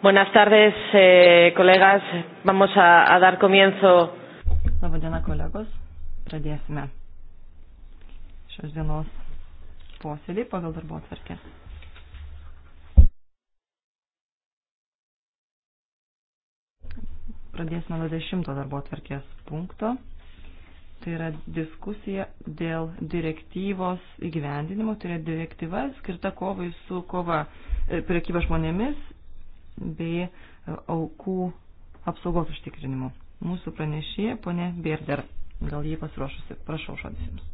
Buenas tardes, eh, colegas. Vamos a, a dar comienzo. Labadiena, kolegos. Pradėsime šios dienos posėdį pagal darbo atvarkę. Pradėsime nuo dešimto darbo atvarkės punkto. Tai yra diskusija dėl direktyvos įgyvendinimo. Tai yra direktyva skirta kovai su kova e, prekyba žmonėmis bei aukų apsaugos užtikrinimu. Mūsų pranešėja ponė Berder. Gal jį pasiruošusi. Prašau žodis jums.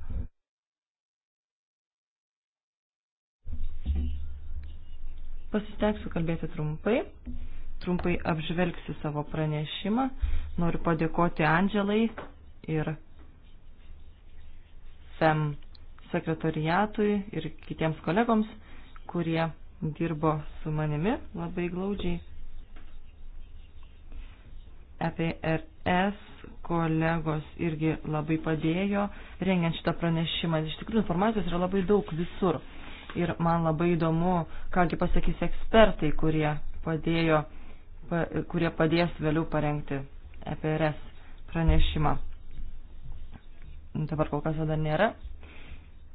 Pasistengsiu kalbėti trumpai. Trumpai apžvelgsiu savo pranešimą. Noriu padėkoti Andželai ir FEM sekretoriatui ir kitiems kolegoms, kurie dirbo su manimi labai glaudžiai. EPRS kolegos irgi labai padėjo rengiant šitą pranešimą. Iš tikrųjų, informacijos yra labai daug visur. Ir man labai įdomu, kągi pasakys ekspertai, kurie, padėjo, pa, kurie padės vėliau parengti EPRS pranešimą. Dabar kol kas dar nėra.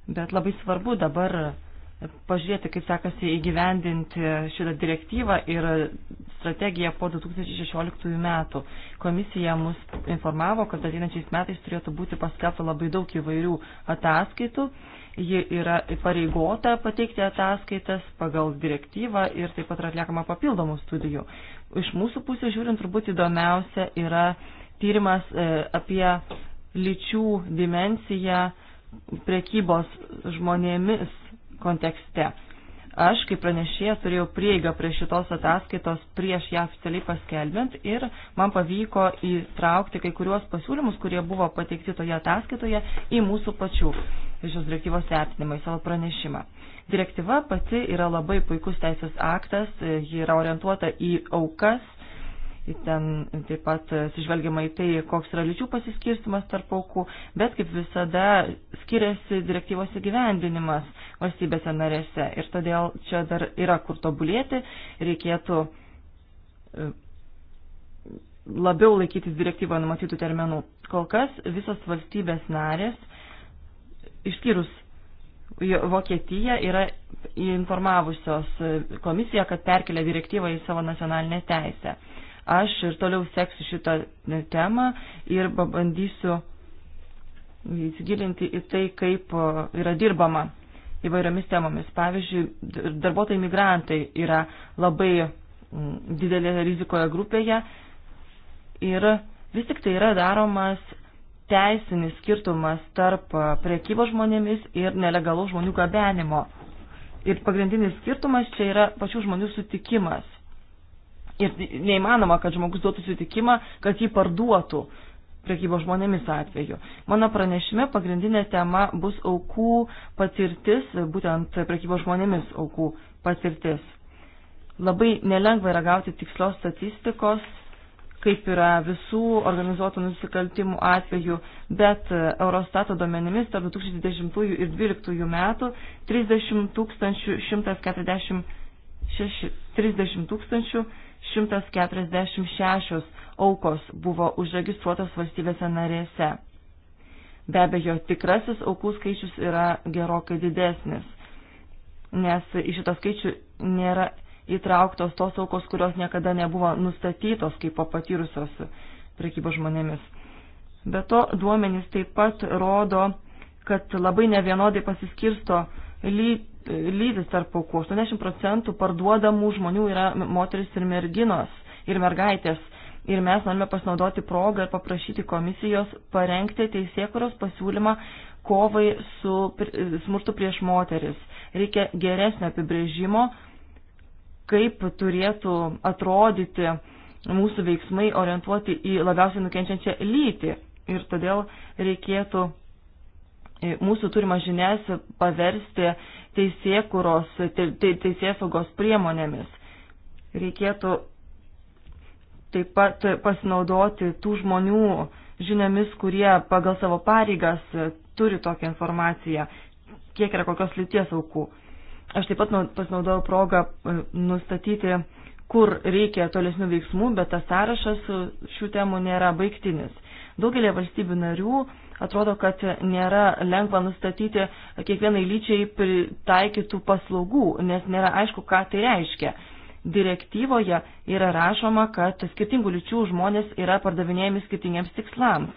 Bet labai svarbu dabar pažiūrėti, kaip sekasi įgyvendinti šitą direktyvą ir strategiją po 2016 metų. Komisija mus informavo, kad ateinančiais metais turėtų būti paskelbta labai daug įvairių ataskaitų. Ji yra pareigota pateikti ataskaitas pagal direktyvą ir taip pat yra atliekama papildomų studijų. Iš mūsų pusės žiūrint, turbūt įdomiausia yra tyrimas e, apie lyčių dimenciją prekybos žmonėmis kontekste. Aš, kaip pranešėjas, turėjau prieigą prie šitos ataskaitos prieš ją oficialiai paskelbint ir man pavyko įtraukti kai kuriuos pasiūlymus, kurie buvo pateikti toje ataskaitoje, į mūsų pačių šios direktyvos vertinimą, į savo pranešimą. Direktyva pati yra labai puikus teisės aktas, ji yra orientuota į aukas, ten taip pat sižvelgiama į tai, koks yra lyčių pasiskirstimas tarp aukų, bet kaip visada skiriasi direktyvos įgyvendinimas valstybėse narėse ir todėl čia dar yra kur tobulėti, reikėtų e, labiau laikytis direktyvoje numatytų terminų. Kol kas visos valstybės narės, išskyrus Vokietija, yra informavusios komisiją, kad perkelia direktyvą į savo nacionalinę teisę. Aš ir toliau seksiu šitą temą ir pabandysiu įsigilinti į tai, kaip yra dirbama įvairiomis temomis. Pavyzdžiui, darbuotojai migrantai yra labai didelėje rizikoje grupėje ir vis tik tai yra daromas teisinis skirtumas tarp priekybos žmonėmis ir nelegalaus žmonių gabenimo. Ir pagrindinis skirtumas čia yra pačių žmonių sutikimas. Ir neįmanoma, kad žmogus duotų sutikimą, kad jį parduotų prekybos žmonėmis atveju. Mano pranešime pagrindinė tema bus aukų patirtis, būtent prekybos žmonėmis aukų patirtis. Labai nelengva yra gauti tikslios statistikos, kaip yra visų organizuotų nusikaltimų atveju, bet Eurostato duomenimis tarp 2010 ir 2012 metų 30 146 30 tūkstančių 146 aukos buvo užregistruotos valstybėse narėse. Be abejo, tikrasis aukų skaičius yra gerokai didesnis, nes į šitą skaičių nėra įtrauktos tos aukos, kurios niekada nebuvo nustatytos kaip patyrusios prekybos žmonėmis. Be to, duomenys taip pat rodo, kad labai nevienodai pasiskirsto lyg lytis tarp aukų. 80 procentų parduodamų žmonių yra moteris ir merginos ir mergaitės. Ir mes norime pasinaudoti progą ir paprašyti komisijos parengti teisėkuros pasiūlymą kovai su smurtu prieš moteris. Reikia geresnio apibrėžimo, kaip turėtų atrodyti mūsų veiksmai orientuoti į labiausiai nukenčiančią lytį. Ir todėl reikėtų e, mūsų turimas žinias paversti teisėkuros, te, te, teisėsaugos priemonėmis. Reikėtų taip pat pasinaudoti tų žmonių žiniomis, kurie pagal savo pareigas turi tokią informaciją, kiek yra kokios lyties aukų. Aš taip pat pasinaudojau progą e, nustatyti, kur reikia tolesnių veiksmų, bet tas sąrašas šių temų nėra baigtinis. Daugelė valstybių narių atrodo, kad nėra lengva nustatyti kiekvienai lyčiai pritaikytų paslaugų, nes nėra aišku, ką tai reiškia. Direktyvoje yra rašoma, kad skirtingų lyčių žmonės yra pardavinėjami skirtingiems tikslams.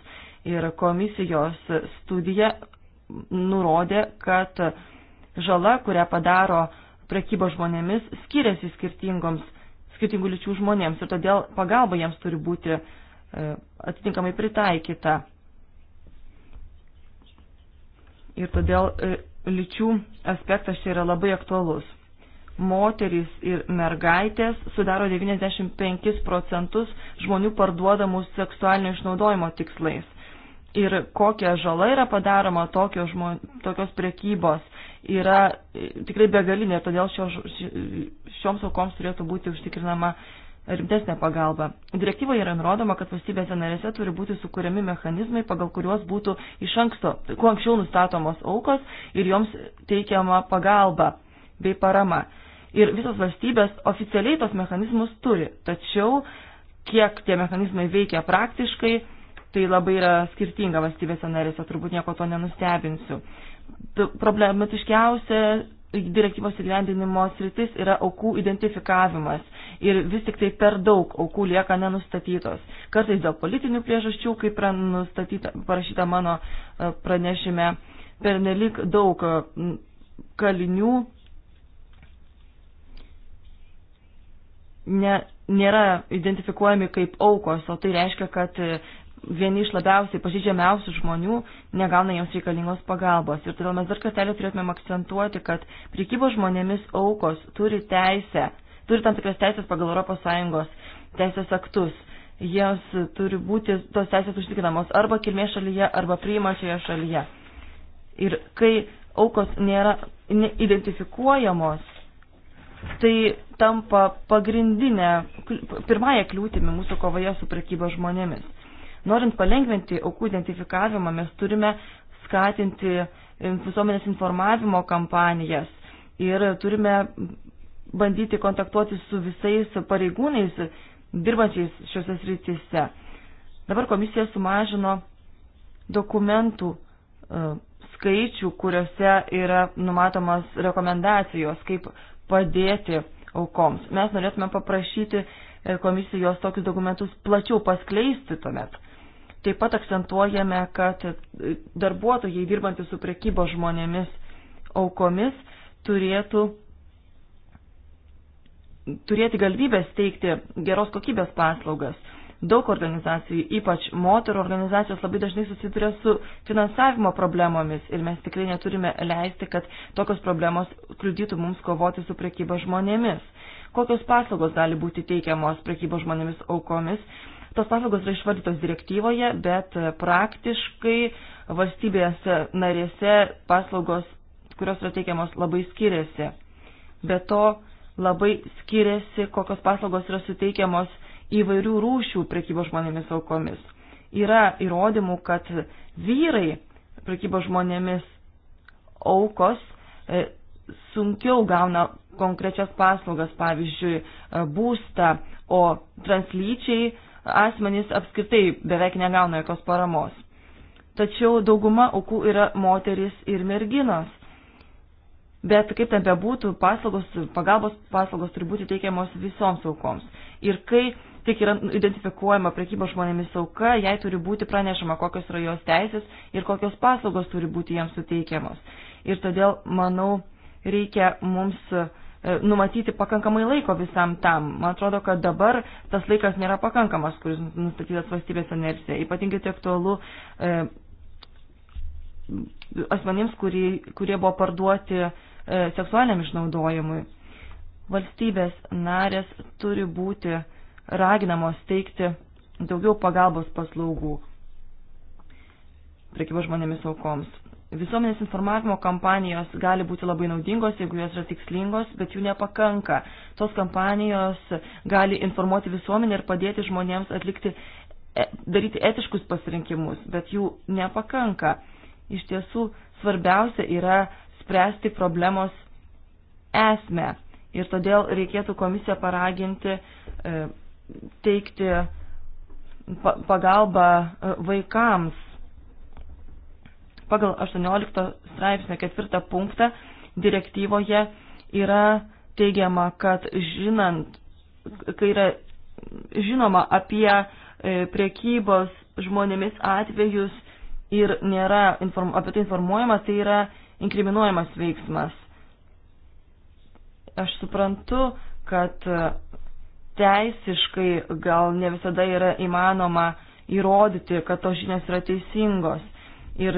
Ir komisijos studija nurodė, kad žala, kurią padaro prekybo žmonėmis, skiriasi skirtingoms, skirtingų lyčių žmonėms ir todėl pagalba jiems turi būti e, atitinkamai pritaikyta ir todėl e, lyčių aspektas čia yra labai aktualus. Moterys ir mergaitės sudaro 95 procentus žmonių parduodamų seksualinio išnaudojimo tikslais. Ir kokia žala yra padaroma tokio žmon, tokios prekybos yra e, tikrai begalinė, todėl šio, šioms aukoms turėtų būti užtikrinama rimtesnę pagalbą. Direktyvoje yra nurodoma, kad valstybėse narėse turi būti sukūriami mechanizmai, pagal kuriuos būtų iš anksto, kuo anksčiau nustatomos aukos ir joms teikiama pagalba bei parama. Ir visos valstybės oficialiai tos mechanizmus turi, tačiau kiek tie mechanizmai veikia praktiškai, tai labai yra skirtinga valstybėse narėse, turbūt nieko to nenustebinsiu. Problematiškiausia direktyvos įgyvendinimo sritis yra aukų identifikavimas ir vis tik tai per daug aukų lieka nenustatytos. Kartais dėl politinių priežasčių, kaip parašyta mano e, pranešime, per nelik daug e, kalinių ne, nėra identifikuojami kaip aukos, o tai reiškia, kad e, vieni iš labiausiai pažydžiamiausių žmonių negauna jiems reikalingos pagalbos. Ir todėl mes dar kartelį turėtumėm akcentuoti, kad prikybos žmonėmis aukos turi teisę, turi tam tikras teisės pagal ES teisės aktus. Jos turi būti tos teisės užtikrinamos arba kilmės šalyje, arba priimančioje šalyje. Ir kai aukos nėra identifikuojamos, tai tampa pagrindinė, pirmąją kliūtimi mūsų kovoje su prekyba žmonėmis. Norint palengventi aukų identifikavimą, mes turime skatinti e, visuomenės informavimo kampanijas ir turime bandyti kontaktuoti su visais pareigūnais dirbančiais šiuose srityse. Dabar komisija sumažino dokumentų e, skaičių, kuriuose yra numatomas rekomendacijos, kaip padėti aukoms. Mes norėtume paprašyti e, komisijos tokius dokumentus plačiau paskleisti tuomet. Taip pat akcentuojame, kad darbuotojai dirbantys su prekybo žmonėmis aukomis turėtų turėti galimybę steigti geros kokybės paslaugas. Daug organizacijų, ypač moterų organizacijos, labai dažnai susiduria su finansavimo problemomis ir mes tikrai neturime leisti, kad tokios problemos kliudytų mums kovoti su prekyba žmonėmis. Kokios paslaugos gali būti teikiamos prekybo žmonėmis aukomis Tos paslaugos yra išvardytos direktyvoje, bet praktiškai valstybės narėse paslaugos, kurios yra teikiamos, labai skiriasi. Be to, labai skiriasi, kokios paslaugos yra suteikiamos įvairių rūšių prekybos žmonėmis aukomis. Yra įrodymų, kad vyrai prekybos žmonėmis aukos e, sunkiau gauna konkrečias paslaugas, pavyzdžiui, e, būstą, o translyčiai asmenys apskritai beveik negauna jokios paramos. Tačiau dauguma aukų yra moteris ir merginos. Bet kaip ten bebūtų, paslaugos, pagalbos paslaugos turi būti teikiamos visoms aukoms. Ir kai tik yra identifikuojama prekybos žmonėmis auka, jai turi būti pranešama, kokios yra jos teisės ir kokios paslaugos turi būti jiems suteikiamos. Ir todėl, manau, reikia mums uh, E, numatyti pakankamai laiko visam tam. Man atrodo, kad dabar tas laikas nėra pakankamas, kuris nustatytas valstybės inercija. Ypatingai tai aktualu e, asmenims, kurie, kurie buvo parduoti e, seksualiniam išnaudojimui. Valstybės narės turi būti raginamos teikti daugiau pagalbos paslaugų prekybos žmonėmis aukoms. Visuomenės informavimo kampanijos gali būti labai naudingos, jeigu jos yra tikslingos, bet jų nepakanka. Tos kampanijos gali informuoti visuomenę ir padėti žmonėms atlikti, e, daryti etiškus pasirinkimus, bet jų nepakanka. Iš tiesų, svarbiausia yra spręsti problemos esmę. Ir todėl reikėtų komisiją paraginti e, teikti pagalbą e, vaikams pagal 18 straipsnio 4 punktą direktyvoje yra teigiama, kad žinant, kai yra žinoma apie e, priekybos žmonėmis atvejus ir nėra inform, apie tai informuojama, tai yra inkriminuojamas veiksmas. Aš suprantu, kad teisiškai gal ne visada yra įmanoma įrodyti, kad tos žinios yra teisingos. Ir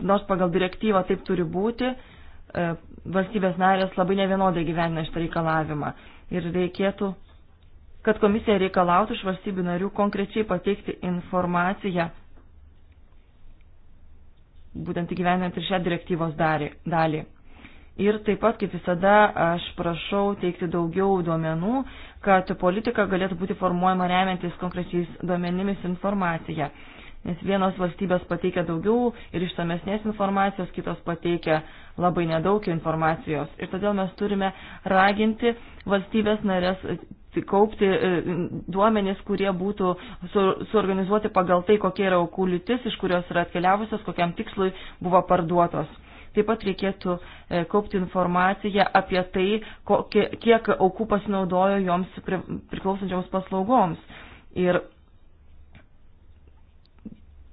nors pagal direktyvą taip turi būti, e, valstybės narės labai nevienodai gyvena šitą reikalavimą. Ir reikėtų, kad komisija reikalautų iš valstybių narių konkrečiai pateikti informaciją, būtent įgyvenant ir šią direktyvos dalį. Ir taip pat, kaip visada, aš prašau teikti daugiau duomenų, kad politika galėtų būti formuojama remiantis konkrečiais duomenimis informacija nes vienos valstybės pateikia daugiau ir išsamesnės informacijos, kitos pateikia labai nedaug informacijos. Ir todėl mes turime raginti valstybės narės e, kaupti e, duomenis, kurie būtų su, suorganizuoti pagal tai, kokia yra aukų lytis, iš kurios yra atkeliavusios, kokiam tikslui buvo parduotos. Taip pat reikėtų e, kaupti informaciją apie tai, kokie, kiek aukų pasinaudojo joms priklausančioms paslaugoms. Ir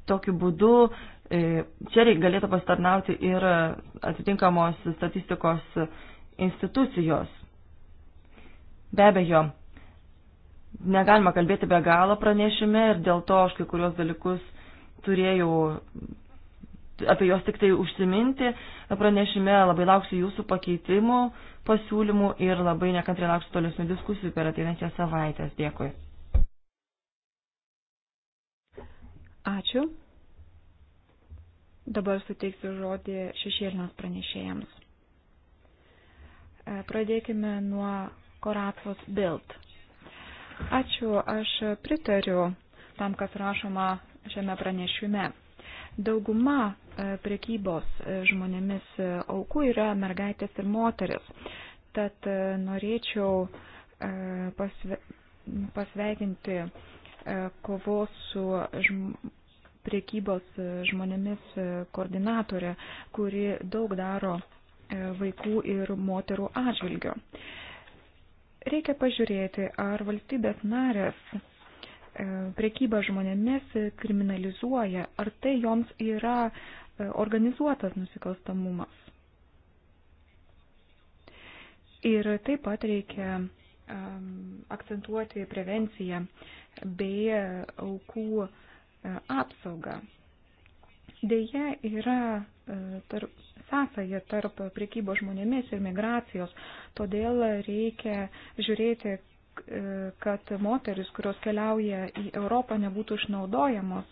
Tokiu būdu e, čia galėtų pasitarnauti ir atitinkamos statistikos institucijos. Be abejo, negalima kalbėti be galo pranešime ir dėl to aš kai kurios dalykus turėjau apie juos tik tai užsiminti. Pranešime labai lauksiu jūsų pakeitimų, pasiūlymų ir labai nekantriai lauksiu tolesnių diskusijų per ateinančias savaitės. Dėkui. Ačiū. Dabar suteiksiu žodį šešėlinės pranešėjams. E, pradėkime nuo Koratvos Bild. Ačiū, aš pritariu tam, kas rašoma šiame pranešime. Dauguma e, prekybos e, žmonėmis aukų yra mergaitės ir moteris. Tad norėčiau pasve, pasveikinti kovos su žmonėmis priekybos e, žmonėmis e, koordinatorė, kuri daug daro e, vaikų ir moterų atžvilgių. Reikia pažiūrėti, ar valstybės narės priekybą žmonėmis kriminalizuoja, ar tai joms yra organizuotas nusikalstamumas. Ir taip pat reikia akcentuoti prevenciją bei aukų uh, E, apsaugą. Deja, yra e, tarp, sąsaja tarp priekybos žmonėmis ir migracijos, todėl reikia žiūrėti, e, kad moteris, kurios keliauja į Europą, nebūtų išnaudojamos,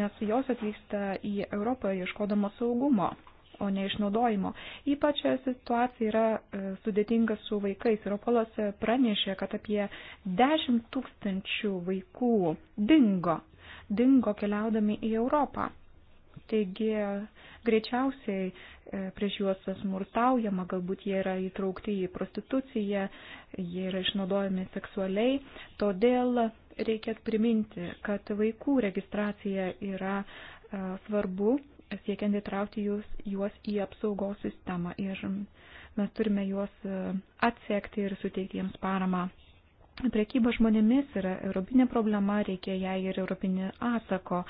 nes jos atvyksta į Europą ieškodama saugumo o ne išnaudojimo. Ypač situacija yra sudėtinga su vaikais. Europolas pranešė, kad apie 10 tūkstančių vaikų dingo dingo keliaudami į Europą. Taigi greičiausiai e, prieš juos smurtaujama, galbūt jie yra įtraukti į prostituciją, jie yra išnaudojami seksualiai, todėl reikia priminti, kad vaikų registracija yra e, svarbu, siekiant įtraukti jūs, juos į apsaugos sistemą ir mes turime juos e, atsekti ir suteikti jiems paramą. Prekyba žmonėmis yra europinė problema, reikia jai ir europinį atsako.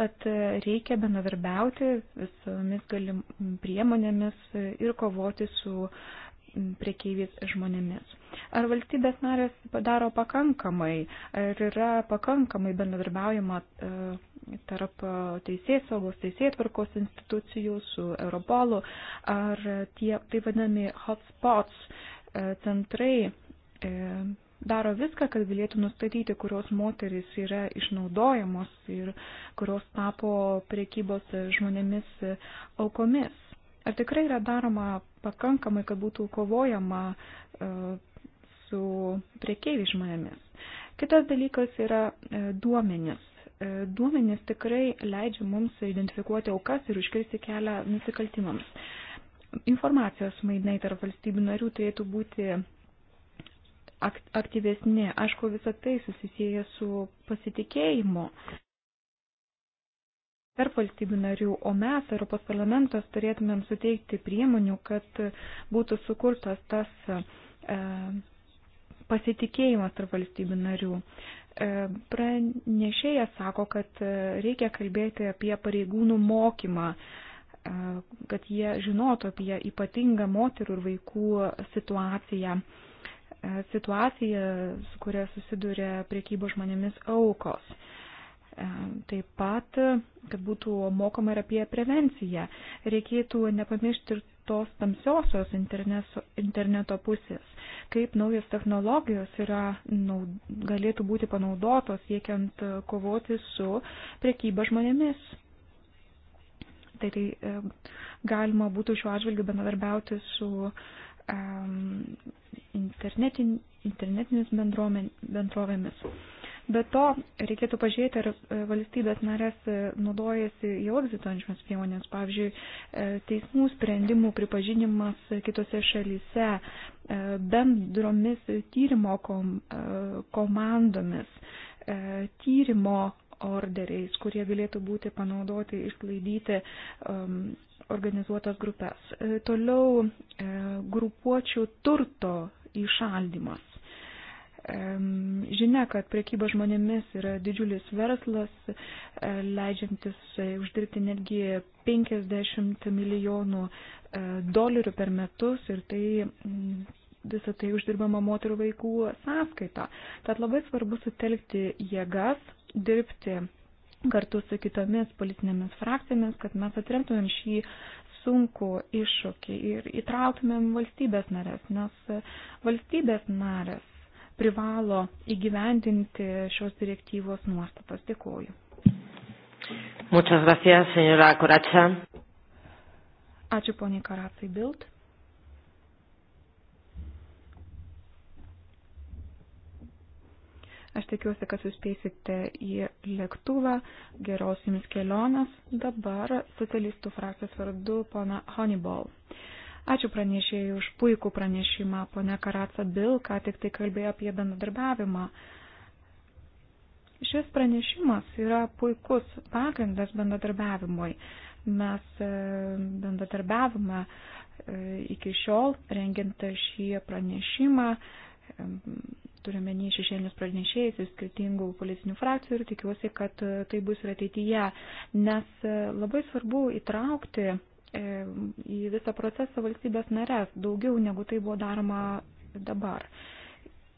Tad e, reikia bendradarbiauti visomis galim priemonėmis ir kovoti su priekyvis žmonėmis. Ar valstybės narės padaro pakankamai, ar yra pakankamai bendradarbiaujama e, tarp teisės saugos, teisėtvarkos institucijų su Europolu, ar tie taip vadinami hotspots e, centrai daro viską, kad galėtų nustatyti, kurios moteris yra išnaudojamos ir kurios tapo priekybos žmonėmis aukomis. Ar tikrai yra daroma pakankamai, kad būtų kovojama e, su priekeiviai žmonėmis? Kitas dalykas yra duomenis. Duomenis e, tikrai leidžia mums identifikuoti aukas ir užkirsti kelią nusikaltimams informacijos mainai tarp valstybių narių turėtų būti aktyvesni. Aišku, visą tai susisieja su pasitikėjimu tarp valstybių narių, o mes, Europos parlamentas, turėtumėm suteikti priemonių, kad būtų sukurtas tas e, pasitikėjimas tarp valstybių narių. E, pranešėjas sako, kad e, reikia kalbėti apie pareigūnų mokymą, e, kad jie žinotų apie ypatingą moterų ir vaikų situaciją. E, situacija, su kuria susiduria priekybo žmonėmis aukos. E, taip pat, kad būtų mokoma ir apie prevenciją. Reikėtų nepamiršti ir tos tamsiosios interneto pusės, kaip naujas technologijos yra, nau, galėtų būti panaudotos, siekiant kovoti su priekyba žmonėmis. Tai, tai e, galima būtų šiuo atžvilgiu bendradarbiauti su um, internetin, internetinės bendrovėmis. Be to, reikėtų pažiūrėti, ar e, valstybės narės e, naudojasi jau egzistuojančiamis priemonėmis, pavyzdžiui, e, teismų sprendimų pripažinimas kitose šalyse, bendromis tyrimo komandomis, tyrimo orderiais, kurie galėtų būti panaudoti išklaidyti um, organizuotas grupės. Toliau e, grupuočių turto įšaldymas. Žinia, kad priekyba žmonėmis yra didžiulis verslas, e, leidžiantis e, uždirbti netgi 50 milijonų e, dolerių per metus ir tai visą tai uždirbama moterų vaikų sąskaita. Tad labai svarbu sutelkti jėgas, dirbti kartu su kitomis politinėmis frakcijomis, kad mes atremtumėm šį sunku iššūkį ir įtrauktumėm valstybės narės, nes e, valstybės narės privalo įgyvendinti šios direktyvos nuostatas. Dėkuoju. Muchas gracias, señora Coracha. Ačiū poniai Karacai Bild. Aš tikiuosi, kad suspėsite į lėktuvą. Geros jums kelionės. Dabar socialistų frakcijos vardu pana Honeyball. Ačiū pranešėjai už puikų pranešimą. Pone Karatsa Bil, ką tik tai kalbėjo apie bendradarbiavimą. Šis pranešimas yra puikus pagrindas bendradarbiavimui. Mes e, bendradarbiavome e, iki šiol rengiant šį pranešimą turime nei šešėlinius pranešėjus iš skirtingų politinių frakcijų ir tikiuosi, kad e, tai bus ir ateityje, nes e, labai svarbu įtraukti e, į visą procesą valstybės narės daugiau negu tai buvo daroma dabar.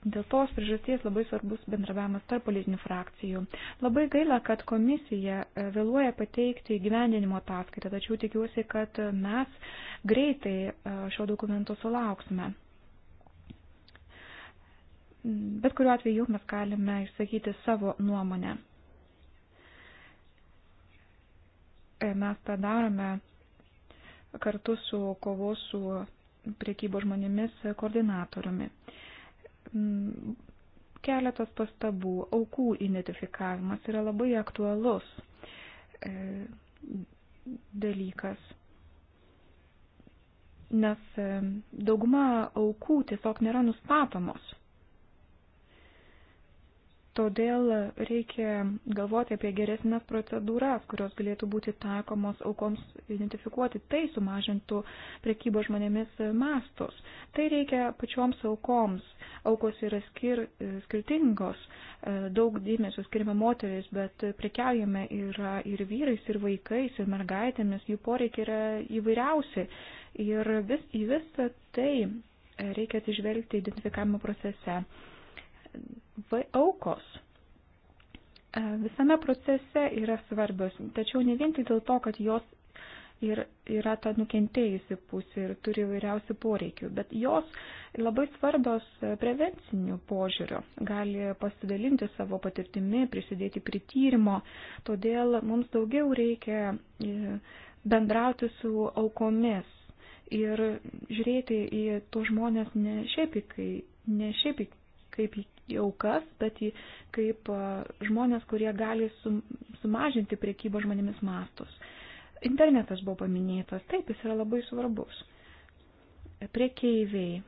Dėl tos priežasties labai svarbus bendravimas tarp politinių frakcijų. Labai gaila, kad komisija vėluoja pateikti gyvendinimo ataskaitą, tačiau tikiuosi, kad mes greitai šio dokumento sulauksime. Bet kuriuo atveju mes galime išsakyti savo nuomonę. E, mes tą darome kartu su kovos su priekybo žmonėmis koordinatoriumi. Mm, keletas pastabų. Aukų identifikavimas yra labai aktualus e, dalykas. Nes e, dauguma aukų tiesiog nėra nustatomos. Todėl reikia galvoti apie geresnės procedūras, kurios galėtų būti taikomos aukoms identifikuoti. Tai sumažintų prekybo žmonėmis mastus. Tai reikia pačioms aukoms. Aukos yra skir, skirtingos. Daug dėmesio skirime moteris, bet prekiaujame yra ir vyrais, ir vaikais, ir mergaitėmis. Jų poreikiai yra įvairiausi. Ir vis, į visą tai reikia atsižvelgti identifikavimo procese aukos e, visame procese yra svarbios, tačiau ne vien tik dėl to, kad jos ir yra ta nukentėjusi pusė ir turi vairiausių poreikių, bet jos labai svarbios e, prevencinių požiūrių, gali pasidalinti savo patirtimi, prisidėti prie tyrimo, todėl mums daugiau reikia e, bendrauti su aukomis ir žiūrėti į tuos žmonės ne šiaip, kai, ne šiaip kaip į aukas, bet į, kaip žmonės, kurie gali sumažinti priekybą žmonėmis mastus. Internetas buvo paminėtas, taip, jis yra labai svarbus. Priekeiviai.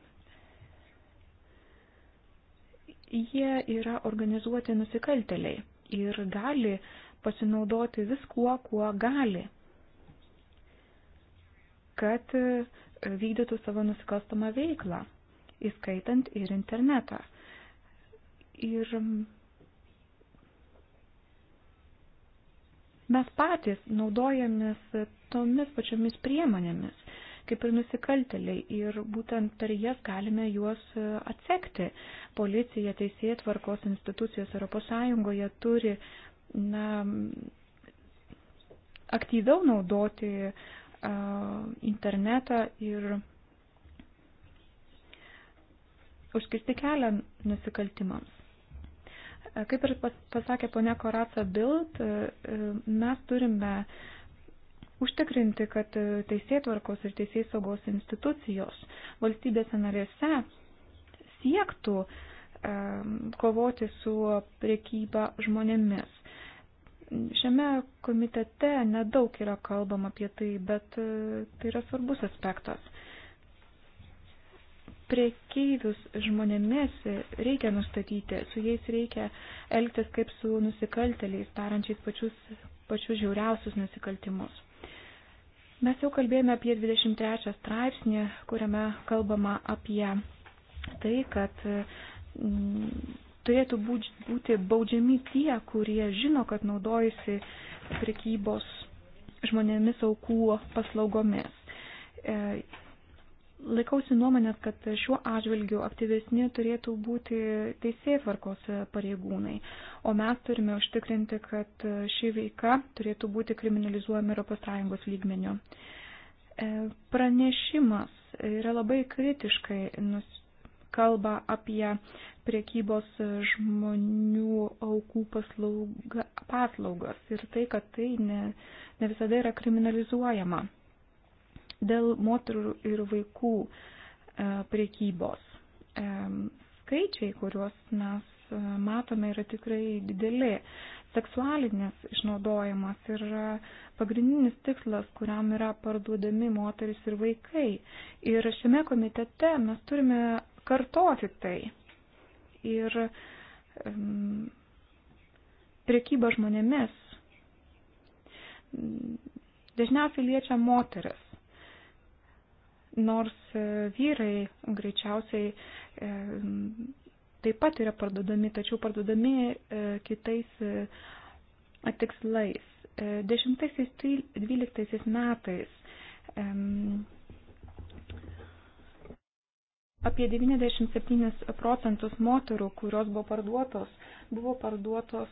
Jie yra organizuoti nusikalteliai ir gali pasinaudoti viskuo, kuo gali, kad e, vykdytų savo nusikalstamą veiklą, įskaitant ir internetą Ir mes patys naudojamės tomis pačiomis priemonėmis, kaip ir nusikalteliai, ir būtent per jas galime juos atsekti. Policija, teisėjai, tvarkos institucijos ES turi na, aktyviau naudoti uh, internetą ir užkirsti kelią nusikaltimams. E, kaip ir pasakė ponia Koraca Bild, e, e, mes turime užtikrinti, kad teisėtvarkos ir teisės saugos institucijos valstybėse narėse siektų kovoti su priekyba žmonėmis. Šiame komitete nedaug yra kalbama apie tai, bet tai yra svarbus aspektas prekeivius žmonėmis reikia nustatyti, su jais reikia elgtis kaip su nusikalteliais, darančiais pačius, pačius žiauriausius nusikaltimus. Mes jau kalbėjome apie 23 straipsnį, kuriame kalbama apie tai, kad mm, turėtų būti baudžiami tie, kurie žino, kad naudojasi prekybos žmonėmis aukų paslaugomis e, Laikausi nuomonės, kad šiuo atžvilgiu aktyvesni turėtų būti teisėtvarkos pareigūnai, o mes turime užtikrinti, kad ši veika turėtų būti kriminalizuojama Europos Sąjungos lygmeniu. E, pranešimas yra labai kritiškai nus, kalba apie priekybos žmonių aukų paslauga, paslaugas ir tai, kad tai ne, ne visada yra kriminalizuojama dėl moterų ir vaikų e, priekybos. E, skaičiai, kuriuos mes e, matome, yra tikrai dideli. Seksualinis išnaudojimas yra pagrindinis tikslas, kuriam yra parduodami moteris ir vaikai. Ir šiame komitete mes turime kartoti tai. Ir um, priekyba žmonėmis dažniausiai liečia moteris nors e, vyrai greičiausiai e, taip pat yra parduodami, tačiau parduodami e, kitais tikslais. 10-12 metais apie 97 procentus moterų, kurios buvo parduotos, buvo parduotos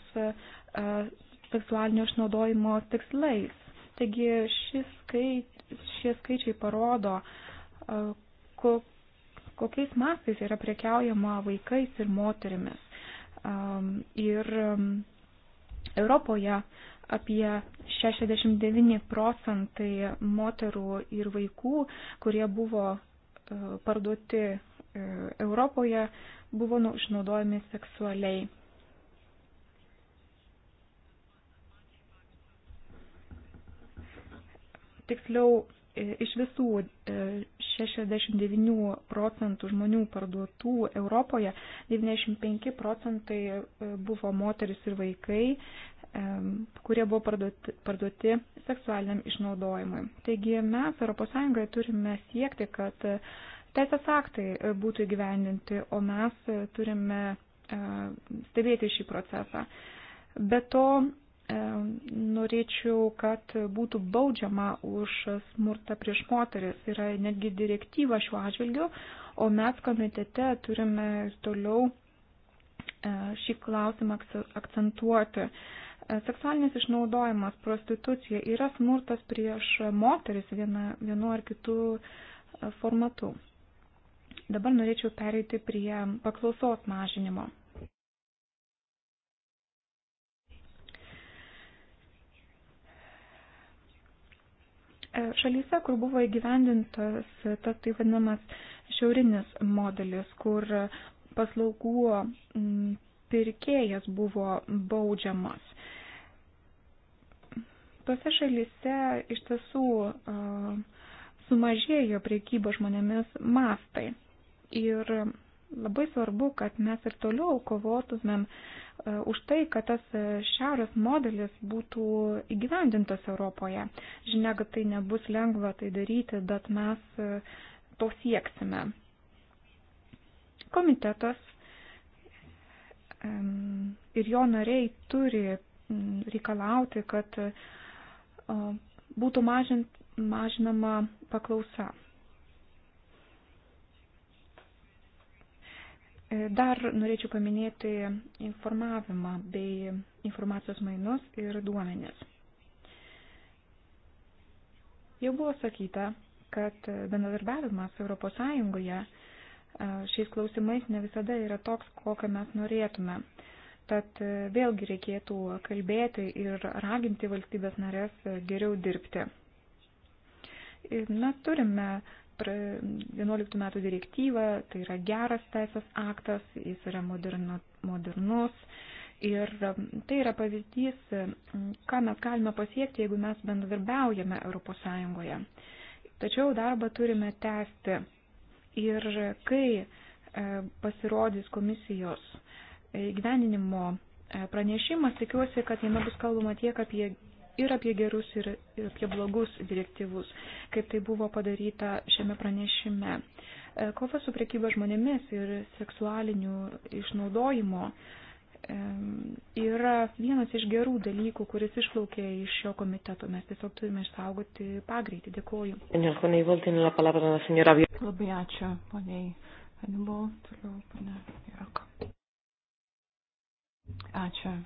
seksualinio išnaudojimo tikslais. Taigi šis skaičiai šie skaičiai parodo, kokiais mastais yra prekiaujama vaikais ir moterimis. Ir Europoje apie 69 procentai moterų ir vaikų, kurie buvo e, parduoti e, Europoje, buvo nu, išnaudojami seksualiai. Tiksliau, iš visų 69 e, procentų žmonių parduotų Europoje 95 procentai e, buvo moteris ir vaikai, e, kurie buvo parduoti, parduoti seksualiniam išnaudojimui. Taigi mes ES turime siekti, kad teisės aktai būtų įgyvendinti, o mes turime stebėti šį procesą. Be to, norėčiau, kad būtų baudžiama už smurtą prieš moteris. Yra netgi direktyva šiuo atžvilgiu, o mes komitete turime ir toliau e, šį klausimą akcentuoti. E, seksualinis išnaudojimas, prostitucija yra smurtas prieš moteris viena, vienu ar kitu e, formatu. Dabar norėčiau pereiti prie paklausos mažinimo. E, šalyse, kur buvo įgyvendintas tas tai vadinamas šiaurinis modelis, kur paslaugų pirkėjas buvo baudžiamas. Tose šalyse iš tiesų e, sumažėjo priekybo žmonėmis mastai. Ir labai svarbu, kad mes ir toliau kovotumėm E, už tai, kad tas e, šiaurės modelis būtų įgyvendintas Europoje. Žinia, kad tai nebus lengva tai daryti, bet mes e, to sieksime. Komitetas ir jo nariai turi reikalauti, kad būtų mažint, mažinama paklausa. E, dar norėčiau paminėti informavimą bei informacijos mainus ir duomenis. Jau buvo sakyta, kad bendradarbiavimas ES e, šiais klausimais ne visada yra toks, kokią mes norėtume. Tad e, vėlgi reikėtų kalbėti ir raginti valstybės narės geriau dirbti. Na, turime 11 metų direktyvą, tai yra geras teisės aktas, jis yra modernu, modernus ir um, tai yra pavyzdys, um, ką mes galime pasiekti, jeigu mes bendradarbiaujame ES. Tačiau darbą turime tęsti ir kai e, pasirodys komisijos e, gyveninimo e, pranešimas, tikiuosi, kad jame bus kalbama tiek apie ir apie gerus, ir, ir apie blogus direktyvus, kaip tai buvo padaryta šiame pranešime. E, kova su priekyba žmonėmis ir seksualiniu išnaudojimo e, yra vienas iš gerų dalykų, kuris išplaukė iš šio komiteto. Mes tiesiog turime išsaugoti pagreitį. Dėkuoju. Labai ačiū, poniai Hannibal. Toliau, ponia Irako. Ačiū.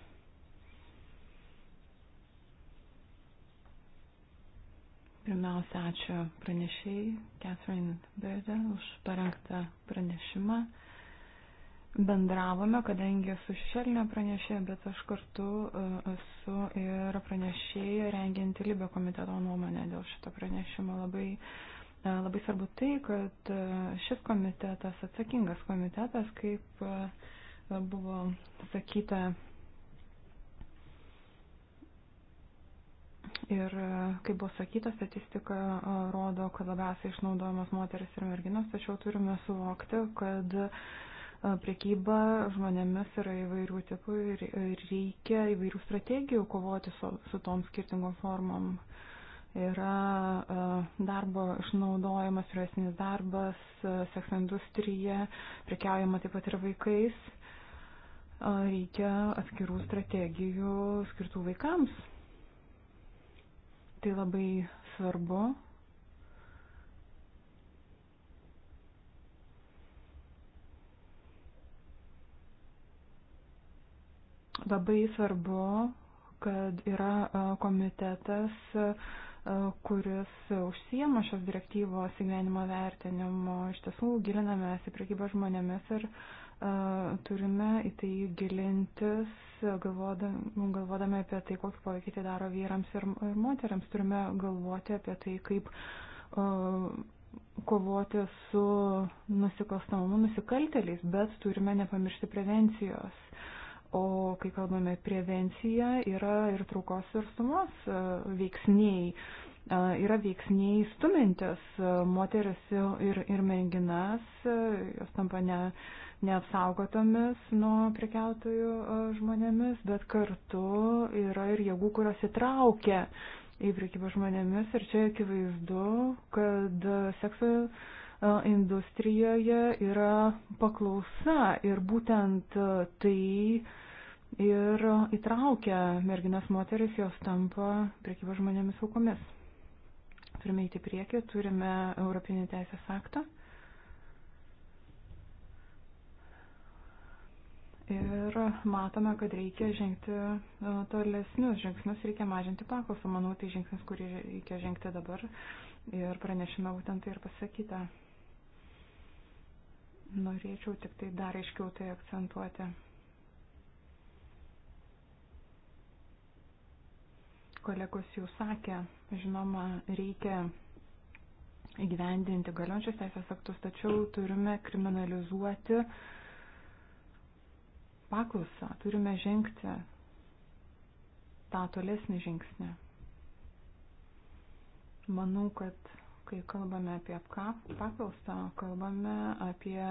Pirmiausia, ačiū pranešėjai Catherine Berde už parengtą pranešimą. Bendravome, kadangi esu šešėlinė pranešėja, bet aš kartu e, esu ir pranešėja rengianti Libio komiteto nuomonę dėl šito pranešimo. Labai, e, labai svarbu tai, kad e, šis komitetas, atsakingas komitetas, kaip buvo sakyta Ir, e, kaip buvo sakyta, statistika e, rodo, kad labiausiai išnaudojamos moteris ir merginos, tačiau turime suvokti, kad e, priekyba žmonėmis yra įvairių tipų ir reikia įvairių strategijų kovoti su, su tom skirtingom formom. Yra darbo išnaudojimas, priversinis darbas, seks industrija, prekiaujama taip pat ir vaikais. Reikia atskirų strategijų skirtų vaikams Tai labai svarbu. Labai svarbu, kad yra komitetas, kuris užsiema šios direktyvos įgyvenimo vertinimu. Iš tiesų gilinamės į prekybą žmonėmis ir uh, turime į tai gilintis, galvodami, galvodami apie tai, kokį poveikį tai daro vyrams ir, ir moteriams. Turime galvoti apie tai, kaip uh, kovoti su nusikalstamumu, nusikalteliais, bet turime nepamiršti prevencijos. O kai kalbame prevencija, yra ir traukos ir sumos uh, veiksniai. Uh, yra veiksniai stumintis moteris ir, ir merginas, jos tampa ne, neapsaugotomis nuo prekiautojų e, žmonėmis, bet kartu yra ir jėgų, kurios įtraukia į prekybą žmonėmis ir čia akivaizdu, kad sekso e, industrijoje yra paklausa ir būtent tai ir įtraukia merginas moteris, jos tampa prekybą žmonėmis aukomis. Turime įti priekį, turime Europinį teisės aktą ir matome, kad reikia žengti e, tolesnius žingsnius, reikia mažinti paklausą. Manau, tai žingsnis, kurį reikia žengti dabar ir pranešime būtent tai ir pasakyta. Norėčiau tik tai dar aiškiau tai akcentuoti. Kolegos jau sakė, žinoma, reikia įgyvendinti galiojančius teisės aktus, tačiau turime kriminalizuoti uh, paklausą, turime žengti tą tolesnį žingsnį. Manau, kad kai kalbame apie paklausą, kalbame apie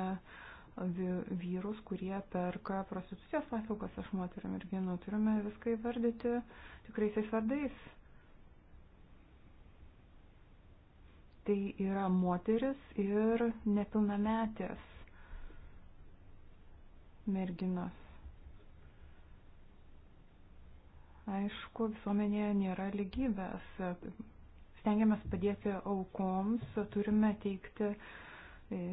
vyrus, kurie perka prostitucijos paslaugas aš moteriam ir vienu. Turime viską įvardyti tikraisiais vardais. Tai yra moteris ir nepilnametės merginos. Aišku, visuomenėje nėra lygybės. Stengiamės padėti aukoms, turime teikti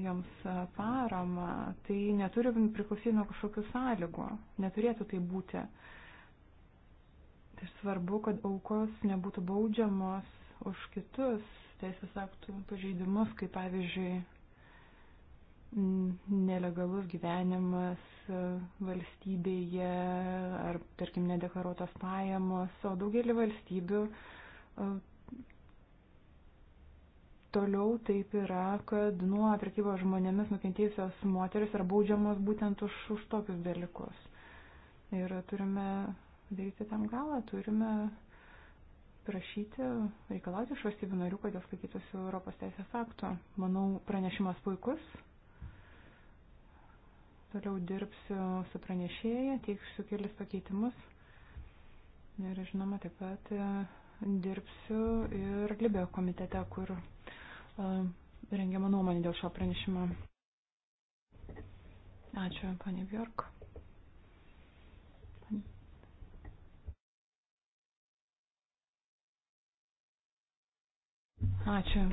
joms paramą. Tai neturi priklausyti nuo kažkokių sąlygų. Neturėtų tai būti. Tai svarbu, kad aukos nebūtų baudžiamos už kitus teisės aktų pažeidimus, kaip pavyzdžiui nelegalus gyvenimas e, valstybėje ar, tarkim, nedeklaruotos pajamos, o daugelį valstybių e, toliau taip yra, kad nuo prekybos žmonėmis nukentėjusios moteris yra baudžiamos būtent už, už tokius dalykus. Ir turime daryti tam galą, turime prašyti, reikalauti iš valstybių narių, kad jos skaitytųsi Europos teisės akto. Manau, pranešimas puikus. Toliau dirbsiu su pranešėja, teiksiu kelis pakeitimus. Ir žinoma, taip pat e, dirbsiu ir Libio komitete, kur uh, rengiama nuomonė dėl šio pranešimo. Ačiū, panė Bjork. Ačiū.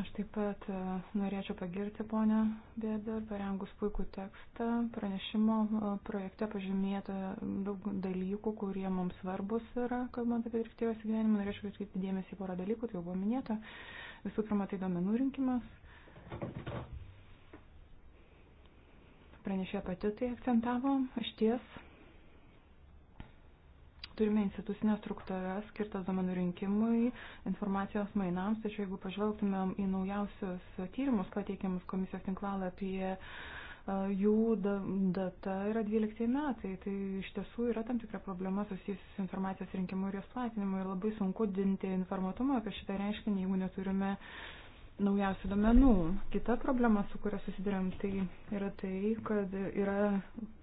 Aš taip pat e, norėčiau pagirti ponę Bėdą, parengus puikų tekstą. Pranešimo e, projekte pažymėta daug dalykų, kurie mums svarbus yra, kalbant apie direktyvos gyvenimą. Norėčiau atkreipti dėmesį į porą dalykų, tai jau buvo minėta. Visų pirma, tai domenų rinkimas. Pranešė pati tai akcentavo, iš ties Turime institucinę struktūrą skirtas domenų rinkimui, informacijos mainams, tačiau jeigu pažvelgtumėm į naujausius tyrimus pateikiamus komisijos tinklalapyje, jų data yra 12 metai. Tai iš tiesų yra tam tikra problema susijusi su informacijos rinkimu ir jos platinimu ir labai sunku dinti informatumą apie šitą reiškinį, jeigu neturime uh, naujausių domenų. Kita problema, su kuria susidurėm, tai yra tai, kad yra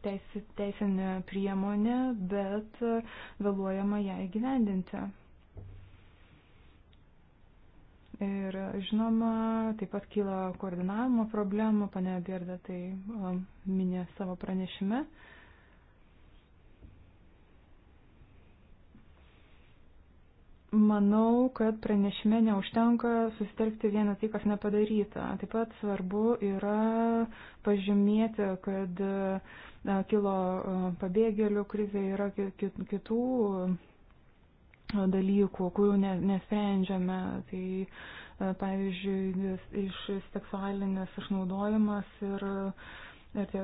teis, teisinė priemonė, bet vėluojama ją įgyvendinti. Ir žinoma, taip pat kyla koordinavimo problemų, pane Birda tai um, minė savo pranešime. Uh, Manau, kad pranešime neužtenka susitelkti vieną tai, kas nepadaryta. Taip pat svarbu yra pažymėti, kad kilo e, pabėgėlių krizė, yra kitų dalykų, kurių nesprendžiame. Tai e, pavyzdžiui, iš seksualinis išnaudojimas ir ir tie,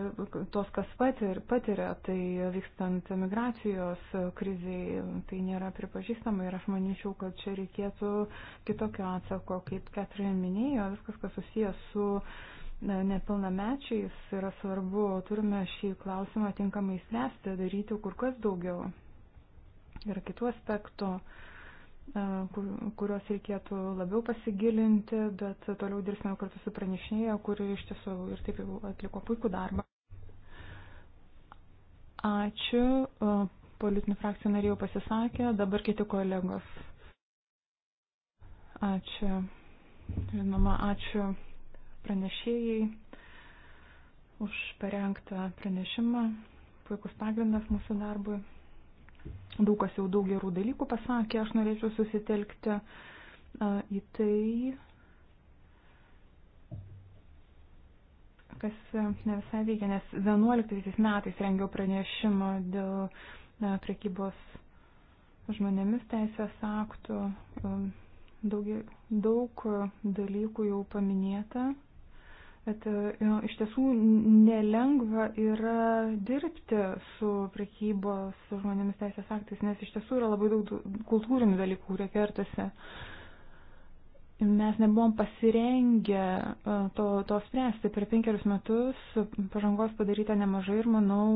tos, kas patir, patiria, tai vykstant migracijos kriziai, tai nėra pripažįstama ir aš manyčiau, kad čia reikėtų kitokio atsako, kaip Ketrin minėjo, viskas, kas susijęs su nepilnamečiais yra svarbu, turime šį klausimą tinkamai spręsti, daryti kur kas daugiau. Yra kitų aspektų. Uh, E, kuriuos reikėtų labiau pasigilinti, bet toliau dirbsime kartu su pranešėja, kuri iš tiesų ir taip jau atliko puikų darbą. Ačiū. E, politinių frakcijų nariai jau pasisakė, dabar kiti kolegos. Ačiū. Žinoma, ačiū pranešėjai už parengtą pranešimą. Puikus pagrindas mūsų darbui. Daug kas jau daug gerų dalykų pasakė, aš norėčiau susitelkti į tai, kas ne visai veikia, nes 11 metais rengiau pranešimą dėl prekybos žmonėmis teisės aktų. Daug, daug dalykų jau paminėta kad e, iš tiesų nelengva yra dirbti su prekybos su žmonėmis teisės aktais, nes iš tiesų yra labai daug kultūrinių dalykų, kurie kertasi. Mes nebuvom pasirengę e, to, to spręsti. Per penkerius metus pažangos padaryta nemažai ir manau,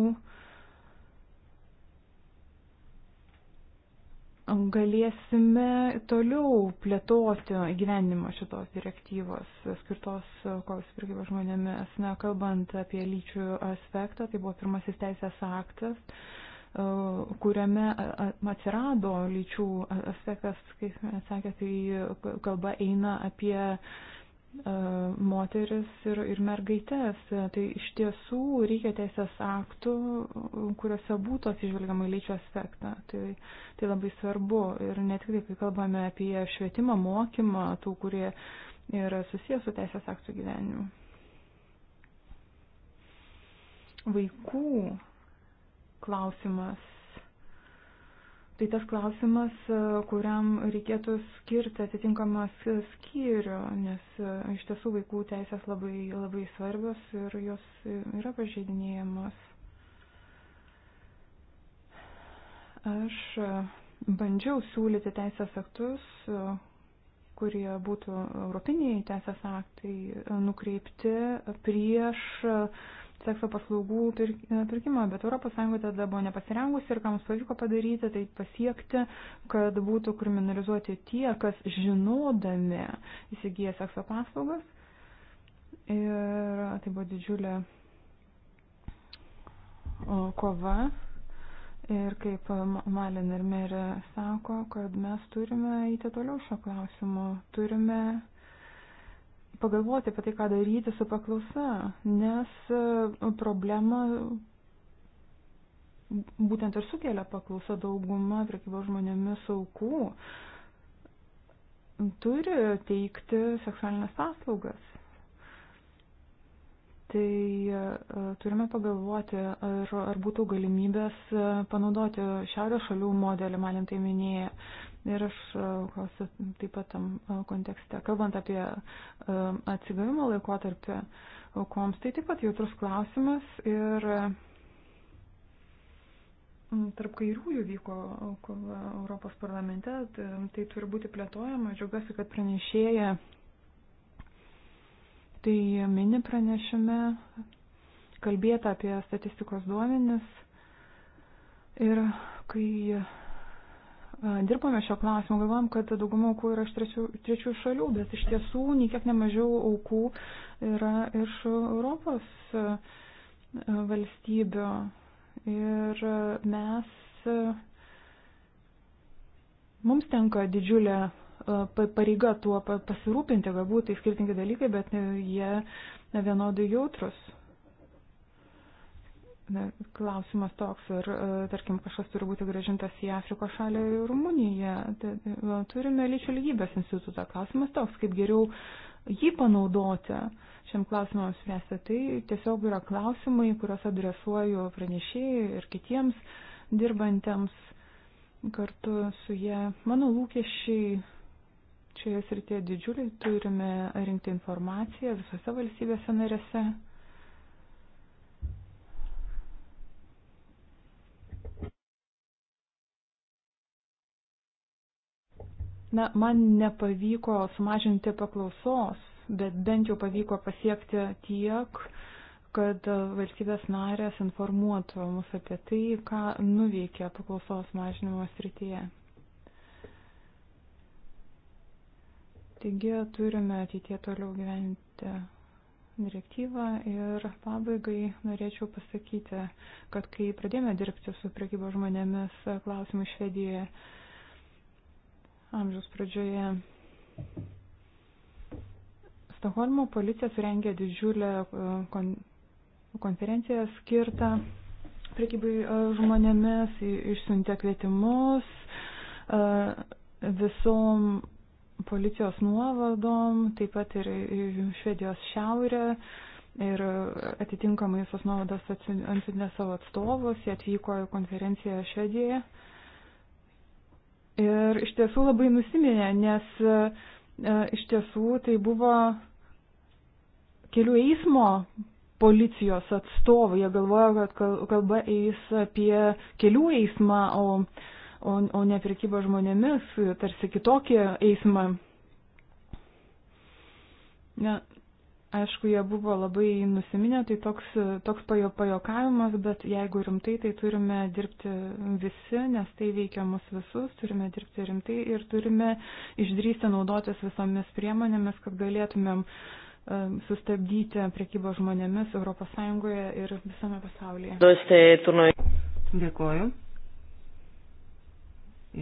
galėsime toliau plėtoti gyvenimą šitos direktyvos skirtos kovos prekybos žmonėmis. Na, kalbant apie lyčių aspektą, tai buvo pirmasis teisės aktas, e, kuriame atsirado lyčių aspektas, kaip sakė, tai kalba eina apie E, moteris ir, ir mergaitės. Tai iš tiesų reikia teisės aktų, kuriuose būtų atsižvelgiama į lyčio aspektą. Tai, tai labai svarbu. Ir ne tik tai, kai kalbame apie švietimą, mokymą tų, kurie yra susijęs su teisės aktų gyvenimu. Vaikų klausimas tai tas klausimas, e, kuriam reikėtų skirti atitinkamas skyrių, nes e, iš tiesų vaikų teisės labai, labai svarbios ir jos e, yra pažeidinėjamos. Aš bandžiau siūlyti teisės aktus, kurie būtų europiniai teisės aktai nukreipti prieš uh, sekso paslaugų e, pirkimą, bet ES tada buvo nepasirengusi ir ką mums pavyko padaryti, tai pasiekti, kad būtų kriminalizuoti tie, kas žinodami įsigyja sekso paslaugas. Ir tai buvo didžiulė kova. Ir kaip Malin ir Merė sako, kad mes turime įti toliau šio klausimu, turime pagalvoti apie tai, ką daryti su paklausa, nes e, problema būtent ir sukelia paklausa dauguma prekybos žmonėmis aukų turi teikti seksualinės paslaugas. Tai e, turime pagalvoti, ar, ar būtų galimybės e, panaudoti šiaurės šalių modelį, man tai minėjo, Ir aš e, klausiu taip pat tam e, kontekste, kalbant apie e, atsigavimo laikotarpį aukoms, tai taip pat jautrus klausimas ir tarp kairiųjų vyko kova Europos parlamente, tai turi būti plėtojama, džiaugiuosi, kad pranešėja tai mini pranešime kalbėta apie statistikos duomenis ir kai dirbame šio klausimo, galvojam, kad dauguma aukų yra iš trečių, trečių šalių, bet iš tiesų nei kiek nemažiau aukų yra iš Europos valstybių. Ir mes, mums tenka didžiulė pareiga tuo pasirūpinti, galbūt tai skirtingi dalykai, bet jie vienodai jautrus. Na, klausimas toks, ar, e, tarkim, kažkas turi būti gražintas į Afrikos šalį Rumuniją. Tai, e, turime lyčių lygybės institutą. Klausimas toks, kaip geriau jį panaudoti šiam klausimam spręsti. Tai tiesiog yra klausimai, kuriuos adresuoju pranešėjai ir kitiems dirbantiems kartu su jie. Mano lūkesčiai šioje srityje didžiuliai. Turime rinkti informaciją visose valstybėse narėse. Na, man nepavyko sumažinti paklausos, bet bent jau pavyko pasiekti tiek, kad valstybės narės informuotų mus apie tai, ką nuveikė paklausos mažinimo srityje. Taigi turime ateitie toliau gyventi direktyvą ir pabaigai norėčiau pasakyti, kad kai pradėjome dirbti su prekybo žmonėmis klausimu Švedijoje, amžiaus pradžioje. Stokholmo policija surengė didžiulę e, kon konferenciją skirtą prekybai e, žmonėmis, išsiuntė kvietimus e, visom policijos nuovadom, taip pat ir Švedijos šiaurė. Ir atitinkamai visos nuovados atsiuntė savo atstovus, jie atvyko į konferenciją Švedijoje. Ir iš tiesų labai nusiminė, nes e, iš tiesų tai buvo kelių eismo policijos atstovai. Jie galvoja, kad kalba eis apie kelių eismą, o, o, o ne prekybą žmonėmis, tarsi kitokį eismą. Ne, Aišku, jie buvo labai nusiminę, tai toks, toks pajo, pajokavimas, bet jeigu rimtai, tai turime dirbti visi, nes tai veikia mus visus, turime dirbti rimtai ir turime išdrysti naudotis visomis priemonėmis, kad galėtumėm um, sustabdyti priekybą žmonėmis ES ir visame pasaulyje. Tai Dėkuoju.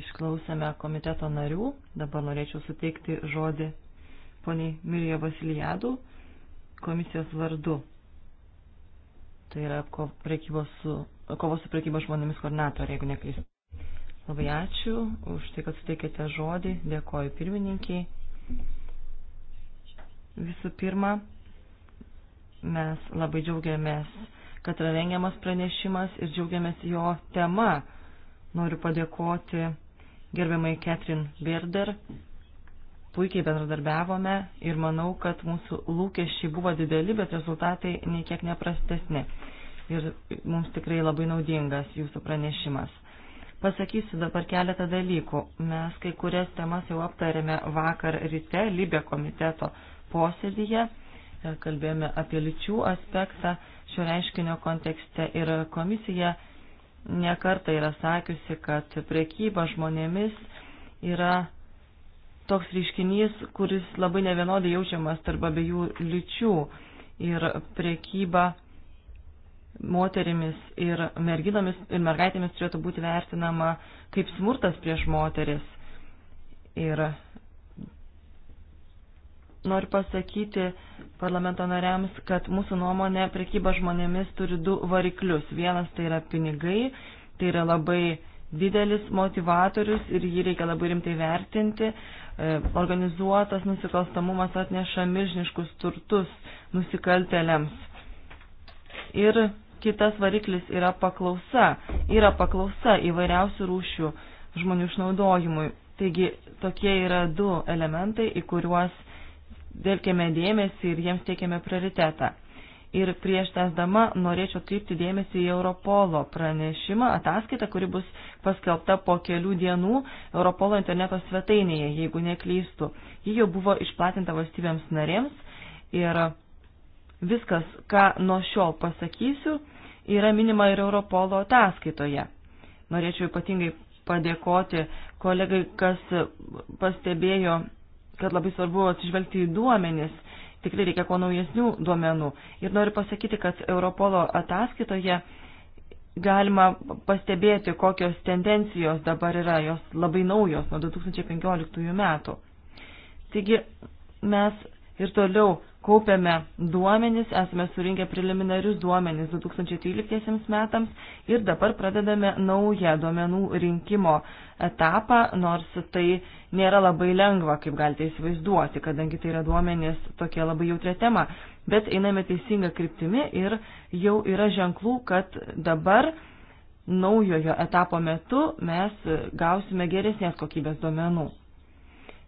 Išklausėme komiteto narių. Dabar norėčiau suteikti žodį poniai Mirija Vasilijadų komisijos vardu. Tai yra kovos su, kovo su prekybo žmonėmis koordinatorė, jeigu neklystu. Labai ačiū už tai, kad suteikėte žodį. Dėkoju pirmininkiai. Visų pirma, mes labai džiaugiamės, kad yra rengiamas pranešimas ir džiaugiamės jo tema. Noriu padėkoti gerbiamai Ketrin Birder puikiai bendradarbiavome ir manau, kad mūsų lūkesčiai buvo dideli, bet rezultatai niekiek neprastesni. Ir mums tikrai labai naudingas jūsų pranešimas. Pasakysiu dabar keletą dalykų. Mes kai kurias temas jau aptarėme vakar ryte Libė komiteto posėdyje. Kalbėjome apie lyčių aspektą šio reiškinio kontekste ir komisija nekarta yra sakiusi, kad priekyba žmonėmis yra toks reiškinys, kuris labai nevienodai jaučiamas tarp abiejų lyčių ir priekyba moterimis ir merginomis ir mergaitėmis turėtų būti vertinama kaip smurtas prieš moteris. Ir noriu pasakyti parlamento nariams, kad mūsų nuomonė prekyba žmonėmis turi du variklius. Vienas tai yra pinigai, tai yra labai didelis motivatorius ir jį reikia labai rimtai vertinti. E, organizuotas nusikalstamumas atneša milžiniškus turtus nusikaltelėms. Ir kitas variklis yra paklausa. Yra paklausa įvairiausių rūšių žmonių išnaudojimui. Taigi tokie yra du elementai, į kuriuos dėlkėme dėmesį ir jiems teikiame prioritetą. Ir prieš tęsdama norėčiau atkreipti dėmesį į Europolo pranešimą, ataskaitą, kuri bus paskelbta po kelių dienų Europolo interneto svetainėje, jeigu neklystų. Ji jau buvo išplatinta valstybėms narėms ir viskas, ką nuo šiol pasakysiu, yra minima ir Europolo ataskaitoje. Norėčiau ypatingai padėkoti kolegai, kas pastebėjo, kad labai svarbu atsižvelgti į duomenis tikrai reikia kuo naujesnių duomenų. Ir noriu pasakyti, kad Europolo ataskaitoje galima pastebėti, kokios tendencijos dabar yra, jos labai naujos nuo 2015 metų. Taigi mes ir toliau kaupiame duomenis, esame surinkę preliminarius duomenis 2013 metams ir dabar pradedame naują duomenų rinkimo etapą, nors tai nėra labai lengva, kaip galite įsivaizduoti, kadangi tai yra duomenis tokia labai jautria tema, bet einame teisinga kryptimi ir jau yra ženklų, kad dabar naujojo etapo metu mes gausime geresnės kokybės duomenų.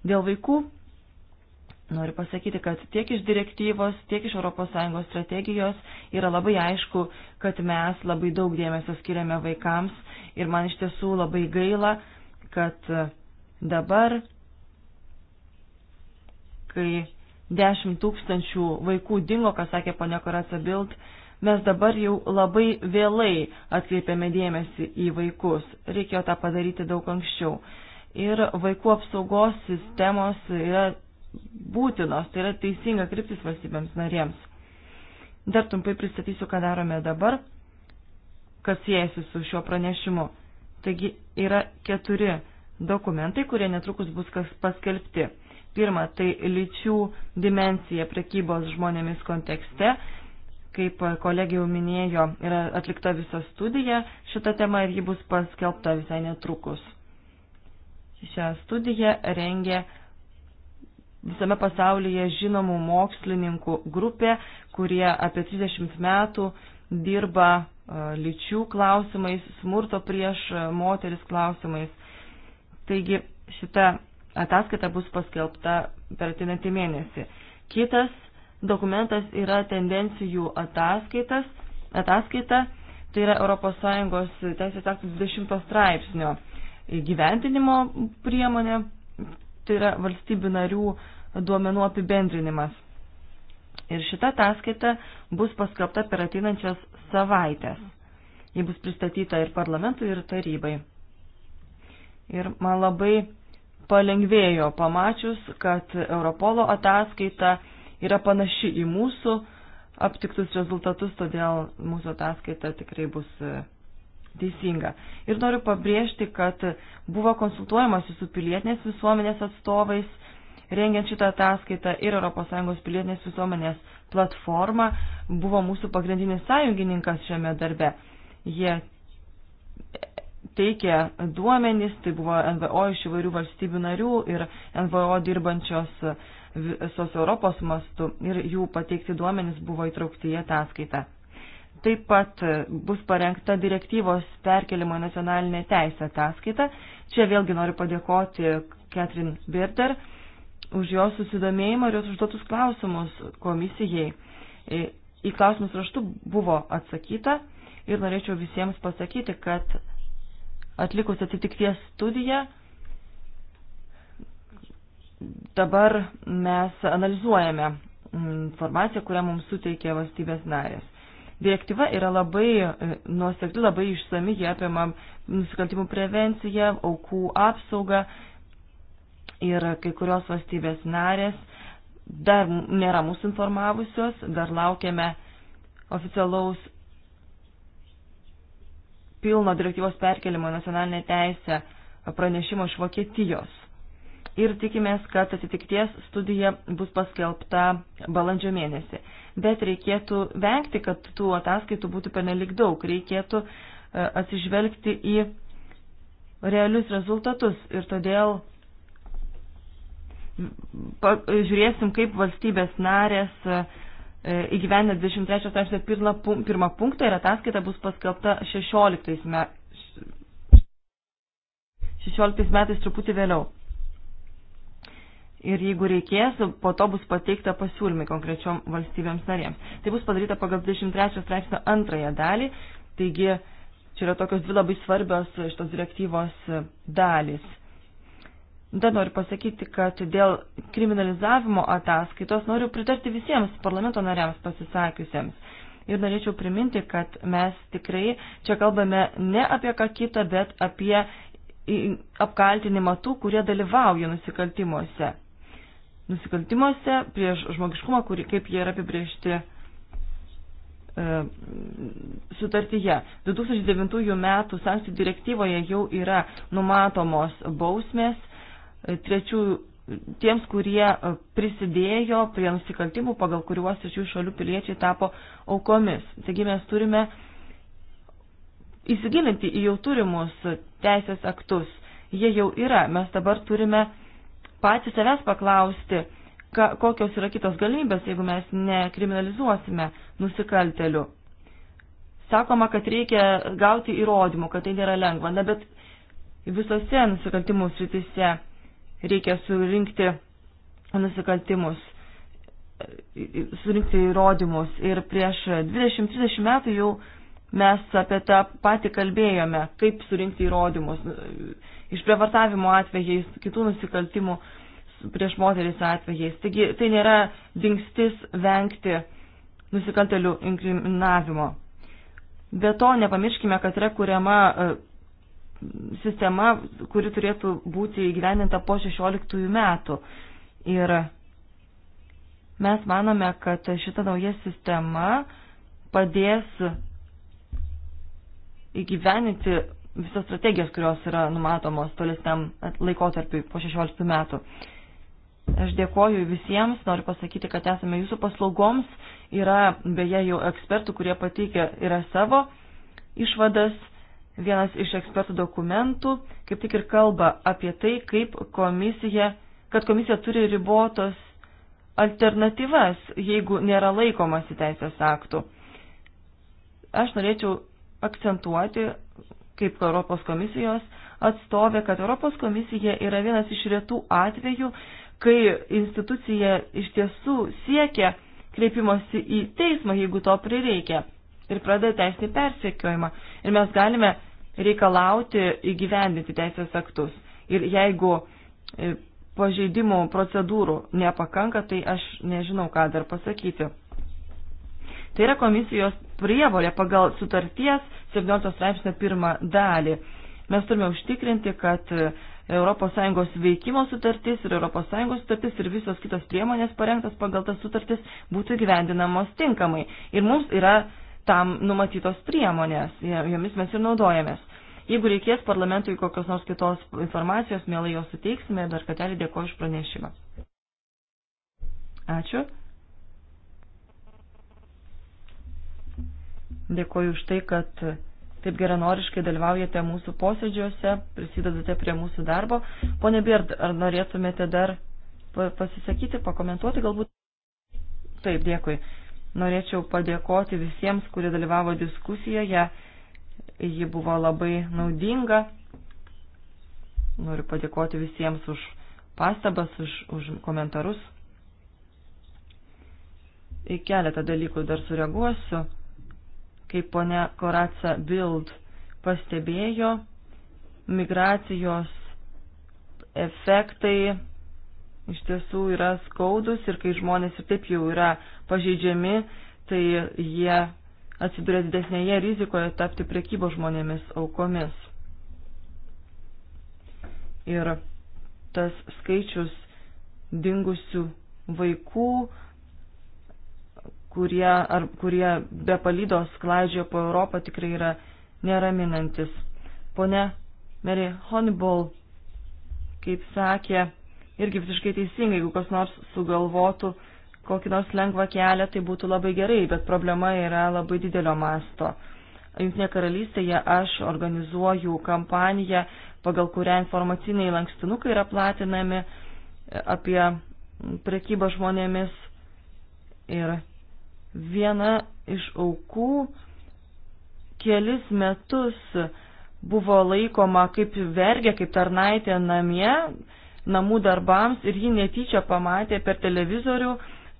Dėl vaikų Noriu pasakyti, kad tiek iš direktyvos, tiek iš ES strategijos yra labai aišku, kad mes labai daug dėmesio skiriame vaikams ir man iš tiesų labai gaila, kad dabar, kai 10 tūkstančių vaikų dingo, ką sakė ponia Koraca Bild, mes dabar jau labai vėlai atkreipiame dėmesį į vaikus. Reikėjo tą padaryti daug anksčiau. Ir vaikų apsaugos sistemos yra būtinos, tai yra teisinga kryptis valstybėms narėms. Dar trumpai pristatysiu, ką darome dabar, kas siejasi su šiuo pranešimu. Taigi yra keturi dokumentai, kurie netrukus bus kas paskelbti. Pirma, tai lyčių dimencija prekybos žmonėmis kontekste. Kaip kolegija jau minėjo, yra atlikta visa studija šita tema ir ji bus paskelbta visai netrukus. Šią studiją rengė visame pasaulyje žinomų mokslininkų grupė, kurie apie 30 metų dirba e, lyčių klausimais, smurto prieš e, moteris klausimais. Taigi šita ataskaita bus paskelbta per atinantį mėnesį. Kitas dokumentas yra tendencijų ataskaitas, ataskaita, tai yra ES teisės aktų 20 straipsnio įgyventinimo priemonė, tai yra valstybių narių duomenų apibendrinimas. Ir šita ataskaita bus paskelbta per ateinančias savaitės. Ji bus pristatyta ir parlamentui, ir tarybai. Ir man labai palengvėjo pamačius, kad Europolo ataskaita yra panaši į mūsų aptiktus rezultatus, todėl mūsų ataskaita tikrai bus teisinga. Ir noriu pabrėžti, kad buvo konsultuojamasi su pilietinės visuomenės atstovais, rengiant šitą ataskaitą ir ES pilietinės visuomenės platforma buvo mūsų pagrindinis sąjungininkas šiame darbe. Jie teikė duomenys, tai buvo NVO iš įvairių valstybių narių ir NVO dirbančios visos Europos mastu ir jų pateikti duomenys buvo įtraukti į ataskaitą. Taip pat bus parengta direktyvos perkelimo į nacionalinę teisę ataskaita. Čia vėlgi noriu padėkoti Catherine Birder už jos susidomėjimą ir jos užduotus klausimus komisijai. E, į klausimus raštu buvo atsakyta ir norėčiau visiems pasakyti, kad atlikus atitikties studiją, dabar mes analizuojame informaciją, kurią mums suteikė valstybės narės. Direktyva yra labai e, nuosekli, labai išsami, jie apima nusikaltimų prevenciją, aukų apsaugą ir kai kurios valstybės narės dar nėra mūsų informavusios, dar laukiame oficialaus pilno direktyvos perkelimo nacionalinę teisę pranešimo iš Vokietijos ir tikimės, kad atitikties studija bus paskelbta balandžio mėnesį. Bet reikėtų vengti, kad tų ataskaitų būtų penelik daug, reikėtų e, atsižvelgti į realius rezultatus ir todėl pa, žiūrėsim, kaip valstybės narės e, įgyvenę 23 straipsnio pirmą, pirmą punktą ir ataskaita bus paskelbta 16, me, 16 metais truputį vėliau ir jeigu reikės, po to bus pateikta pasiūlymai konkrečiom valstybėms narėms. Tai bus padaryta pagal 23 straipsnio antrąją dalį, taigi čia yra tokios dvi labai svarbios šitos direktyvos dalys. Dar noriu pasakyti, kad dėl kriminalizavimo ataskaitos noriu pritarti visiems parlamento nariams pasisakiusiems. Ir norėčiau priminti, kad mes tikrai čia kalbame ne apie ką kitą, bet apie apkaltinimą tų, kurie dalyvauja nusikaltimuose nusikaltimuose prieš žmogiškumą, kurį, kaip jie yra apibriežti e, sutartyje. 2009 metų sankcijų direktyvoje jau yra numatomos bausmės e, trečių, tiems, kurie e, prisidėjo prie nusikaltimų, pagal kuriuos trečių šalių piliečiai tapo aukomis. Taigi mes turime įsigilinti į jau turimus teisės aktus. Jie jau yra. Mes dabar turime patys savęs paklausti, ka, kokios yra kitos galimybės, jeigu mes nekriminalizuosime nusikaltelių. Sakoma, kad reikia gauti įrodymų, kad tai nėra lengva, na, bet visose nusikaltimų sritise reikia surinkti nusikaltimus, surinkti įrodymus. Ir prieš 20-30 metų jau mes apie tą patį kalbėjome, kaip surinkti įrodymus, išprievartavimo atvejais, kitų nusikaltimų prieš moteris atvejais. Taigi tai nėra dingstis vengti nusikantelių inkriminavimo. Be to nepamirškime, kad yra kuriama e, sistema, kuri turėtų būti įgyvendinta po 16 metų. Ir mes manome, kad šita nauja sistema padės įgyveninti visos strategijos, kurios yra numatomos tolesniam laikotarpiui po 16 metų. Aš dėkoju visiems, noriu pasakyti, kad esame jūsų paslaugoms. Yra beje jau ekspertų, kurie pateikė yra savo išvadas. Vienas iš ekspertų dokumentų kaip tik ir kalba apie tai, kaip komisija, kad komisija turi ribotos alternatyvas, jeigu nėra laikomasi teisės aktų. Aš norėčiau akcentuoti kaip Europos komisijos atstovė, kad Europos komisija yra vienas iš retų atvejų, kai institucija iš tiesų siekia kreipimosi į teismą, jeigu to prireikia, ir pradeda teisinį persekiojimą. Ir mes galime reikalauti įgyvendinti teisės aktus. Ir jeigu e, pažeidimų procedūrų nepakanka, tai aš nežinau, ką dar pasakyti. Tai yra komisijos prievolė pagal sutarties 17 straipsnio pirmą dalį. Mes turime užtikrinti, kad ES veikimo sutartis ir ES sutartis ir visos kitos priemonės parengtas pagal tas sutartis būtų gyvendinamos tinkamai. Ir mums yra tam numatytos priemonės, jomis mes ir naudojamės. Jeigu reikės parlamentui kokios nors kitos informacijos, mielai jos suteiksime, dar kartelį dėkoju iš pranešimą. Ačiū. Dėkoju už tai, kad taip geranoriškai dalyvaujate mūsų posėdžiuose, prisidedate prie mūsų darbo. Pone Bird, ar norėtumėte dar pasisakyti, pakomentuoti galbūt? Taip, dėkui. Norėčiau padėkoti visiems, kurie dalyvavo diskusijoje. Ji buvo labai naudinga. Noriu padėkoti visiems už pastabas, už, už komentarus. Į keletą dalykų dar sureaguosiu. Kaip ponia Koratsa Bild pastebėjo, migracijos efektai iš tiesų yra skaudus ir kai žmonės ir taip jau yra pažeidžiami, tai jie atsiduria didesnėje rizikoje tapti prekybo žmonėmis aukomis. Ir tas skaičius dingusių vaikų kurie, ar, kurie be palydos klaidžio po Europą tikrai yra neraminantis. Pone Mary Honeyball, kaip sakė, irgi visiškai teisingai, jeigu kas nors sugalvotų kokį nors lengvą kelią, tai būtų labai gerai, bet problema yra labai didelio masto. Junktinė karalystėje aš organizuoju kampaniją, pagal kurią informaciniai lankstinukai yra platinami apie prekybą žmonėmis ir Viena iš aukų kelis metus buvo laikoma kaip vergė, kaip tarnaitė namie, namų darbams ir ji netyčia pamatė per televizorių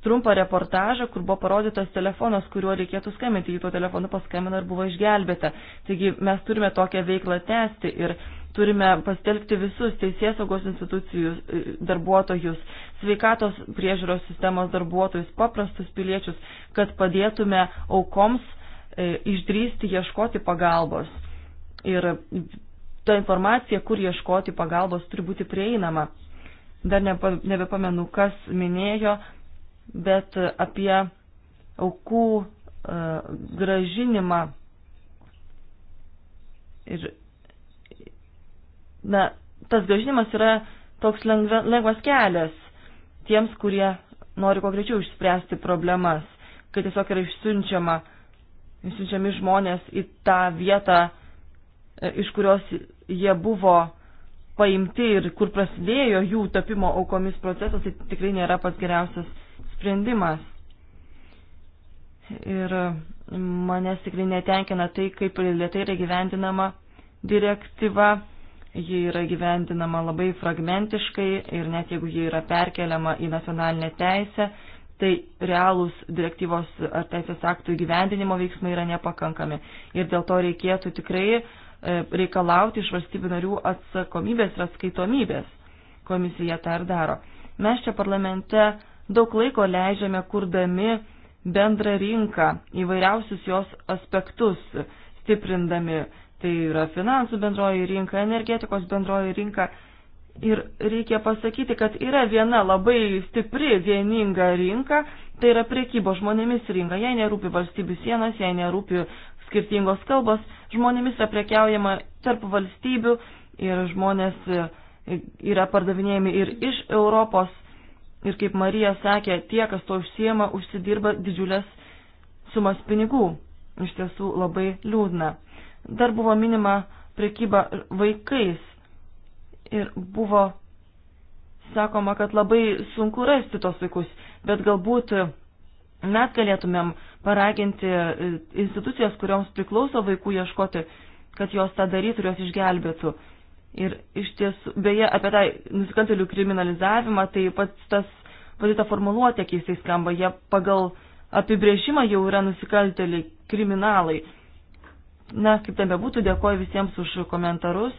trumpą reportažą, kur buvo parodytas telefonas, kuriuo reikėtų skambinti. Ji tuo telefonu paskambino ir buvo išgelbėta. Taigi mes turime tokią veiklą tęsti ir Turime pastelgti visus teisės saugos institucijų e, darbuotojus, sveikatos priežiūros sistemos darbuotojus, paprastus piliečius, kad padėtume aukoms e, išdrysti ieškoti pagalbos. Ir ta informacija, kur ieškoti pagalbos, turi būti prieinama. Dar nebepamenu, kas minėjo, bet apie aukų e, gražinimą ir na, tas gražinimas yra toks lengva, lengvas kelias tiems, kurie nori kuo greičiau išspręsti problemas, kai tiesiog yra išsiunčiama, išsiunčiami žmonės į tą vietą, e, iš kurios jie buvo paimti ir kur prasidėjo jų tapimo aukomis procesas, tai tikrai nėra pats geriausias sprendimas. Ir manęs tikrai netenkina tai, kaip lietai yra gyvendinama direktyva ji yra gyvendinama labai fragmentiškai ir net jeigu ji yra perkeliama į nacionalinę teisę, tai realūs direktyvos ar teisės aktų įgyvendinimo veiksmai yra nepakankami. Ir dėl to reikėtų tikrai e, reikalauti iš valstybių narių atsakomybės ir atskaitomybės. Komisija tą ir daro. Mes čia parlamente daug laiko leidžiame kurdami bendrą rinką, įvairiausius jos aspektus, stiprindami Tai yra finansų bendroji rinka, energetikos bendroji rinka. Ir reikia pasakyti, kad yra viena labai stipri vieninga rinka, tai yra priekybo žmonėmis rinka. Jei nerūpi valstybių sienos, jei nerūpi skirtingos kalbos, žmonėmis yra prekiaujama tarp valstybių ir žmonės e, yra pardavinėjami ir iš Europos. Ir kaip Marija sakė, tie, kas to užsiema, užsidirba didžiulės sumas pinigų. Iš tiesų labai liūdna. Dar buvo minima prekyba vaikais ir buvo sakoma, kad labai sunku rasti tos vaikus, bet galbūt mes galėtumėm paraginti e, institucijas, kurioms priklauso vaikų ieškoti, kad jos tą darytų ir jos išgelbėtų. Ir iš tiesų, beje, apie tą nusikantelių kriminalizavimą, tai pats tas, pati ta formuluotė keistai skamba, jie pagal apibrėžimą jau yra nusikalteliai, kriminalai. Na, kaip tame būtų, dėkoju visiems už komentarus,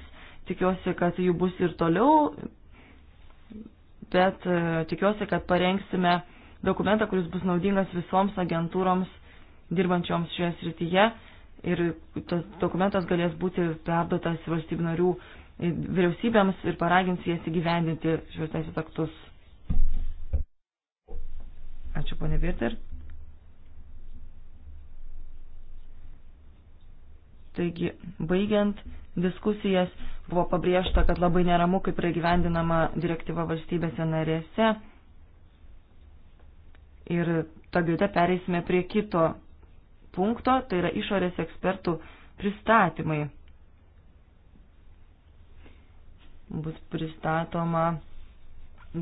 tikiuosi, kad jų bus ir toliau, bet e, tikiuosi, kad parengsime dokumentą, kuris bus naudingas visoms agentūroms dirbančioms šioje srityje ir tas dokumentas galės būti perduotas valstybių narių e, vyriausybėms ir paragins jas įgyvendinti šios teisės aktus. Ačiū, ponė Birter. Taigi, baigiant diskusijas, buvo pabrėžta, kad labai neramu, kaip yra gyvendinama direktyva valstybėse narėse. Ir tą gaitą pereisime prie kito punkto, tai yra išorės ekspertų pristatymai. Bus pristatoma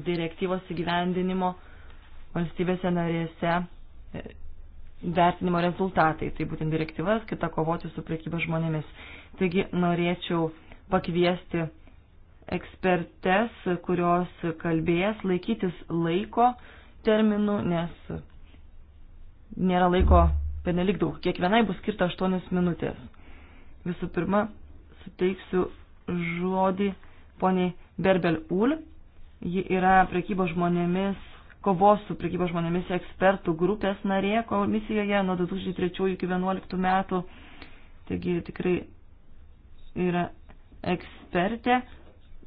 direktyvos įgyvendinimo valstybėse narėse vertinimo rezultatai. Tai būtent direktyva skirta kovoti su priekyba žmonėmis. Taigi norėčiau pakviesti ekspertes, kurios kalbės laikytis laiko terminų, nes nėra laiko penelik daug. Kiekvienai bus skirta 8 minutės. Visų pirma, suteiksiu žodį poniai Berbel Ul. Ji yra prekybo žmonėmis kovos su prekybos žmonėmis ekspertų grupės narė komisijoje nuo 2003 iki 2011 metų. Taigi tikrai yra ekspertė,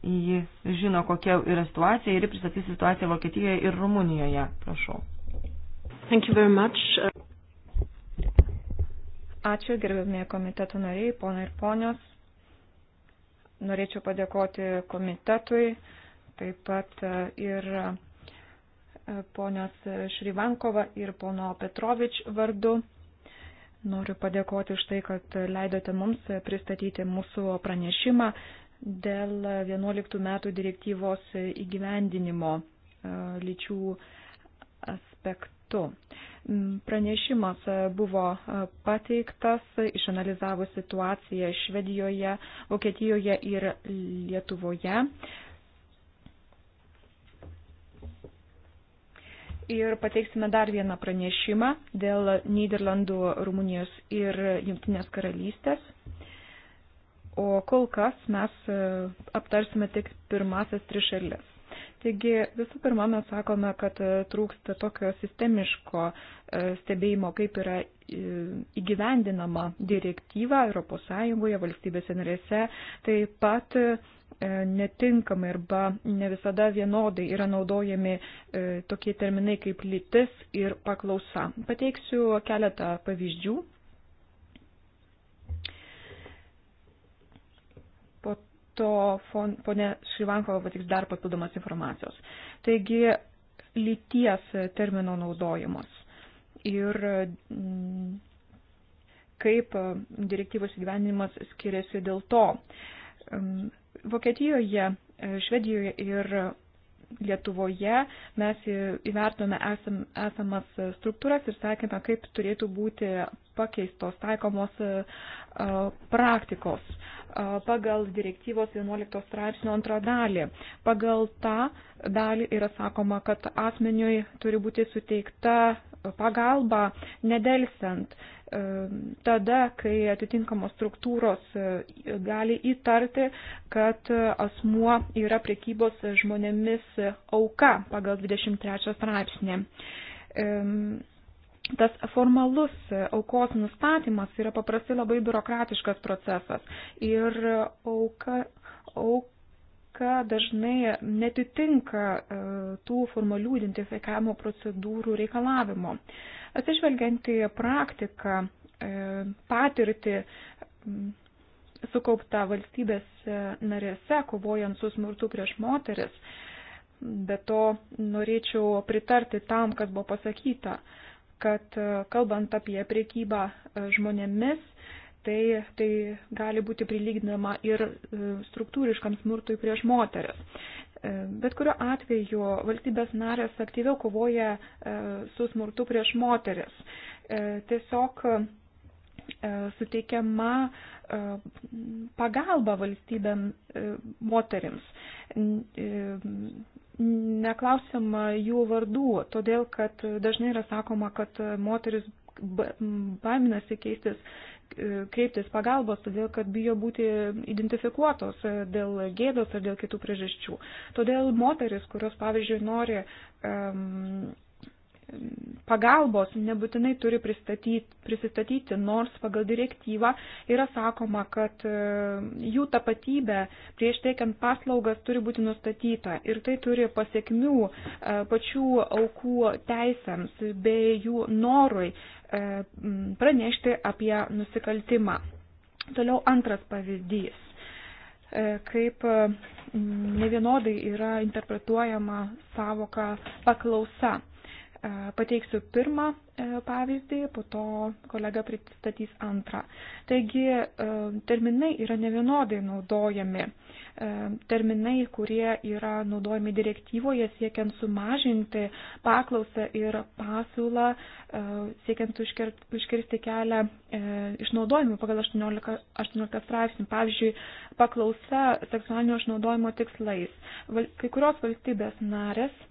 ji žino, kokia yra situacija ir pristatys situaciją Vokietijoje ir Rumunijoje. Prašau. Thank you very much. Ačiū, gerbėmė komiteto nariai, ponai ir ponios. Norėčiau padėkoti komitetui, taip pat ir ponios Šrivankova ir pono Petrovič vardu. Noriu padėkoti už tai, kad leidote mums pristatyti mūsų pranešimą dėl 11 metų direktyvos įgyvendinimo e, lyčių aspektu. Pranešimas buvo pateiktas, išanalizavo situaciją Švedijoje, Vokietijoje ir Lietuvoje. ir pateiksime dar vieną pranešimą dėl Niderlandų, Rumunijos ir Junktinės karalystės. O kol kas mes e, aptarsime tik pirmasis tris šalis. Taigi visų pirma, mes sakome, kad e, trūksta tokio sistemiško e, stebėjimo, kaip yra e, įgyvendinama direktyva ES valstybėse narėse, taip pat netinkamai arba ne visada vienodai yra naudojami tokie terminai kaip lytis ir paklausa. Pateiksiu keletą pavyzdžių. to ponė Šrivankova patiks dar papildomas informacijos. Taigi, lyties termino naudojimas ir mm, kaip direktyvos įgyvenimas skiriasi dėl to. Mm, Vokietijoje, Švedijoje ir Lietuvoje mes įvertome esam, esamas struktūras ir sakėme, kaip turėtų būti pakeistos taikomos praktikos pagal direktyvos 11 straipsnio antrą dalį. Pagal tą dalį yra sakoma, kad asmeniui turi būti suteikta pagalba nedelsiant, e, tada, kai atitinkamos struktūros e, gali įtarti, kad asmuo yra prekybos žmonėmis auka pagal 23 straipsnį tas formalus aukos nustatymas yra paprastai labai biurokratiškas procesas ir auka, auka dažnai netitinka e, tų formalių identifikavimo procedūrų reikalavimo. Atsižvelgiant į praktiką, e, patirtį sukauptą valstybės e, narėse, kovojant su smurtu prieš moteris, be to norėčiau pritarti tam, kas buvo pasakyta kad e, kalbant apie priekybą e, žmonėmis, tai, tai gali būti prilyginama ir e, struktūriškam smurtui prieš moteris. Bet kuriuo atveju valstybės narės aktyviau kovoja su smurtu prieš moteris. Tiesiog suteikiama pagalba valstybėm moterims neklausima jų vardų, todėl kad dažnai yra sakoma, kad moteris baiminasi keistis, kreiptis pagalbos, todėl kad bijo būti identifikuotos dėl gėdos ar dėl kitų priežasčių. Todėl moteris, kurios, pavyzdžiui, nori um, pagalbos nebūtinai turi pristatyti, prisistatyti, nors pagal direktyvą yra sakoma, kad e, jų tapatybė prieš teikiant paslaugas turi būti nustatyta ir tai turi pasiekmių e, pačių aukų teisėms bei jų norui e, pranešti apie nusikaltimą. Toliau antras pavyzdys kaip nevienodai yra interpretuojama savoka paklausa. E, pateiksiu pirmą e, pavyzdį, po to kolega pristatys antrą. Taigi e, terminai yra nevienodai naudojami. Terminai, kurie yra naudojami direktyvoje siekiant sumažinti paklausą ir pasiūlą, siekiant užkirsti kelią išnaudojimu pagal 18, 18 straipsnį. Pavyzdžiui, paklausa seksualinio išnaudojimo tikslais. Kai kurios valstybės narės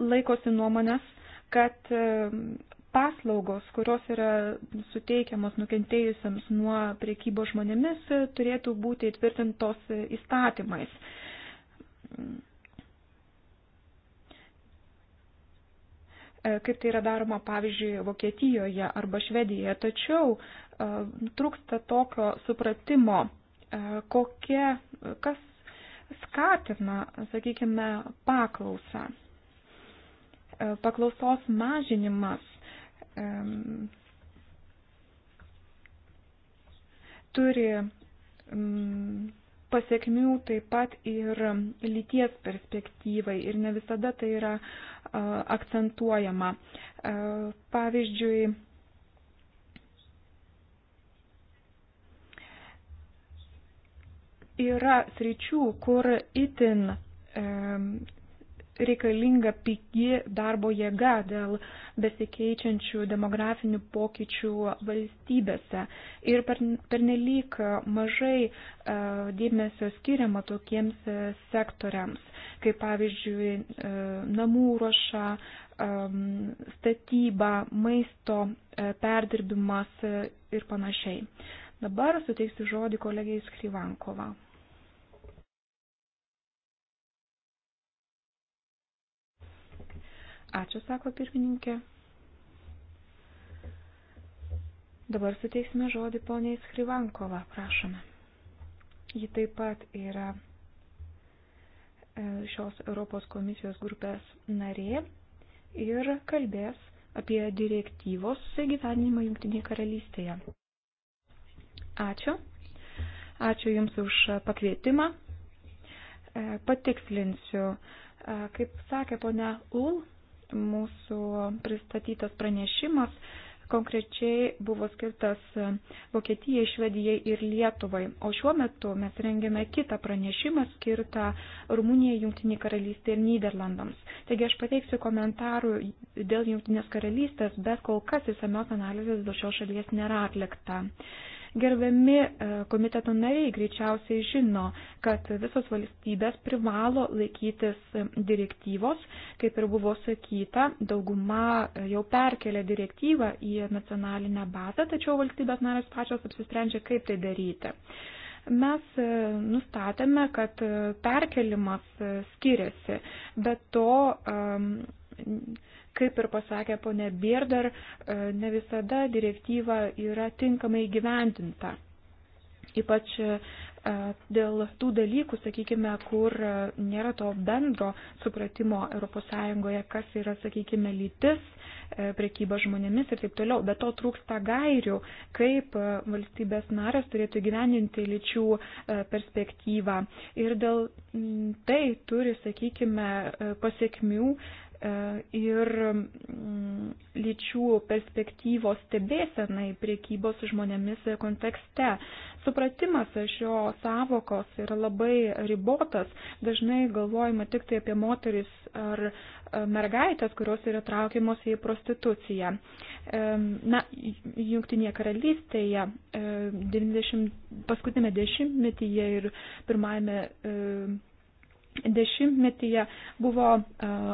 laikosi nuomonės, kad paslaugos, kurios yra suteikiamos nukentėjusiems nuo priekybo žmonėmis, turėtų būti įtvirtintos įstatymais. E, kaip tai yra daroma, pavyzdžiui, Vokietijoje arba Švedijoje. Tačiau e, trūksta tokio supratimo, e, kokie, kas skatina, sakykime, paklausą. E, paklausos mažinimas turi pasiekmių taip pat ir lyties perspektyvai ir ne visada tai yra akcentuojama. E, pavyzdžiui, yra sričių, kur itin e, reikalinga pigi darbo jėga dėl besikeičiančių demografinių pokyčių valstybėse. Ir per, pernelyk mažai e, dėmesio skiriama tokiems e, sektoriams, kaip pavyzdžiui e, namų ruoša, e, statyba, maisto e, perdirbimas e, ir panašiai. Dabar suteiksiu žodį kolegijai Skryvankova. Ačiū, sako pirmininkė. Dabar suteiksime žodį poniai Skrivankova, prašome. Ji taip pat yra e, šios Europos komisijos grupės narė ir kalbės apie direktyvos įgyvendinimą Junktinėje karalystėje. Ačiū. Ačiū Jums už pakvietimą. E, patikslinsiu, e, kaip sakė ponia Ul, mūsų pristatytas pranešimas konkrečiai buvo skirtas Vokietijai, Švedijai ir Lietuvai. O šiuo metu mes rengiame kitą pranešimą skirtą Rumunijai, Junktiniai karalystė ir Niderlandams. Taigi aš pateiksiu komentarų dėl Junktinės karalystės, bet kol kas įsamios analizės dėl šios šalies nėra atlikta. Gerbiami e, komiteto nariai greičiausiai žino, kad visos valstybės privalo laikytis e, direktyvos. Kaip ir buvo sakyta, dauguma e, jau perkelė direktyvą į nacionalinę bazę, tačiau valstybės narės pačios apsisprendžia, kaip tai daryti mes nustatėme, kad perkelimas skiriasi, bet to Kaip ir pasakė ponė Birdar, e, ne visada direktyva yra tinkamai gyventinta. Ypač e, dėl tų dalykų, sakykime, kur e, nėra to bendro supratimo ES, kas yra, sakykime, lytis, priekyba žmonėmis ir taip toliau. Bet to trūksta gairių, kaip valstybės narės turėtų gyveninti lyčių perspektyvą. Ir dėl tai turi, sakykime, pasiekmių E, ir mm, lyčių perspektyvos stebėsenai priekybos žmonėmis kontekste. Supratimas šio savokos yra labai ribotas. Dažnai galvojama tik tai apie moteris ar e, mergaitės, kurios yra traukiamos į prostituciją. E, na, Junktinėje karalystėje 90, paskutinėme dešimtmetyje ir pirmajame dešimtmetyje buvo e,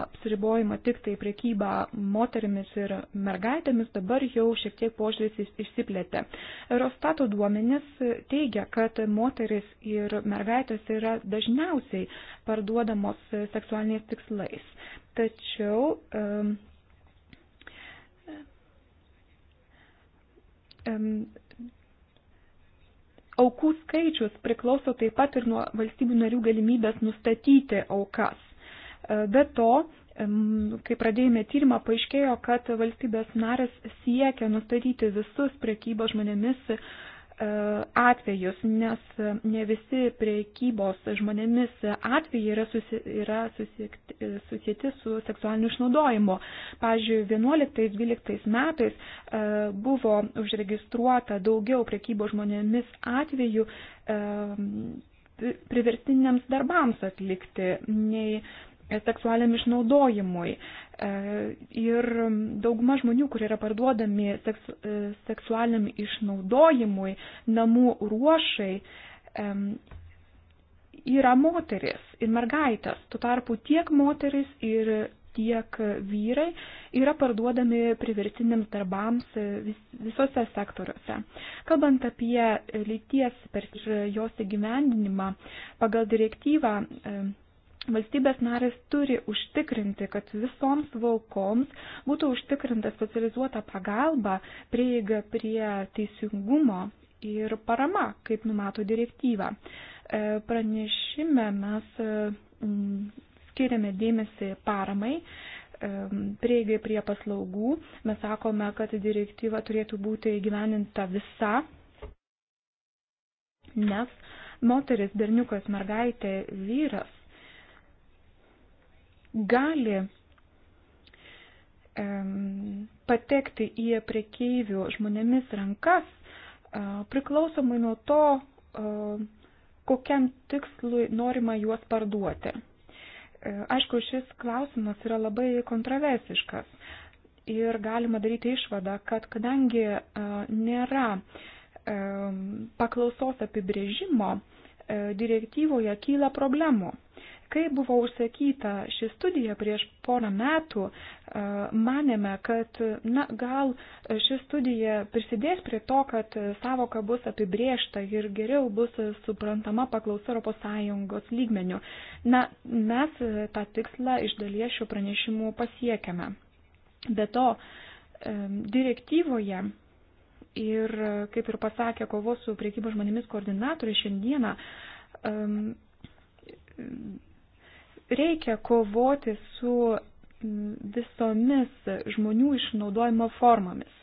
apsiribojama tik tai priekyba moterimis ir mergaitėmis, dabar jau šiek tiek požiūris išsiplėtė. Eurostato duomenis teigia, kad moteris ir mergaitės yra dažniausiai parduodamos seksualiniais tikslais. Tačiau um, um, Aukų skaičius priklauso taip pat ir nuo valstybių narių galimybės nustatyti aukas. E, be to, kai pradėjome tyrimą, paaiškėjo, kad valstybės narės siekia nustatyti visus priekybos žmonėmis E, atvejus, nes ne visi priekybos žmonėmis atvejai yra, susi, yra susiekti, susijęti su seksualiniu išnaudojimu. Pavyzdžiui, 11-12 metais e, buvo užregistruota daugiau priekybos žmonėmis atvejų e, priverstiniams darbams atlikti nei seksualiam išnaudojimui. E, ir dauguma žmonių, kurie yra parduodami seks, e, seksualiam išnaudojimui, namų ruošai, e, yra moteris ir mergaitės. Tuo tarpu tiek moteris ir tiek vyrai yra parduodami privertiniams darbams vis, visose sektoriuose. Kalbant apie lyties per jos įgyvendinimą, pagal direktyvą Valstybės narės turi užtikrinti, kad visoms vaukoms būtų užtikrinta specializuota pagalba, prieiga prie teisingumo ir parama, kaip numato direktyva. E, pranešime mes e, skiriame dėmesį paramai, e, prieigai prie paslaugų. Mes sakome, kad direktyva turėtų būti įgyveninta visa, nes moteris, berniukas, mergaitė, vyras gali patekti į prekeivių žmonėmis rankas priklausomai nuo to, kokiam tikslui norima juos parduoti. E, aišku, šis klausimas yra labai kontroversiškas ir galima daryti išvadą, kad kadangi nėra paklausos apibrėžimo, direktyvoje kyla problemų. Kai buvo užsakyta ši studija prieš porą metų, e, manėme, kad na, gal ši studija prisidės prie to, kad savoka bus apibriešta ir geriau bus suprantama paklausa ES lygmenių. Na, mes tą tikslą iš dalies šių pranešimų pasiekėme. Be to, e, direktyvoje ir, kaip ir pasakė kovos su priekybos žmonėmis koordinatorius šiandieną, reikia kovoti su visomis žmonių išnaudojimo formomis.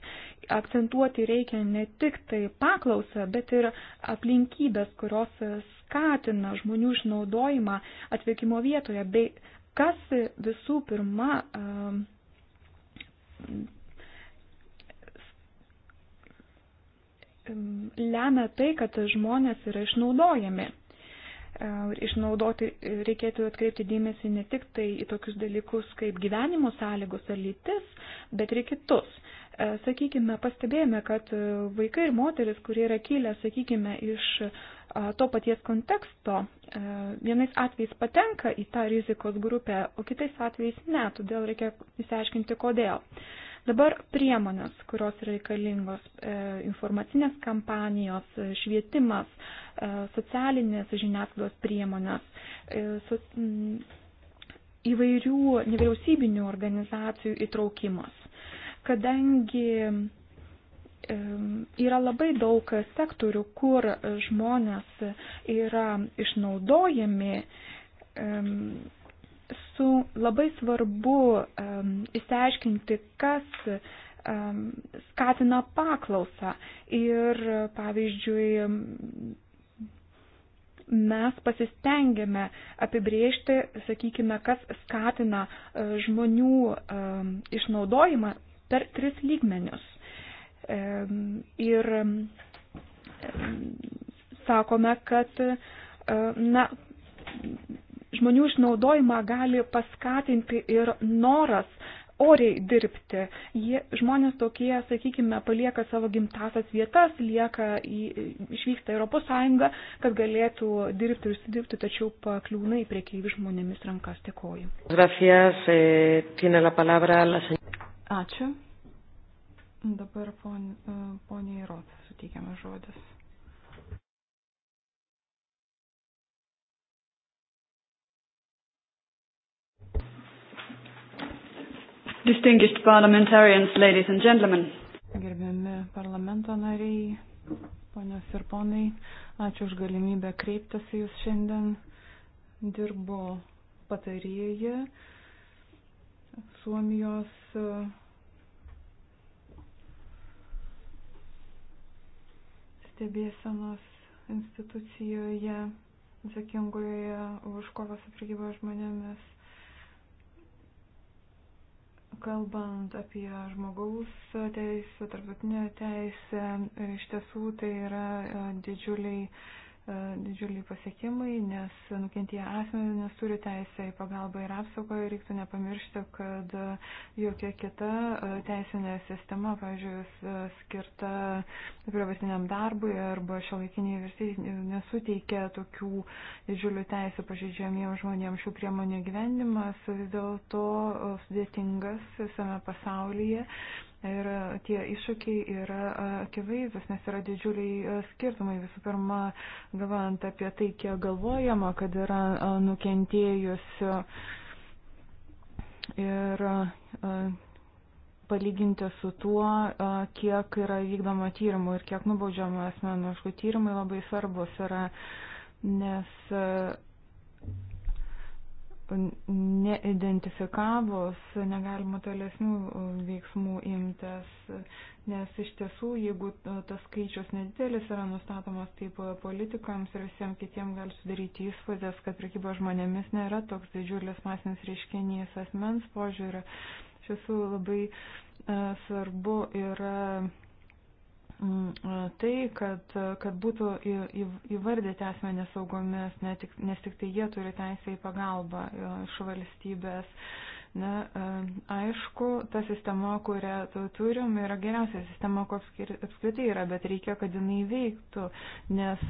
Akcentuoti reikia ne tik tai paklausą, bet ir aplinkybės, kurios skatina žmonių išnaudojimą atvykimo vietoje, bei kas visų pirma lemia tai, kad žmonės yra išnaudojami. E, išnaudoti reikėtų atkreipti dėmesį ne tik tai į tokius dalykus kaip gyvenimo sąlygos ar lytis, bet ir kitus. E, sakykime, pastebėjome, kad e, vaikai ir moteris, kurie yra kilę, sakykime, iš to paties konteksto, vienais atvejais patenka į tą rizikos grupę, o kitais atvejais ne, todėl reikia įsiaiškinti kodėl. Dabar priemonės, kurios reikalingos e, - informacinės kampanijos, e, švietimas, e, socialinės žiniasklaidos priemonės, mm, įvairių nevyriausybinių organizacijų įtraukimas. Kadangi yra labai daug sektorių, kur žmonės yra išnaudojami, tiesų labai svarbu um, įsiaiškinti, kas um, skatina paklausą. Ir, pavyzdžiui, mes pasistengėme apibriežti, sakykime, kas skatina uh, žmonių um, išnaudojimą per tris lygmenius. Um, ir um, sakome, kad, uh, na, žmonių išnaudojimą gali paskatinti ir noras oriai dirbti. Jie, žmonės tokie, sakykime, palieka savo gimtasias vietas, lieka į, išvyksta į Europos Sąjungą, kad galėtų dirbti ir užsidirbti, tačiau pakliūna į priekeivių žmonėmis rankas. Dėkoju. Gracias, eh, tiene la palabra la señora. Ačiū. Dabar eh, poniai pon, Rot suteikiamas žodis. Distinguished parliamentarians, ladies and gentlemen. Gerbiami parlamento nariai, ponios ir ponai, ačiū už galimybę kreiptis į Jūs šiandien. Dirbu patarėje Suomijos e, stebėsenos institucijoje atsakingoje už kovą su prekyba žmonėmis Kalbant apie žmogaus teisę, tarptautinę teisę, iš tiesų tai yra e, didžiuliai E, didžiuliai pasiekimai, nes nukentėję asmenys turi teisę į pagalbą ir apsaugą ir reiktų nepamiršti, kad jokia kita e, teisinė sistema, pavyzdžiui, e, skirta privatiniam darbui arba šiolaikiniai versijai nesuteikia tokių didžiulių teisų pažeidžiamiems žmonėms šių priemonių gyvendimas vis dėlto sudėtingas visame pasaulyje Ir tie iššūkiai yra akivaizdus, nes yra didžiuliai skirtumai. Visų pirma, galvojant apie tai, kiek galvojama, kad yra nukentėjusių ir palyginti su tuo, kiek yra vykdoma tyrimų ir kiek nubaudžiama asmenų. Aišku, tyrimai labai svarbus yra, nes neidentifikavus negalima tolesnių e, veiksmų imtis, nes iš tiesų, jeigu e, tas skaičius nedidelis yra nustatomas taip e, politikams ir visiems kitiems gali sudaryti įspūdės, kad prekyba žmonėmis nėra toks didžiulis masinis reiškinys asmens požiūrį. Iš tiesų labai svarbu yra Mm, tai, kad, kad būtų įvardyti asmenės saugomis, ne tik, nes tik tai jie turi teisę į pagalbą iš valstybės. Na, aišku, ta sistema, kurią turim, yra geriausia sistema, kokia apskritai yra, bet reikia, kad jinai veiktų, nes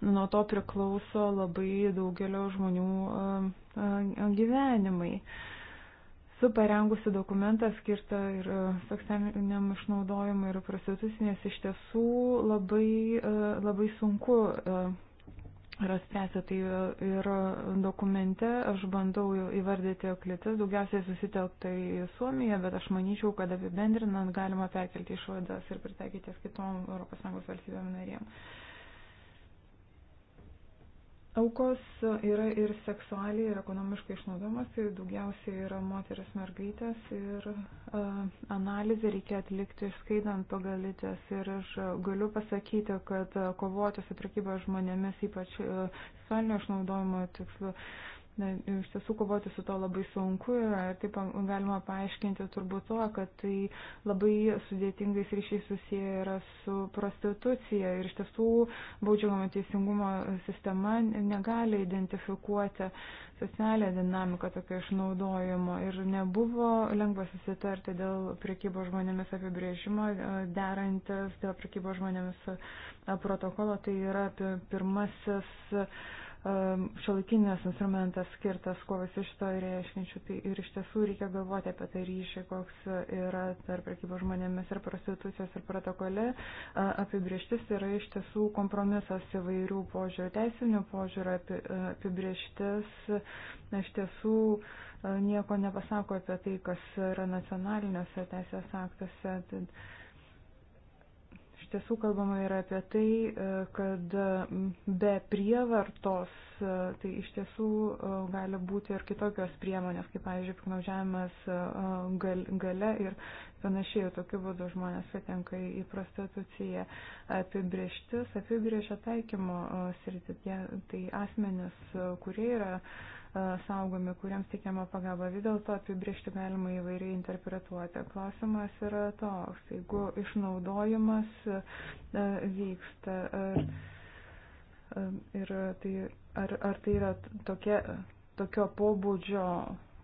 nuo to priklauso labai daugelio žmonių gyvenimai. Uh, esu parengusi dokumentą skirtą ir e, seksualiniam išnaudojimui ir prostitucijai, nes iš tiesų labai, e, labai sunku yra e, spręsti. Tai ir dokumente aš bandau įvardyti klitis, daugiausiai susitelkta į Suomiją, bet aš manyčiau, kad apibendrinant galima perkelti išvadas ir pritaikyti kitom ES valstybėm narėm. Uh, Aukos yra ir seksualiai, ir ekonomiškai išnaudomas, tai daugiausiai yra moteris mergaitės ir uh, analizę reikia atlikti išskaidant pagal lytis. Ir aš galiu pasakyti, kad uh, kovoti su prekyba žmonėmis, ypač uh, seksualinio išnaudojimo tikslu, uh, Na, iš tiesų kovoti su to labai sunku ir taip galima paaiškinti turbūt to, kad tai labai sudėtingais ryšiais susiję yra su prostitucija ir iš tiesų baudžiamo teisingumo sistema negali identifikuoti socialinę dinamiką tokio išnaudojimo ir nebuvo lengva susitarti dėl priekybo žmonėmis apibrėžimo, e, derantis dėl priekybo žmonėmis e, protokolo, tai yra pirmasis šiolikinės instrumentas skirtas kovas iš to reiškinčių. Tai ir iš tiesų reikia galvoti apie tai ryšį, koks yra tarp prekybos žmonėmis ir prostitucijos ir protokole. Apibrieštis yra iš tiesų kompromisas įvairių požiūrių, teisinių požiūrių apibrieštis. Iš tiesų nieko nepasako apie tai, kas yra nacionaliniuose teisės aktuose. Tai, tiesų kalbama yra apie tai, e, kad be prievartos e, tai iš tiesų e, gali būti ir kitokios priemonės, kaip, pavyzdžiui, piknaudžiavimas gal, gale ir panašiai. Tokiu būdu žmonės patenka į prostituciją. Apibrieštis apibriešia taikymo sritį. Tai asmenis, kurie yra E, saugomi, kuriems teikiama pagalba. Vis dėlto apibriežti galima įvairiai interpretuoti. Klausimas yra toks, jeigu išnaudojimas e, vyksta e, ir tai, ar, ar tai yra tokia, tokio pobūdžio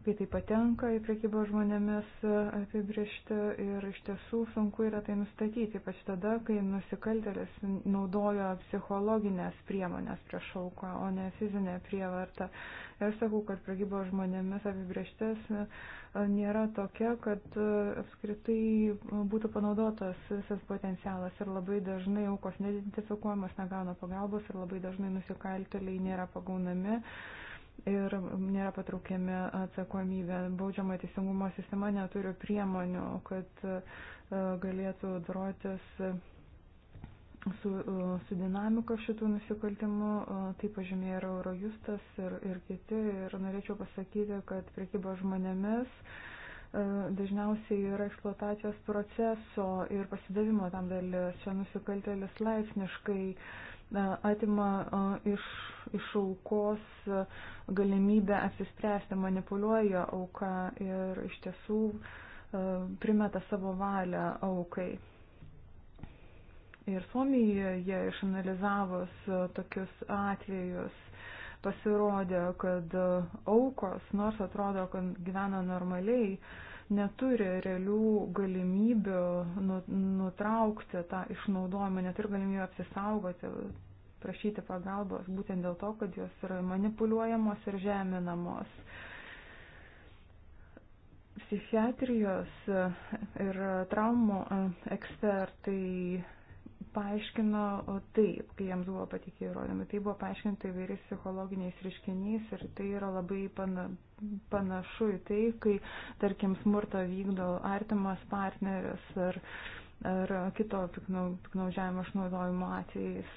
kai tai patenka į priekybą žmonėmis e, apibriešti ir iš tiesų sunku yra tai nustatyti, ypač tada, kai nusikaltėlis naudojo psichologinės priemonės prieš auką, o ne fizinę prievartą. Ir sakau, kad priekybą žmonėmis apibrieštis e, nėra tokia, kad e, apskritai būtų panaudotas visas potencialas ir labai dažnai aukos neidentifikuojamas, negauna pagalbos ir labai dažnai nusikaltėliai nėra pagaunami ir nėra patraukiami atsakomybė. Baudžiama teisingumo sistema neturi priemonių, kad e, galėtų dorotis su, e, su dinamika šitų nusikaltimų. E, tai pažymėjo ir Eurojustas ir, ir kiti. Ir norėčiau pasakyti, kad priekyba žmonėmis dažniausiai yra eksploatacijos proceso ir pasidavimo tam dalis. Čia nusikaltėlis laipsniškai uh, E, atima e, iš, iš aukos e, galimybę apsispręsti, manipuliuoja auką ir iš tiesų primeta savo valią aukai. Ir Suomijoje išanalizavus tokius atvejus pasirodė, kad aukos, nors atrodo, kad gyvena normaliai, uh, neturi realių galimybių nu, nutraukti tą išnaudojimą, neturi galimybių apsisaugoti, prašyti pagalbos, būtent dėl to, kad jos yra manipuliuojamos ir žeminamos. Psichiatrijos ir traumų ekspertai paaiškino taip, kai jiems buvo patikė įrodymai. Tai buvo paaiškinta įvairiais psichologiniais reiškiniais ir tai yra labai pana, panašu į tai, kai, tarkim, smurtą vykdo artimas partneris ar, ar kito piknaudžiavimo išnaudojimo atvejais.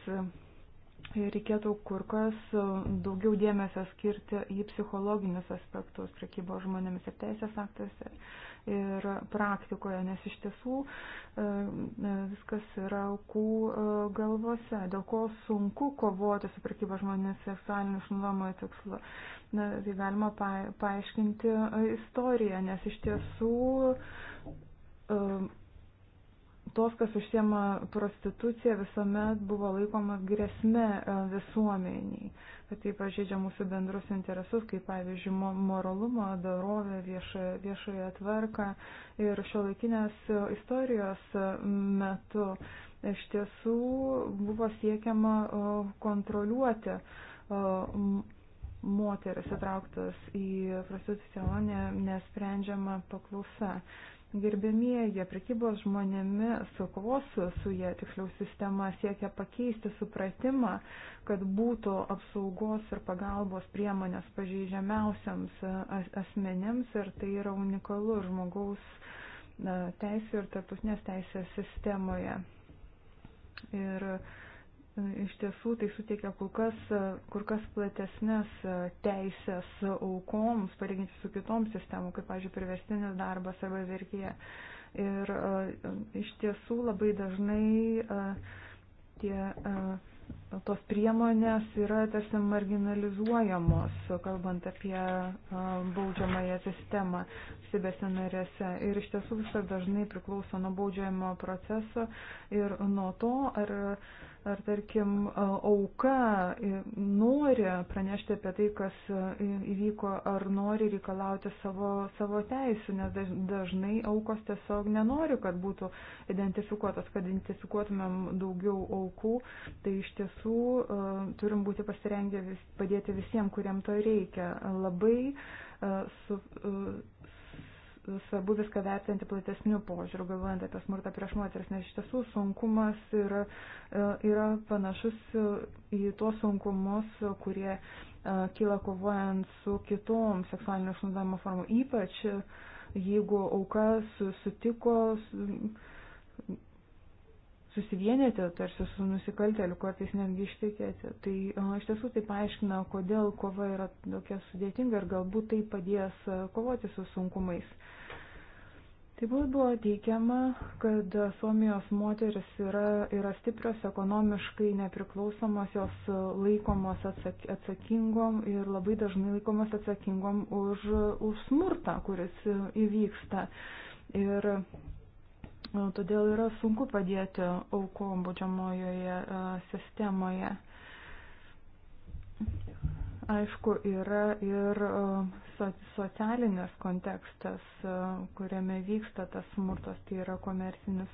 Reikėtų kur kas daugiau dėmesio skirti į psichologinius aspektus prekybos žmonėmis ir teisės aktuose. Ir ir praktikoje, nes iš tiesų e, e, viskas yra aukų e, galvose, dėl ko sunku kovoti su prekyba žmonės seksualiniu išnaudojimu tikslu. Na, tai galima paaiškinti istoriją, nes iš tiesų tos, kas užsiema prostitucija, visuomet buvo laikomas grėsme e, visuomeniai, kad tai pažeidžia mūsų bendrus interesus, kaip pavyzdžiui, moralumą, darovę, viešą, viešąją tvarką. Ir šio laikinės e, istorijos e, metu iš tiesų buvo siekiama kontroliuoti moteris įtrauktas į prostituciją, o ne nesprendžiama paklausa. Gerbėmieji, prekybos žmonėmis, kovos su jie, tiksliau sistema siekia pakeisti supratimą, kad būtų apsaugos ir pagalbos priemonės pažeidžiamiausiams e, asmenėms ir tai yra unikalu žmogaus e, teisų ir tarptautinės teisės sistemoje. Ir uh, E, iš tiesų tai suteikia kur kas, e, kur kas platesnės e, teisės aukoms, palyginti su kitom sistemom, kaip, pavyzdžiui, priverstinis darbas arba verkėje. Ir iš tiesų labai dažnai tie, tos priemonės yra tarsi marginalizuojamos, kalbant apie baudžiamąją sistemą valstybėse narėse. Ir iš tiesų viskas dažnai priklauso nuo baudžiamo proceso ir nuo to, ar ar tarkim auka nori pranešti apie tai, kas įvyko, ar nori reikalauti savo, savo teisų, nes dažnai aukos tiesiog nenori, kad būtų identifikuotas, kad identifikuotumėm daugiau aukų, tai iš tiesų turim būti pasirengę vis, padėti visiems, kuriem to reikia. Labai su, svarbu viską vertinti platesnių požiūrių, galvojant apie smurtą prieš moteris, nes iš tiesų sunkumas yra, e, yra panašus į tuos sunkumus, kurie e, kyla kovojant su kitom seksualinio išnaudojimo formom, ypač jeigu auka sutiko susivienyti tarsi su nusikalteliu, kartais netgi ištikėti. Tai e, iš tiesų tai paaiškina, kodėl kova yra tokia sudėtinga ir galbūt tai padės kovoti su sunkumais. Taip pat buvo teikiama, kad Suomijos moteris yra, yra stiprios, ekonomiškai nepriklausomos, jos laikomos atsak, atsakingom ir labai dažnai laikomos atsakingom už, už smurtą, kuris įvyksta. Ir e, todėl yra sunku padėti aukom baudžiamojoje e, sistemoje aišku, yra ir e, socialinis kontekstas, e, kuriame vyksta tas smurtas, tai yra komercinis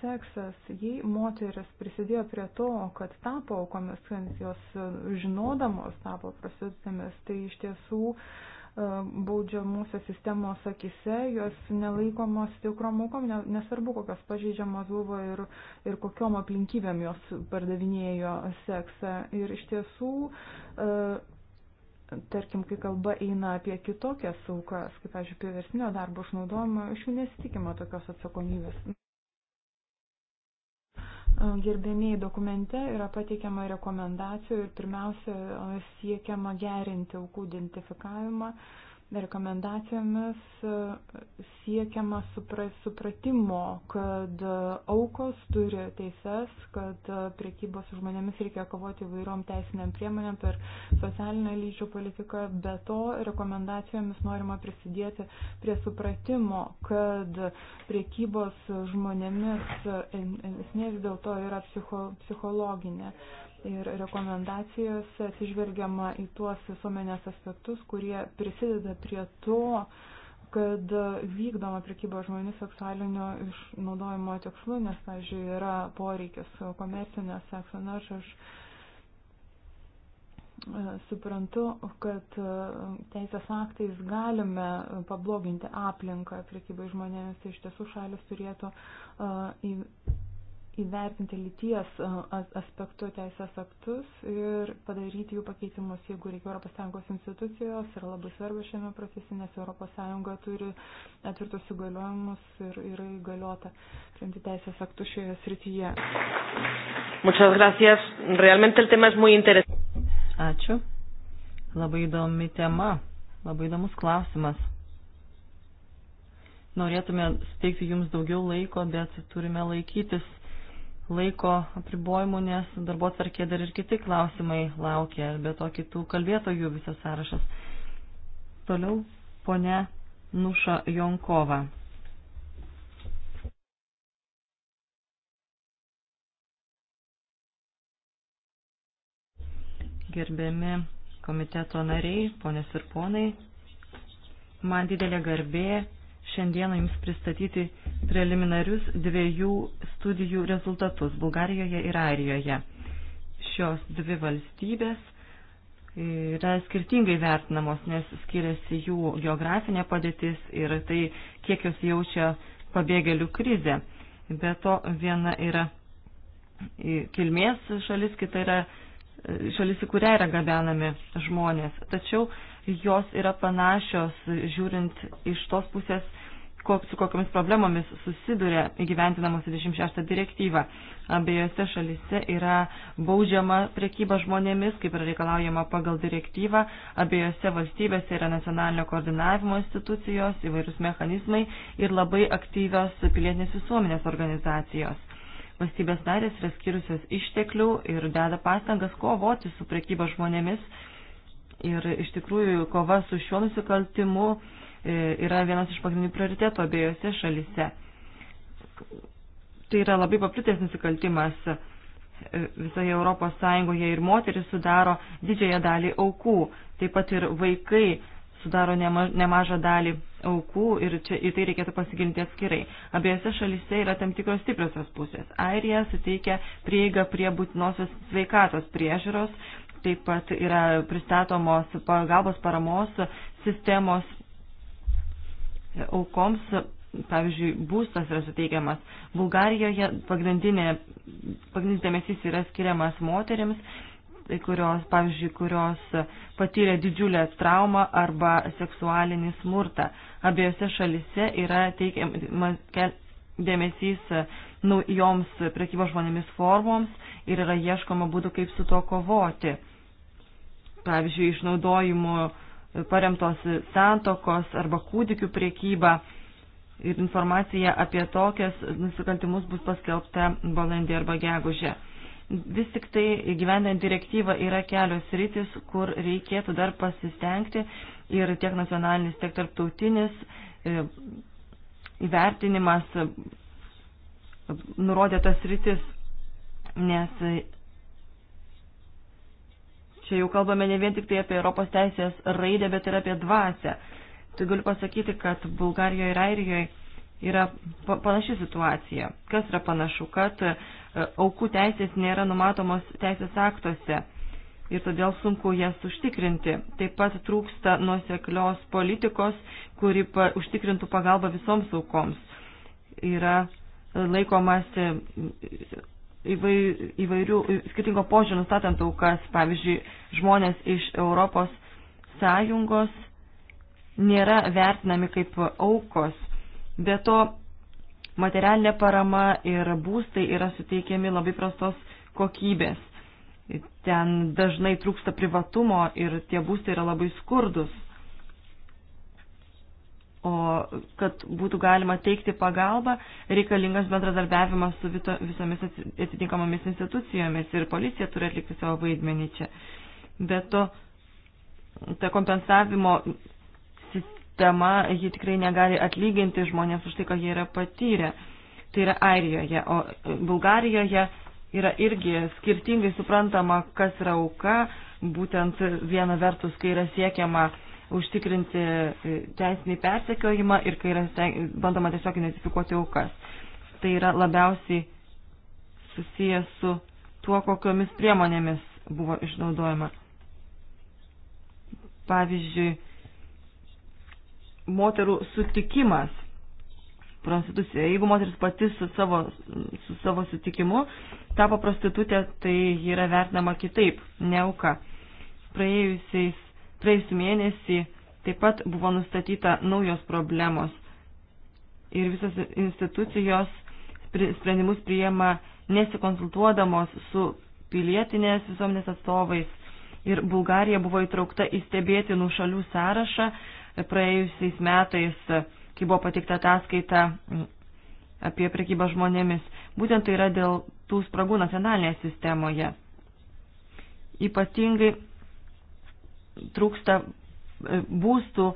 seksas. Jei moteris prisidėjo prie to, kad tapo aukomis, jos e, žinodamos tapo prostitutėmis, tai iš tiesų uh, E, baudžiamusios sistemos akise, jos nelaikomos tikrom aukom, nesvarbu, kokios pažeidžiamos buvo ir, ir kokiom aplinkybėm jos pardavinėjo seksą. Ir iš tiesų, e, tarkim, kai kalba eina apie kitokias aukas, kaip, pavyzdžiui, priversnio darbo išnaudojimą, iš jų nesitikima tokios atsakomybės. Gerbėmiai dokumente yra pateikiama rekomendacijų ir pirmiausia siekiama gerinti aukų identifikavimą, rekomendacijomis e, siekiama supras, supratimo, kad aukos turi teises, kad priekybos žmonėmis reikia kovoti įvairiom teisiniam priemonėm per socialinę lyčių politiką. Be to, rekomendacijomis norima prisidėti prie supratimo, kad priekybos žmonėmis e, e, esmės dėl to yra psicho, psichologinė ir rekomendacijose atsižvelgiama į tuos visuomenės aspektus, kurie prisideda prie to, kad vykdoma prekyba žmonių seksualinio išnaudojimo tikslu, nes, pavyzdžiui, yra poreikis komercinės sekso našas. Aš e, suprantu, kad e, teisės aktais galime pabloginti aplinką prekybai žmonėmis, tai iš tiesų šalis turėtų e, įvertinti lyties aspektu teisės aktus ir padaryti jų pakeitimus, jeigu reikia ES institucijos, yra labai svarbu šiame procese, nes ES turi atvirtus įgaliojimus ir yra įgaliota priimti teisės aktus šioje srityje. Muchas gracias. Realmente el tema es muy interesante. Ačiū. Labai įdomi tema, labai įdomus klausimas. Norėtume steigti jums daugiau laiko, bet turime laikytis laiko apribojimų, nes darbo tvarkė dar ir kiti klausimai laukia, be to kitų kalbėtojų visas sąrašas. Toliau ponia Nuša Jonkova. Gerbiami komiteto nariai, ponės ir ponai, man didelė garbė šiandieną jums pristatyti preliminarius dviejų studijų rezultatus Bulgarijoje ir Airijoje. Šios dvi valstybės yra skirtingai vertinamos, nes skiriasi jų geografinė padėtis ir tai, kiek jos jaučia pabėgėlių krizę. Be to viena yra kilmės šalis, kita yra šalis, į kurią yra gabenami žmonės. Tačiau jos yra panašios, žiūrint iš tos pusės, kok, su kokiamis problemomis susiduria įgyventinamos 26 direktyva. Abiejose šalise yra baudžiama prekyba žmonėmis, kaip yra reikalaujama pagal direktyvą. Abiejose valstybėse yra nacionalinio koordinavimo institucijos, įvairius mechanizmai ir labai aktyvios pilietinės visuomenės organizacijos. Valstybės narės yra skirusios išteklių ir deda pastangas kovoti su prekyba žmonėmis Ir iš tikrųjų kova su šiuo nusikaltimu e, yra vienas iš pagrindinių prioritetų abiejose šalise. Tai yra labai paplitęs nusikaltimas e, visoje Europos Sąjungoje ir moteris sudaro didžiąją dalį aukų, taip pat ir vaikai sudaro nemažą dalį aukų ir čia į tai reikėtų pasigilinti atskirai. Abiejose šalise yra tam tikros stipriosios pusės. Airija suteikia prieigą prie būtinosios sveikatos priežiūros, taip pat yra pristatomos pagalbos paramos sistemos aukoms, pavyzdžiui, būstas yra suteikiamas. Bulgarijoje pagrindinė, pagrindinis dėmesys yra skiriamas moteriams, kurios, pavyzdžiui, kurios patyrė didžiulę traumą arba seksualinį smurtą. Abiejose šalise yra teikiamas dėmesys nu, joms prekybos žmonėmis formoms ir yra ieškoma būdų, kaip su tuo kovoti pavyzdžiui, išnaudojimu e, paremtos santokos arba kūdikių priekyba. Ir informacija apie tokias nusikaltimus bus paskelbta balandį arba gegužę. Vis tik tai gyvendant direktyvą yra kelios rytis, kur reikėtų dar pasistengti ir tiek nacionalinis, tiek tarptautinis e, įvertinimas e, nurodė tas rytis, nes Čia jau kalbame ne vien tik tai apie Europos teisės raidę, bet ir apie dvasę. Tai galiu pasakyti, kad Bulgarijoje ir Airijoje yra panaši situacija. Kas yra panašu, kad e, aukų teisės nėra numatomos teisės aktuose ir todėl sunku jas užtikrinti. Taip pat trūksta nuoseklios politikos, kuri pa, užtikrintų pagalbą visoms aukoms. Yra laikomasi įvairių, skirtingo požiūrį nustatant aukas, pavyzdžiui, žmonės iš Europos Sąjungos nėra vertinami kaip aukos. Be to, materialinė parama ir būstai yra suteikiami labai prastos kokybės. Ten dažnai trūksta privatumo ir tie būstai yra labai skurdus. O kad būtų galima teikti pagalbą, reikalingas bendradarbiavimas su vito, visomis atitinkamomis institucijomis ir policija turi atlikti savo vaidmenį čia. Be to, ta kompensavimo sistema, ji tikrai negali atlyginti žmonės už tai, ką jie yra patyrę. Tai yra Airijoje, o e, Bulgarijoje yra irgi skirtingai suprantama, kas yra auka, būtent viena vertus, kai yra siekiama užtikrinti e, teisinį persekiojimą ir kai yra bandoma tiesiog identifikuoti aukas. Tai yra labiausiai susijęs su tuo, kokiomis priemonėmis buvo išnaudojama. Pavyzdžiui, moterų sutikimas prostitucija. Jeigu moteris pati su savo, su savo sutikimu tapo prostitutė, tai ji yra vertinama kitaip, ne auka. Praėjusiais Praėjusį mėnesį taip pat buvo nustatyta naujos problemos ir visas institucijos sprendimus priema nesikonsultuodamos su pilietinės visuomenės atstovais. Ir Bulgarija buvo įtraukta į stebėtinų šalių sąrašą praėjusiais metais, kai buvo patikta ataskaita apie prekybą žmonėmis. Būtent tai yra dėl tų spragų nacionalinėje sistemoje. Ypatingai trūksta e, būstų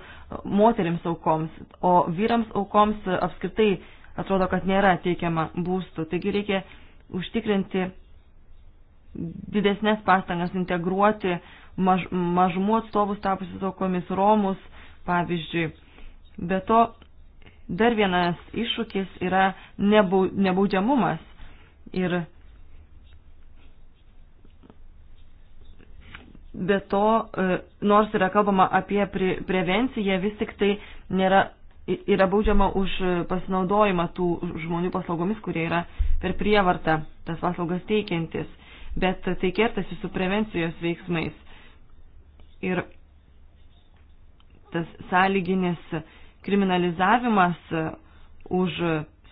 moteriams aukoms, o vyrams aukoms apskritai atrodo, kad nėra teikiama būstų. Taigi reikia užtikrinti didesnės pastangas integruoti maž, mažumų atstovus tapusius aukomis, romus, pavyzdžiui. Be to, dar vienas iššūkis yra nebau, nebaudžiamumas ir Be to, e, nors yra kalbama apie prevenciją, vis tik tai nėra, yra baudžiama už e, pasinaudojimą tų žmonių paslaugomis, kurie yra per prievartą tas paslaugas teikiantis. Bet tai kertasi su prevencijos veiksmais. Ir tas sąlyginis kriminalizavimas e, už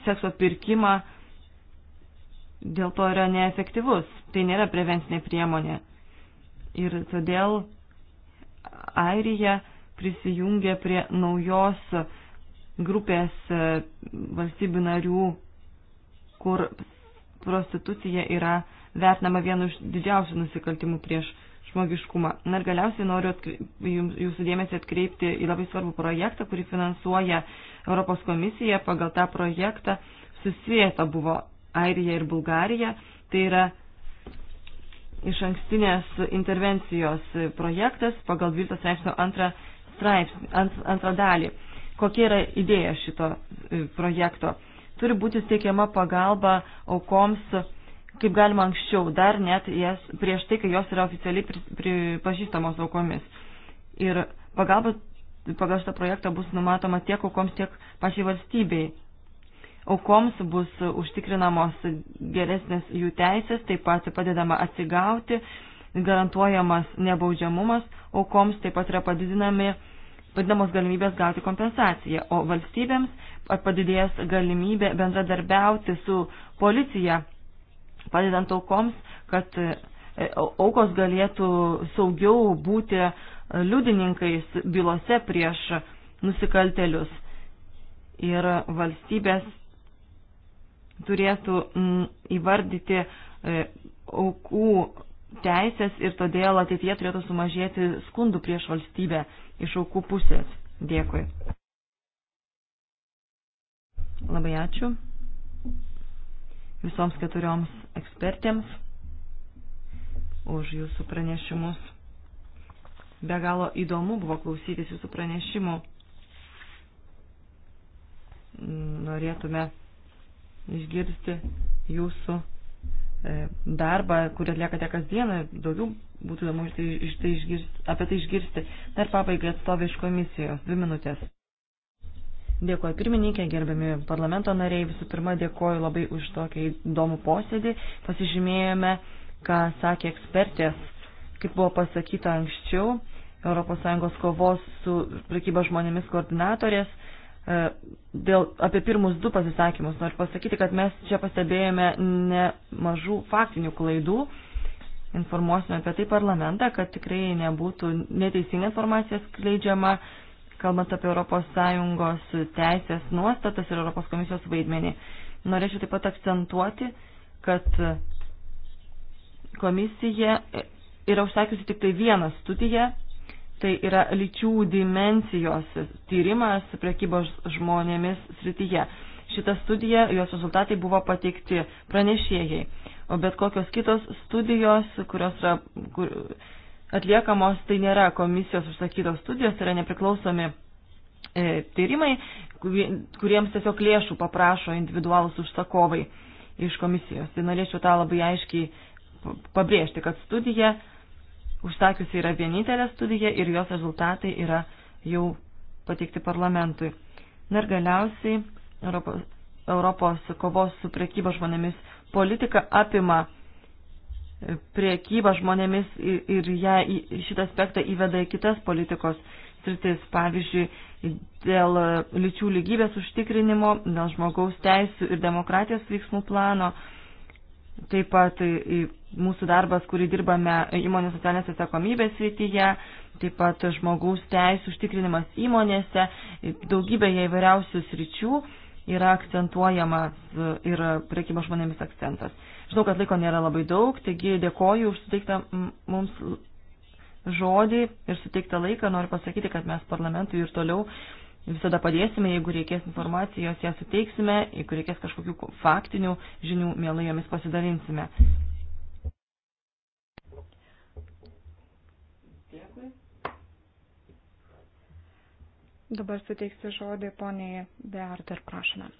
sekso pirkimą dėl to yra neefektyvus. Tai nėra prevencinė priemonė ir todėl Airija prisijungė prie naujos grupės e, valstybių narių, kur prostitucija yra vertinama vienu iš didžiausių nusikaltimų prieš žmogiškumą. Na ir galiausiai noriu atkreip, jūsų dėmesį atkreipti į labai svarbų projektą, kurį finansuoja Europos komisija. Pagal tą projektą susijęta buvo Airija ir Bulgarija. Tai yra iš ankstinės intervencijos projektas pagal 12 straipsnio antrą, straipsnį, ant, antrą dalį. Kokia yra idėja šito e, projekto? Turi būti steikiama pagalba aukoms kaip galima anksčiau, dar net jas, prieš tai, kai jos yra oficialiai pripažįstamos aukomis. Ir pagalba pagal šitą projektą bus numatoma tiek aukoms, tiek pačiai valstybei aukoms bus užtikrinamos geresnės jų teisės, taip pat padedama atsigauti, garantuojamas nebaudžiamumas, aukoms taip pat yra padidinami padidamos galimybės gauti kompensaciją, o valstybėms padidės galimybė bendradarbiauti su policija, padedant aukoms, kad e, aukos galėtų saugiau būti e, liudininkais bylose prieš nusikaltelius. Ir valstybės turėtų mm, įvardyti e, aukų teisės ir todėl ateityje turėtų sumažėti skundų prieš valstybę iš aukų pusės. Dėkui. Labai ačiū visoms keturioms ekspertėms už jūsų pranešimus. Be galo įdomu buvo klausytis jūsų pranešimų. Norėtume išgirsti jūsų e, darbą, kurį atliekate kasdieną ir daugiau būtų įdomu iš tai, iš tai išgirsti, apie tai išgirsti. Dar pabaigai atstovė iš komisijos. Dvi minutės. Dėkuoju pirmininkė, gerbiami parlamento nariai. Visų pirma, dėkuoju labai už tokį įdomų posėdį. Pasižymėjome, ką sakė ekspertės, kaip buvo pasakyta anksčiau, ES kovos su prekyba žmonėmis koordinatorės E, dėl apie pirmus du pasisakymus noriu pasakyti, kad mes čia pastebėjome nemažų faktinių klaidų. Informuosime apie tai parlamentą, kad tikrai nebūtų neteisinga informacija skleidžiama, kalbant apie ES teisės nuostatas ir ES komisijos vaidmenį. Norėčiau taip pat akcentuoti, kad komisija yra užsakiusi tik tai vieną studiją Tai yra lyčių dimensijos tyrimas prekybos žmonėmis srityje. Šita studija, jos rezultatai buvo pateikti pranešėjai. O bet kokios kitos studijos, kurios yra kur, atliekamos, tai nėra komisijos užsakytos studijos, tai yra nepriklausomi e, tyrimai, kuriems tiesiog lėšų paprašo individualus užsakovai iš komisijos. Tai norėčiau tą labai aiškiai pabrėžti, kad studija užsakiusi yra vienintelė studija ir jos rezultatai yra jau pateikti parlamentui. Na ir galiausiai Europos, Europos kovos su priekyba žmonėmis politika apima e, priekybą žmonėmis ir, ir ją į šitą aspektą įveda į kitas politikos sritis, pavyzdžiui, dėl e, lyčių lygybės užtikrinimo, dėl žmogaus teisų ir demokratijos veiksmų plano, Taip pat mūsų darbas, kurį dirbame įmonių socialinės atsakomybės srityje, taip pat žmogaus teisų užtikrinimas įmonėse, daugybėje įvairiausių sričių yra akcentuojamas ir priekybos žmonėmis akcentas. Žinau, kad laiko nėra labai daug, taigi dėkoju už suteiktą mums žodį ir suteiktą laiką. Noriu pasakyti, kad mes parlamentui ir toliau visada padėsime, jeigu reikės informacijos, ją suteiksime, jeigu reikės kažkokių faktinių žinių, mielai jomis pasidalinsime. Dėkui. Dabar suteiksiu žodį poniai Bearder, prašome.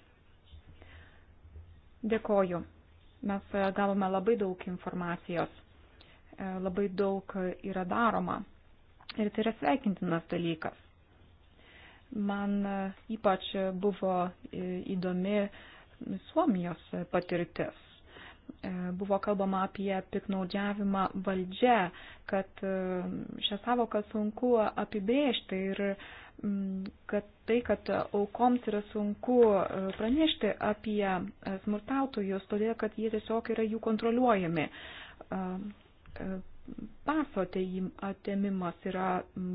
Dėkoju. Mes e, gavome labai daug informacijos, e, labai daug yra daroma ir tai yra sveikintinas dalykas. Man e, ypač buvo e, įdomi Suomijos patirtis. E, buvo kalbama apie piknaudžiavimą valdžia, kad šią savoką sunku apibrėžti ir kad tai, kad aukoms yra sunku pranešti apie smurtautojus, todėl kad jie tiesiog yra jų kontroliuojami paso atėmimas yra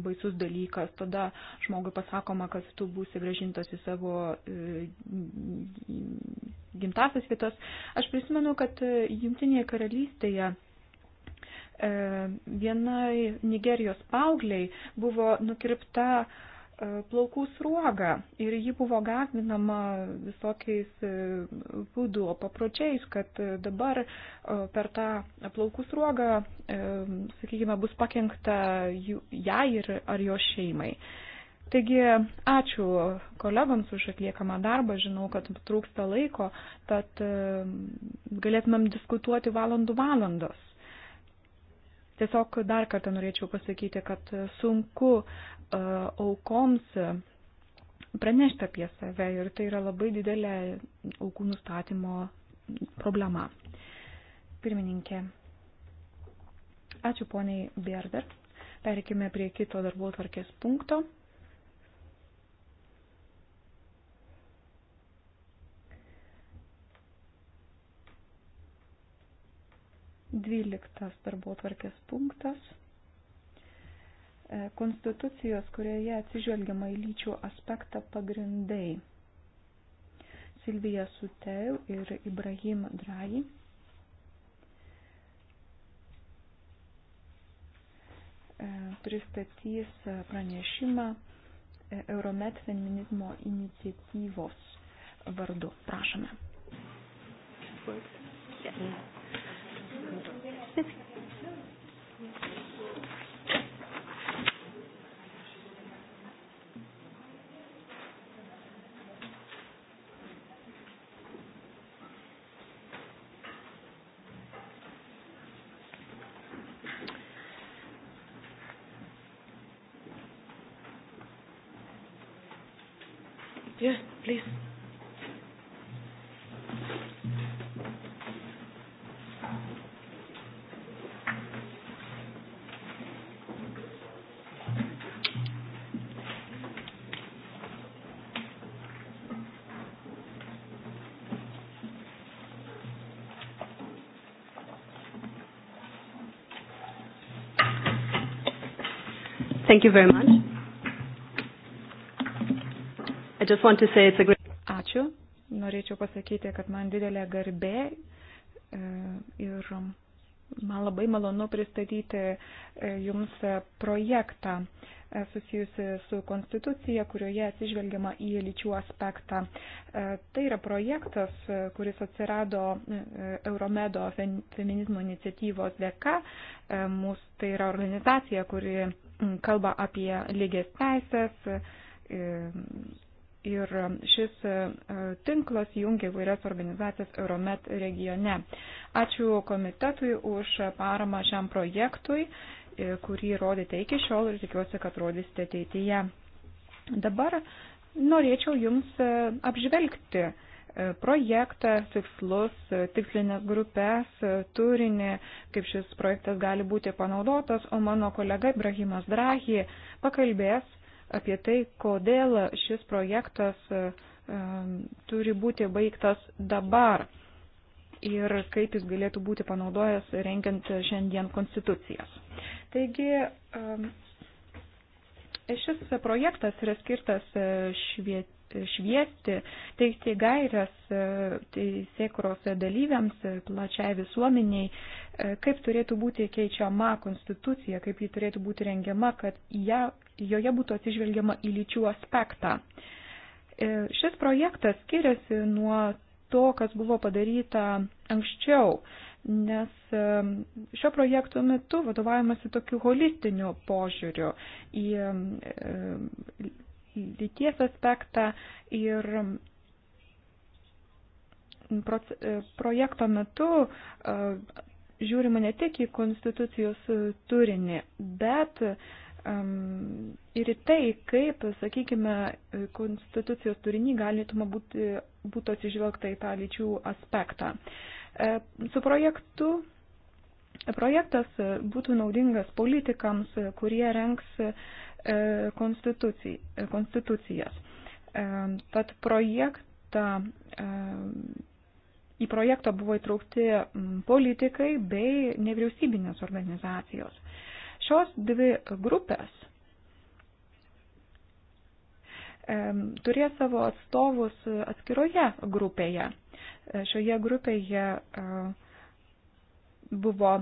baisus dalykas. Tada žmogui pasakoma, kad tu būsi gražintas į savo e, gimtasias vietas. Aš prisimenu, kad e, Junktinėje karalystėje e, vienai Nigerijos paaugliai buvo nukirpta uh, E, plaukų sruogą ir ji buvo gazdinama visokiais e, būdų papročiais, kad e, dabar per tą plaukų sruogą, sakykime, bus pakengta jai ir ar jo šeimai. Taigi, ačiū kolegams už atliekamą darbą, žinau, kad trūksta laiko, tad galėtumėm diskutuoti valandų valandas. Tiesiog dar kartą norėčiau pasakyti, kad sunku e, aukoms pranešti apie save ir tai yra labai didelė aukų nustatymo problema. Pirmininkė. Ačiū poniai Berder. Perikime prie kito darbo tvarkės punkto. 12 darbo tvarkės punktas. E, konstitucijos, kurioje atsižvelgiama į lyčių aspektą pagrindai. Silvija Suteu ir Ibrahim Draji. E, pristatys pranešimą e, Euromet feminizmo iniciatyvos vardu. Prašome. Yes this? Thank you very much. I just want to say it's a great... Ačiū. Norėčiau pasakyti, kad man didelė garbė e, ir man labai malonu pristatyti e, Jums projektą e, susijusi su konstitucija, kurioje atsižvelgiama į lyčių aspektą. Tai yra projektas, kuris atsirado Euromedo feminizmo iniciatyvos dėka. Mūsų tai yra organizacija, kuri kalba apie lygės teisės e, ir šis e, tinklas jungia įvairias organizacijas Euromet regione. Ačiū komitetui už paramą šiam projektui, e, kurį rodėte iki šiol ir tikiuosi, kad rodysite ateityje. Dabar norėčiau Jums apžvelgti projektą, tikslus, tikslinės grupės, turinį, kaip šis projektas gali būti panaudotas, o mano kolega Ibrahimas Drahi pakalbės apie tai, kodėl šis projektas turi būti baigtas dabar ir kaip jis galėtų būti panaudojęs renkiant šiandien konstitucijas. Taigi, šis projektas yra skirtas e, švietimui šviesti, teikti gairias e, teisėkuros dalyviams, e, plačiai visuomeniai, e, kaip turėtų būti keičiama konstitucija, kaip ji turėtų būti rengiama, kad ją, joje būtų atsižvelgiama į lyčių aspektą. Šis projektas skiriasi nuo to, kas buvo padaryta anksčiau, nes šio projekto metu vadovaujamasi tokiu holistiniu požiūriu į lyties aspektą ir mm, e, projekto metu e, žiūrima ne tik į konstitucijos e, turinį, bet ir į tai, kaip, sakykime, konstitucijos turinį galėtume būti, būtų atsižvelgta į tą lyčių aspektą. Su projektu projektas būtų naudingas politikams, kurie renks E, konstitucijas. E, e, tad projektą, į projektą buvo įtraukti politikai bei nevyriausybinės organizacijos. Šios dvi grupės turės savo atstovus atskiroje grupėje. Šioje grupėje buvo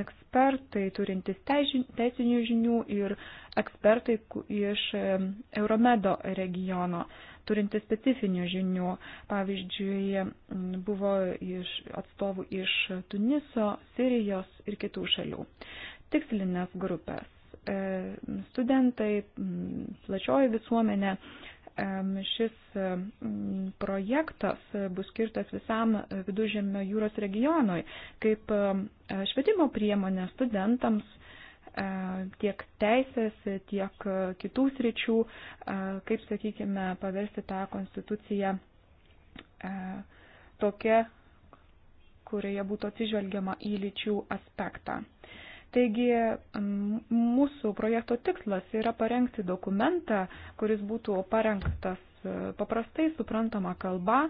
ekspertai turintys teisinių žinių ir ekspertai iš e, Euromedo regiono turintys specifinių žinių. Pavyzdžiui, buvo iš atstovų iš Tuniso, Sirijos ir kitų šalių. Tikslinės grupės. E, studentai, plačioji visuomenė, šis projektas bus skirtas visam viduržėmio jūros regionui kaip švietimo priemonė studentams e, tiek teisės, tiek kitų sričių, e, kaip, sakykime, paversti tą konstituciją e, tokia, kurioje būtų atsižvelgiama į lyčių aspektą. Taigi mūsų projekto tikslas yra parengti dokumentą, kuris būtų parengtas e, paprastai suprantama kalba,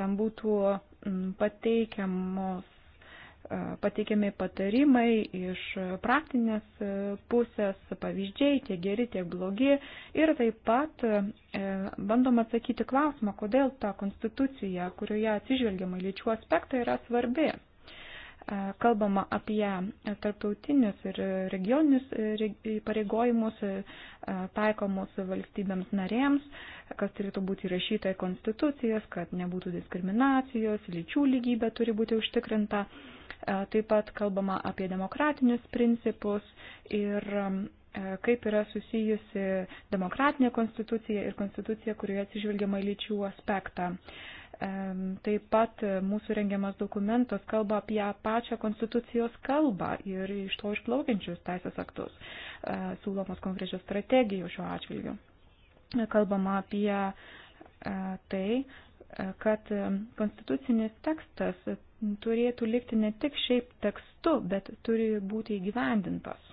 tam būtų pateikiamos e, pateikiami patarimai iš praktinės e, pusės, pavyzdžiai, tiek geri, tiek blogi. Ir taip pat bandom atsakyti klausimą, kodėl ta konstitucija, kurioje atsižvelgiama lyčių aspektai, yra svarbi. E, kalbama apie tarptautinius ir regioninius e, pareigojimus e, taikomus valstybėms narėms, kas turėtų būti įrašyta į konstitucijas, kad nebūtų diskriminacijos, lyčių lygybė turi būti užtikrinta. Taip pat kalbama apie demokratinius principus ir kaip yra susijusi demokratinė konstitucija ir konstitucija, kurioje atsižvelgiama į lyčių aspektą. Taip pat mūsų rengiamas dokumentas kalba apie pačią konstitucijos kalbą ir iš to išplaukiančius teisės aktus, e, siūlomos konkrečios strategijos šiuo atžvilgiu. Kalbama apie e, tai, e, kad konstitucinis tekstas turėtų likti ne tik šiaip tekstu, bet turi būti įgyvendintas.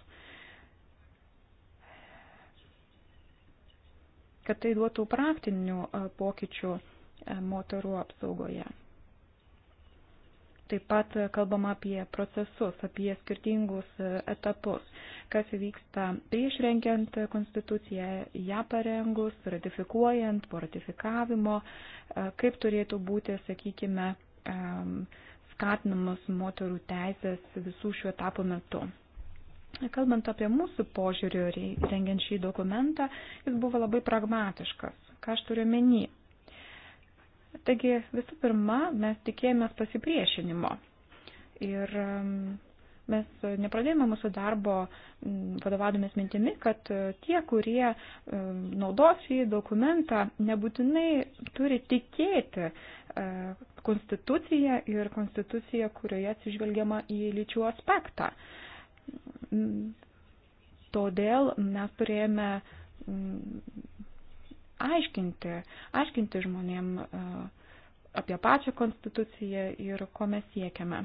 Kad tai duotų praktinių pokyčių moterų apsaugoje. Taip pat kalbama apie procesus, apie skirtingus etapus, kas vyksta prieš renkiant konstituciją, ją parengus, ratifikuojant, po ratifikavimo, kaip turėtų būti, sakykime, skatinamas moterų teisės visų šiuo etapo metu. Kalbant apie mūsų požiūrį rengiant šį dokumentą, jis buvo labai pragmatiškas. Ką aš turiu menį? Taigi visų pirma, mes tikėjomės pasipriešinimo. Ir mes nepradėjome mūsų darbo vadovaudomės mintimi, kad e, tie, kurie e, naudos šį dokumentą, nebūtinai turi tikėti e, konstituciją ir konstituciją, kurioje atsižvelgiama į lyčių aspektą. Todėl mes turėjome aiškinti, aiškinti žmonėm e, apie pačią konstituciją ir ko mes siekiame.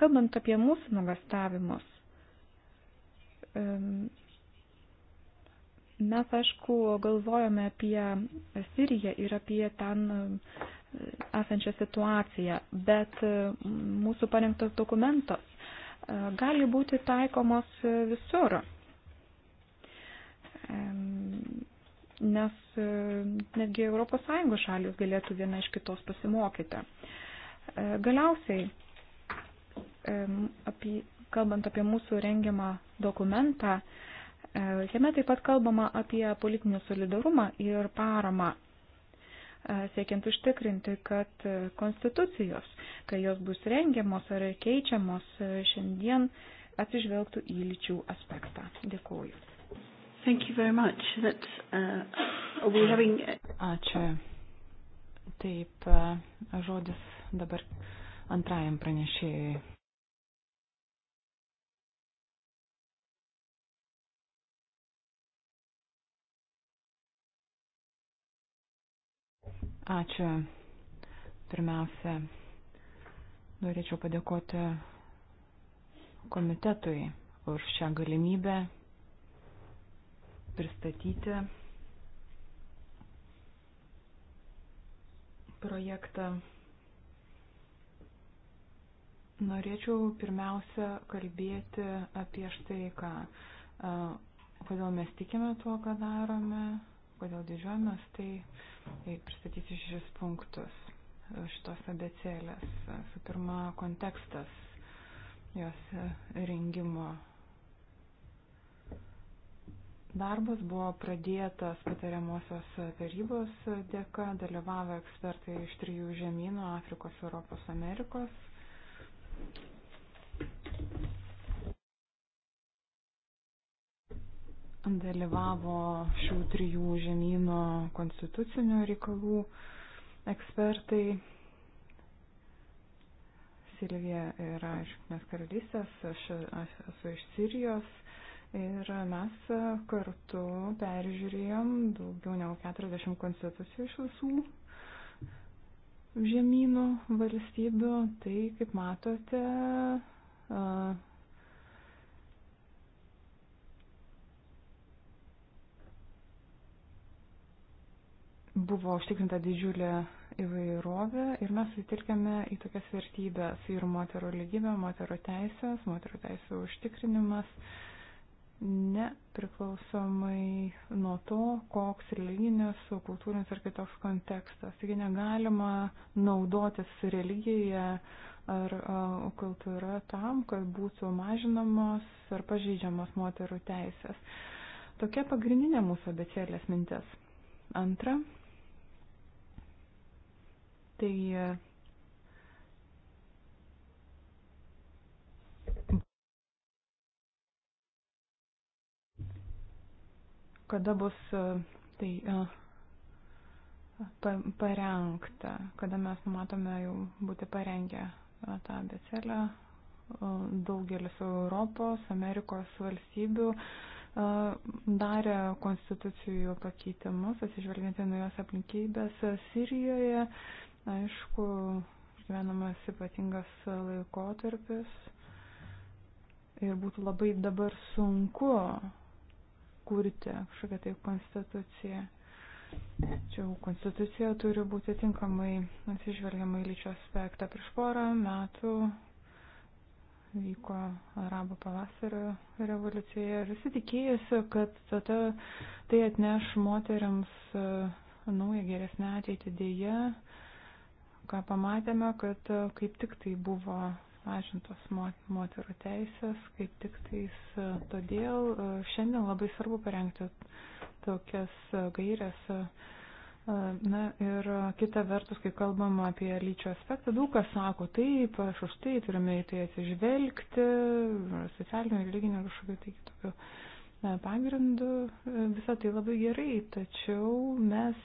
Kalbant apie mūsų nugastavimus, mes aišku galvojame apie Siriją ir apie ten e, esančią situaciją, bet e, mūsų parengtas dokumentas gali būti taikomos visur nes e, netgi ES šalis galėtų viena iš kitos pasimokyti. E, galiausiai, apie, kalbant apie mūsų rengiamą dokumentą, e, jame taip pat kalbama apie politinį solidarumą ir paramą siekiant užtikrinti, kad konstitucijos, kai jos bus rengiamos ar keičiamos šiandien, atsižvelgtų į lyčių aspektą. Dėkuoju. Thank you very much. That's, uh, are we having... Uh, Ačiū. Taip, uh, žodis dabar antrajam pranešėjui. Ačiū. Pirmiausia, norėčiau padėkoti komitetui už šią galimybę pristatyti projektą. Norėčiau pirmiausia kalbėti apie štai ką, kodėl mes tikime tuo, ką darome, kodėl didžiuojamės, tai, tai pristatysiu šis punktus šitos abecėlės. Su pirma, kontekstas jos rengimo Darbas buvo pradėtas patariamosios tarybos dėka, dalyvavo ekspertai iš trijų žemynų - Afrikos, Europos, Amerikos. Dalyvavo šių trijų žemynų konstitucinių reikalų ekspertai. Silvija yra iš Junktinės karalystės, aš, aš esu iš Sirijos Ir mes kartu peržiūrėjom daugiau negu 40 konstitucijų iš visų žemynų valstybių. Tai, kaip matote, buvo užtikrinta didžiulė įvairovė ir mes sutelkėme į tokias vertybės ir moterų lygybę, moterų teisės, moterų teisų užtikrinimas. Uh, nepriklausomai nuo to, koks religinis, kultūrinis ar kitoks kontekstas. Taigi negalima naudotis religija ar kultūra tam, kad būtų mažinamos ar pažydžiamos moterų teisės. Tokia pagrindinė mūsų abecėlės mintis. Antra, tai kada bus e, tai e, parengta, kada mes numatome jau būti parengę e, tą becelę. Daugelis Europos, Amerikos valstybių darė konstitucijų pakeitimus, atsižvelgiant į naujos aplinkybės Sirijoje. Aišku, išgyvenamas ypatingas laikotarpis ir būtų labai dabar sunku kurti kažkokią tai konstituciją. Čia konstitucija turi būti tinkamai atsižvelgiama į lyčio aspektą. Prieš porą metų vyko arabo pavasario revoliucija ir visi tikėjosi, kad tada tai atneš moteriams e, naują geresnę ateitį dėje. Ką pamatėme, kad e, kaip tik tai buvo mažintos moterų teisės, kaip tik tais e, todėl e, šiandien labai svarbu parengti tokias e, gairias. Na ir kita vertus, kai kalbam apie lyčio aspektą, daug kas sako, taip, aš už tai turime į tai atsižvelgti, socialinių ir lyginių kažkokių tai kitokių pagrindų, visą tai labai gerai, tačiau mes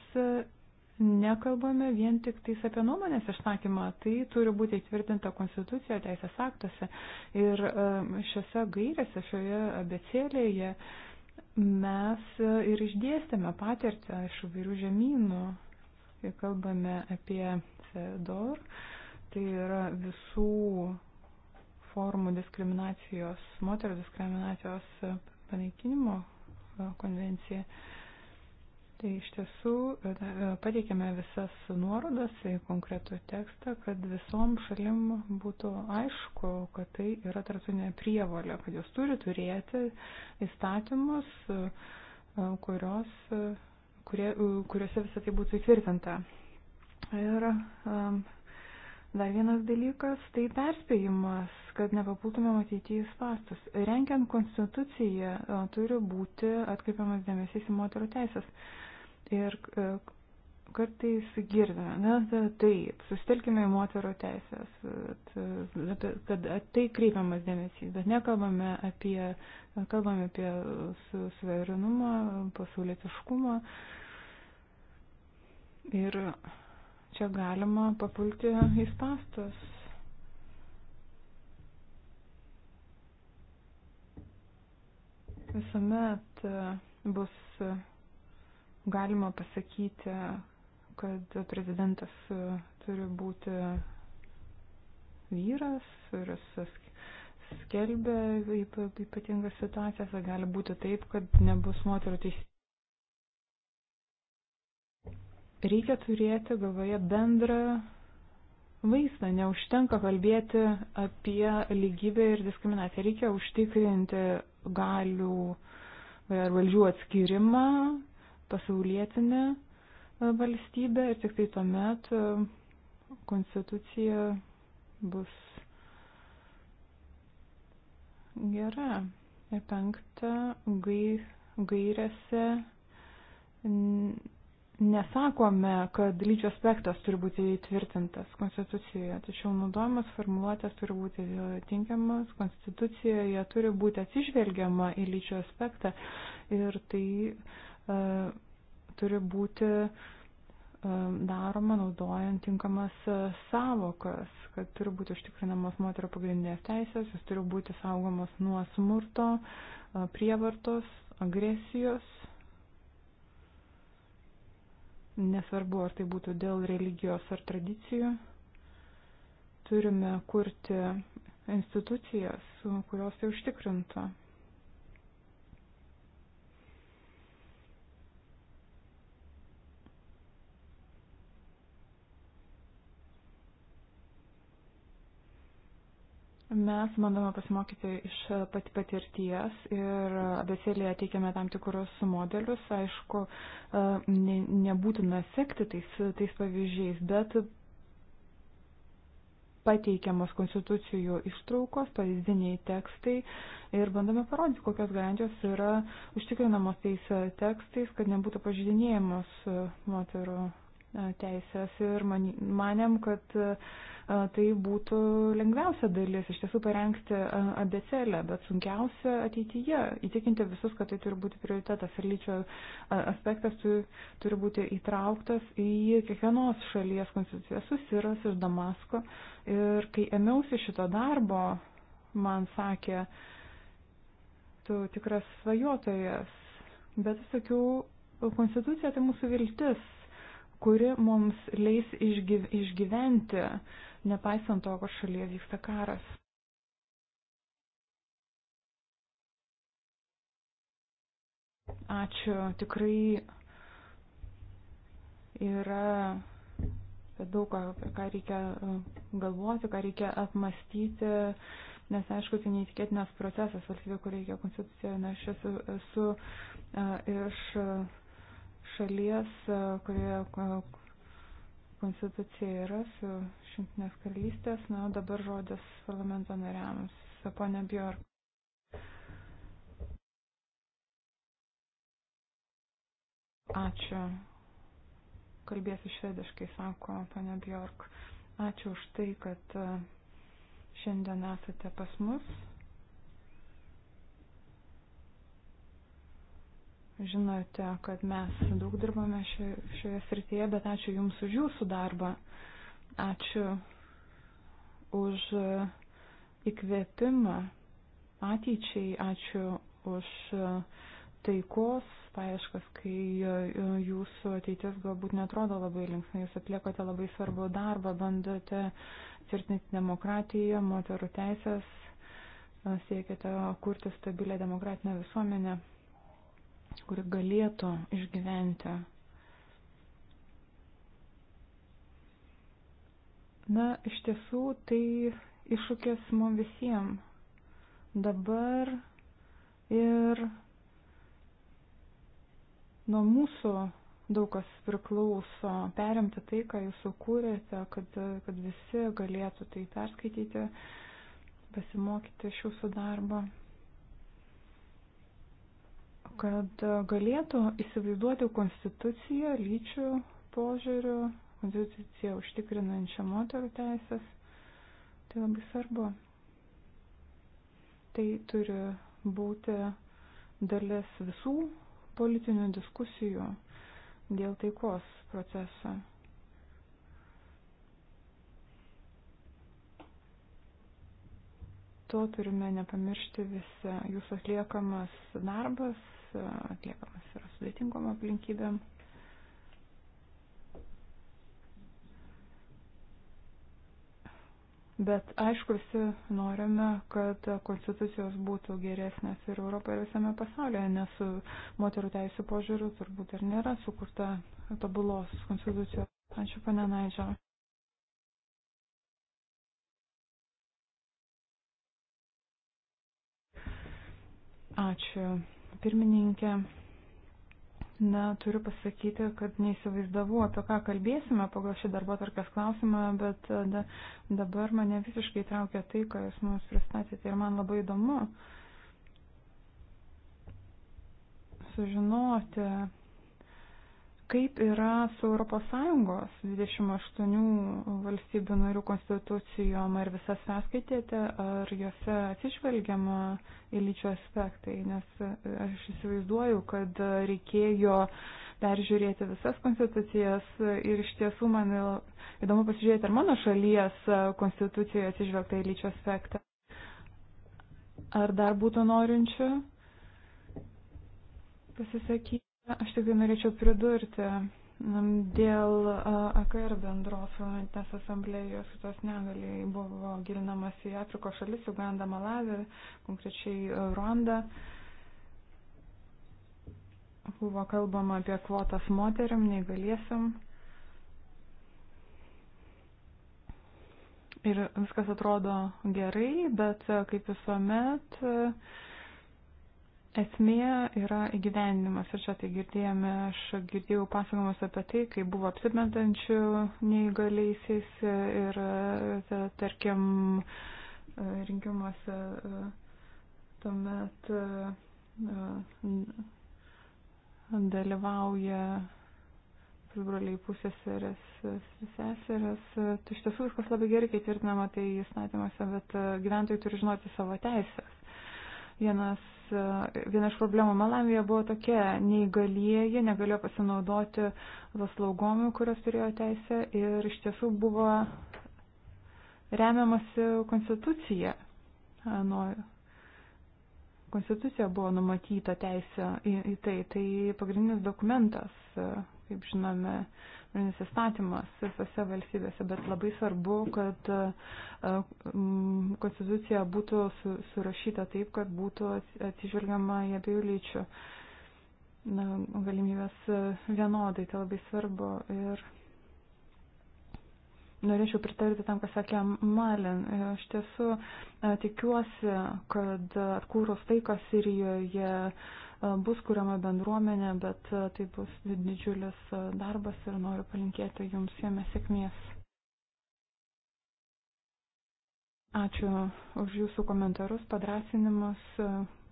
nekalbame vien tik tais apie nuomonės išsakymą, tai turi būti įtvirtinta konstitucijoje, teisės aktuose ir e, šiose gairėse, šioje abecėlėje mes e, ir išdėstėme patirtę iš įvairių žemynų, kai kalbame apie CEDOR, tai yra visų formų diskriminacijos, moterų diskriminacijos panaikinimo e, konvencija. Tai iš tiesų e, e, pateikėme visas nuorodas į konkretų tekstą, kad visom šalim būtų aišku, kad tai yra tarptautinė prievalė, kad jos turi turėti įstatymus, e, kurios, kurie, kuriuose visą tai būtų įtvirtinta. Ir Dar vienas dalykas - tai perspėjimas, kad nepapultumėm ateityje į spastus. Renkiant konstituciją turi būti atkreipiamas dėmesys į moterų teisės ir e, kartais girdime, na taip, sustelkime į moterų teisės, kad, kad tai kreipiamas dėmesys, bet nekalbame apie, kalbame apie suverenumą, pasaulietiškumą. Ir čia galima papulti į pastas. Visuomet bus galima pasakyti, kad prezidentas e, turi būti vyras, kuris skelbia ypatingas situacijas, ar gali būti taip, kad nebus moterų teisėjų. Reikia turėti galvoje bendrą vaizdą, neužtenka kalbėti apie lygybę ir diskriminaciją. Reikia užtikrinti galių ar valdžių atskirimą, pasaulietinė e, valstybė ir tik tai tuomet e, konstitucija bus gera. Ir penkta, gai, gairėse nesakome, kad lyčio aspektas turi būti įtvirtintas konstitucijoje, tačiau naudojamas formuluotės turi būti tinkiamas, konstitucijoje turi būti atsižvelgiama į lyčio aspektą ir tai E, turi būti e, daroma naudojant tinkamas e, savokas, kad turi būti užtikrinamos moterio pagrindinės teisės, jis turi būti saugomas nuo smurto, prievartos, agresijos. Nesvarbu, ar tai būtų dėl religijos ar tradicijų. Turime kurti institucijas, kurios tai užtikrintų. Mes bandome pasimokyti iš pati patirties ir abecelėje teikiame tam tikrus modelius. Aišku, e, ne, nebūtina sekti tais, tais pavyzdžiais, bet pateikiamos konstitucijų ištraukos, pavyzdiniai tekstai ir bandome parodyti, kokios garantijos yra užtikrinamos tais e, tekstais, kad nebūtų pažydinėjamos e, moterų teisės ir manėm, kad tai būtų lengviausia dalis iš tiesų parengti abecelę, bet sunkiausia ateityje įtikinti visus, kad tai turi būti prioritetas ir lyčio aspektas turi, turi būti įtrauktas į kiekvienos šalies konstituciją. Susiras iš Damasko ir kai ėmiausi šito darbo, man sakė, tu tikras svajotojas, bet sakiau, konstitucija tai mūsų viltis kuri mums leis išgyv išgyventi, nepaisant to, kad šalyje vyksta karas. Ačiū, tikrai yra daug, apie ką reikia e, galvoti, ką reikia apmastyti, nes aišku, tai neįtikėtinas procesas, valstybė, kur reikia konstituciją, nes aš esu, esu e, iš šalies, e, kurioje e, konstitucija yra su šimtinės karalystės. Na, dabar žodis parlamento nariams. Pone Bjork. Ačiū. Kalbėsiu švediškai, sako pane Bjork. Ačiū už tai, kad e, šiandien esate pas mus. Žinote, kad mes daug dirbame šioje srityje, bet ačiū Jums už Jūsų darbą. Ačiū už įkvėpimą ateičiai, ačiū už taikos paieškas, kai jūsų ateitis galbūt netrodo labai linksmai, jūs atliekote labai svarbu darbą, bandote tvirtinti demokratiją, moterų teisės, siekiate kurti stabilę demokratinę visuomenę kuri galėtų išgyventi. Na, iš tiesų tai iššūkis mums visiems. Dabar ir nuo mūsų daug kas priklauso perimti tai, ką jūs sukūrėte, kad, kad visi galėtų tai perskaityti, pasimokyti iš jūsų darbo kad galėtų įsivaizduoti konstituciją lyčių požiūrių, konstituciją užtikrinančią moterų teisės. Tai labai svarbu. Tai turi būti dalis visų politinių diskusijų dėl taikos proceso. to turime nepamiršti visi. Jūsų atliekamas darbas atliekamas yra sudėtingom aplinkybėm. Bet aišku, visi norime, kad konstitucijos būtų geresnės ir Europoje, ir visame pasaulyje, nes moterų teisų požiūrių turbūt ir nėra sukurta tobulos konstitucijos. Ačiū, pane Naidžio. Ačiū pirmininkė. Na, turiu pasakyti, kad neįsivaizdavau, apie ką kalbėsime pagal šį darbo tarkės klausimą, bet e, da, dabar mane visiškai traukia tai, ką jūs mums pristatėte ir man labai įdomu sužinoti Kaip yra su ES 28 valstybių narių konstitucijom, ar visas sąskaitėte, ar juose atsižvelgiama į lyčio aspektai, nes e, aš įsivaizduoju, kad reikėjo peržiūrėti visas konstitucijas ir iš tiesų man įdomu pasižiūrėti, ar mano šalies konstitucijoje atsižvelgta į lyčio aspektą. Ar dar būtų norinčių pasisakyti? Aš tik tai norėčiau pridurti dėl AKR bendros parlamentinės asamblėjos kitos negaliai buvo gilinamas į Afrikos šalis, Uganda, Malavį, konkrečiai Ruanda. Buvo kalbama apie kvotas moteriam, neįgaliesiam. Ir viskas atrodo gerai, bet kaip visuomet. Uh, Esmė yra įgyvenimas ir čia tai girdėjome, aš girdėjau pasakojimus apie tai, kai buvo apsimetančių neįgaliaisiais ir, e, tarkim, e, rinkimuose e, tuomet dalyvauja broliai pusėseris, seseris. Tai iš tiesų viskas labai gerai, kai tvirtinama tai įstatymuose, bet gyventojai turi žinoti savo teisės. Vienas viena iš problemų Malamija buvo tokia, neįgalieji negalėjo pasinaudoti paslaugomių, kurios turėjo teisę ir iš tiesų buvo remiamasi konstitucija. Nu, konstitucija buvo numatyta teisė į, į tai, tai pagrindinis dokumentas, kaip žinome, uh, nusistatymas visose valstybėse, bet labai svarbu, kad e, konstitucija būtų surašyta taip, kad būtų atsižvelgiama į abiejų lyčių na, galimybės e, vienodai, tai labai svarbu. Ir norėčiau pritarti tam, ką sakė Malin. Aš e, tiesų tikiuosi, kad atkūrus tai, kas Sirijoje. Ja, E, bus kuriama bendruomenė, bet e, tai bus didžiulis e, darbas ir noriu palinkėti jums jame sėkmės. Ačiū už jūsų komentarus, padrasinimus.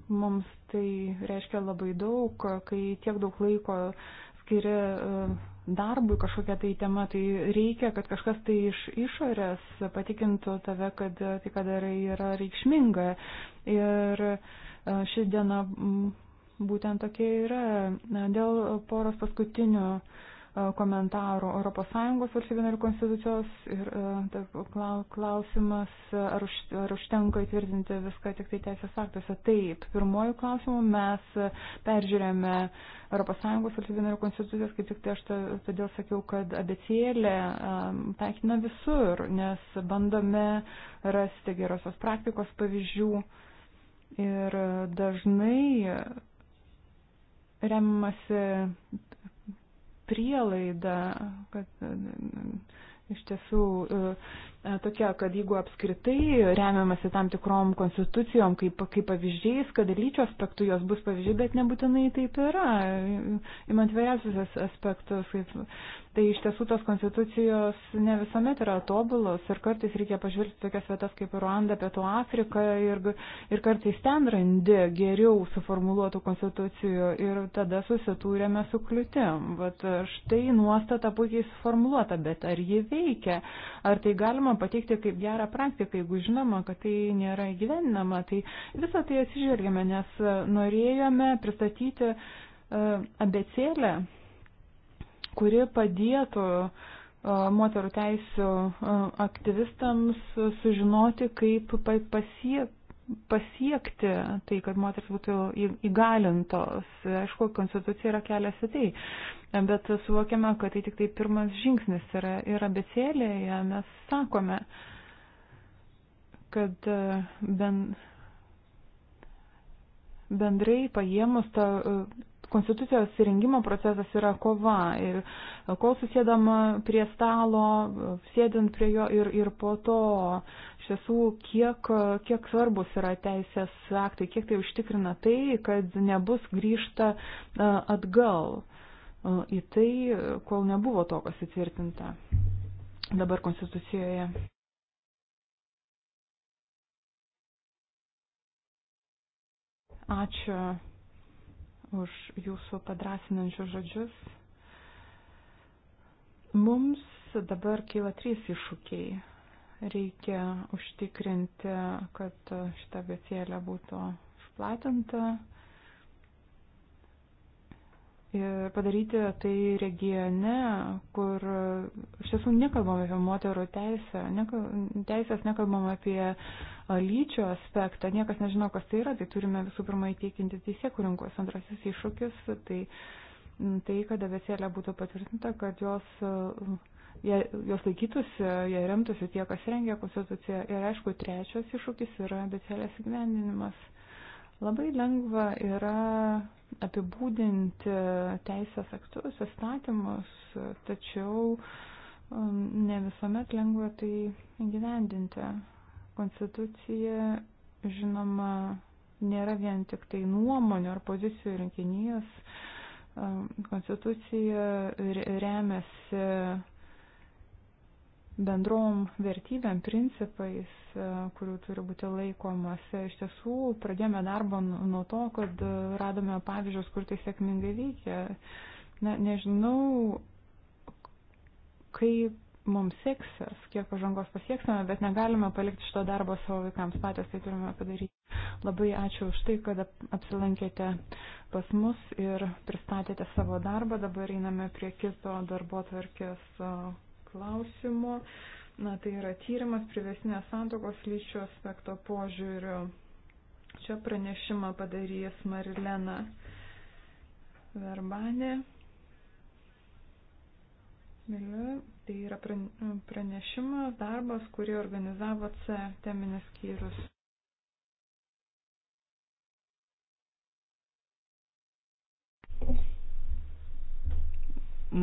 Mums tai reiškia labai daug, kai tiek daug laiko skiria darbui kažkokia tai tema, tai reikia, kad kažkas tai iš išorės patikintų tave, kad tai, ką darai, yra reikšminga. Ir ši diena Būtent tokia yra. Dėl poros paskutinių e, komentarų ES valstybių narių konstitucijos ir e, klausimas, ar, už, ar užtenka įtvirtinti viską tik tai teisės aktuose. Taip, pirmojų klausimų mes peržiūrėjome ES valstybių narių konstitucijas, kaip tik tai aš todėl sakiau, kad abecėlė e, taikina visur, nes bandome rasti gerosios praktikos pavyzdžių ir dažnai remasi prielaida, kad iš tiesų e, tokia, kad jeigu apskritai remiamasi tam tikrom konstitucijom, kaip, kaip pavyzdžiais, kad ir lyčio aspektų jos bus pavyzdžiai, bet nebūtinai taip yra, imant vairiausius aspektus, kaip tai iš tiesų tos konstitucijos ne visuomet yra tobulos ir kartais reikia pažvelgti tokias vietas kaip Ruanda, Pietų Afrika ir, ir kartais ten randi geriau suformuoluotų konstitucijų ir tada susitūrėme su kliūtim. Vat štai nuostata puikiai suformuoluota, bet ar ji veikia, ar tai galima pateikti kaip gerą praktiką, jeigu žinoma, kad tai nėra įgyvendinama, tai visą tai atsižvelgėme, nes norėjome pristatyti e, abecėlę kuri padėtų moterų teisų aktyvistams sužinoti, kaip pasiek, pasiekti tai, kad moteris būtų įgalintos. Aišku, konstitucija yra kelias į tai, bet suvokiame, kad tai tik tai pirmas žingsnis yra, yra becėlėje, mes sakome, kad bent bendrai paėmus ta Konstitucijos rengimo procesas yra kova ir kol susėdama prie stalo, sėdint prie jo ir, ir po to, iš tiesų, kiek, kiek svarbus yra teisės aktai, kiek tai užtikrina tai, kad nebus grįžta e, atgal e, į tai, kol nebuvo to, kas įtvirtinta dabar Konstitucijoje. Ačiū už jūsų padrasinančius žodžius. Mums dabar kyla trys iššūkiai. Reikia užtikrinti, kad šita abecėlė būtų išplatinta ir padaryti tai regione, kur iš tiesų nekalbam apie moterų teisę, nekal, teisės, nekalbam apie uh, lyčio aspektą. Niekas nežino, kas tai yra, tai turime visų pirma įtikinti teisėkurinkos. Antrasis iššūkis tai tai, kad abecėlė būtų patvirtinta, kad jos, jie, jos laikytųsi, jie remtųsi tie, kas rengia konstituciją. Ir aišku, trečias iššūkis yra abecėlės įgyvendinimas. Labai lengva yra apibūdinti teisės aktus, įstatymus, tačiau ne visuomet lengva tai įgyvendinti. Konstitucija, žinoma, nėra vien tik tai nuomonių ar pozicijų rinkinys. Konstitucija remiasi bendrom vertybėm, principais, kurių turi būti laikomas. Iš tiesų, pradėjome darbą nuo to, kad radome pavyzdžius, kur tai sėkmingai veikia. Na, nežinau, kaip mums seksis, kiek pažangos pasieksime, bet negalime palikti šito darbo savo vaikams patys, tai turime padaryti. Labai ačiū už tai, kad apsilankėte pas mus ir pristatėte savo darbą. Dabar einame prie kito darbo tvarkės klausimo. Na, tai yra tyrimas privesnės santokos lyčio aspekto požiūriu. Čia pranešimą padarys Marilena Verbanė. Tai yra pranešimas, darbas, kurį organizavo C teminis skyrius.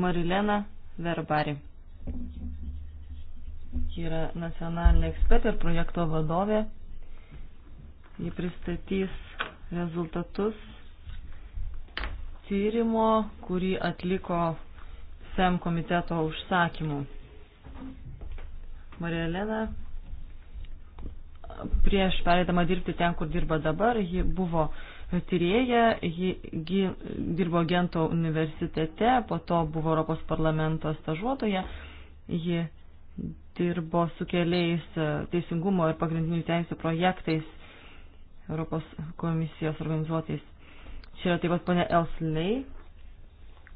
Marilena Verbari. Ji yra nacionalinė ekspertė ir projekto vadovė. Ji pristatys rezultatus tyrimo, kurį atliko SEM komiteto užsakymų. Marija Elena, prieš pereidama dirbti ten, kur dirba dabar, ji buvo tyrėja, ji dirbo Gento universitete, po to buvo Europos parlamento stažuotoje, ji dirbo su keliais e, teisingumo ir pagrindinių teisų projektais Europos komisijos organizuotais. Čia yra taip pat ponė Elsley,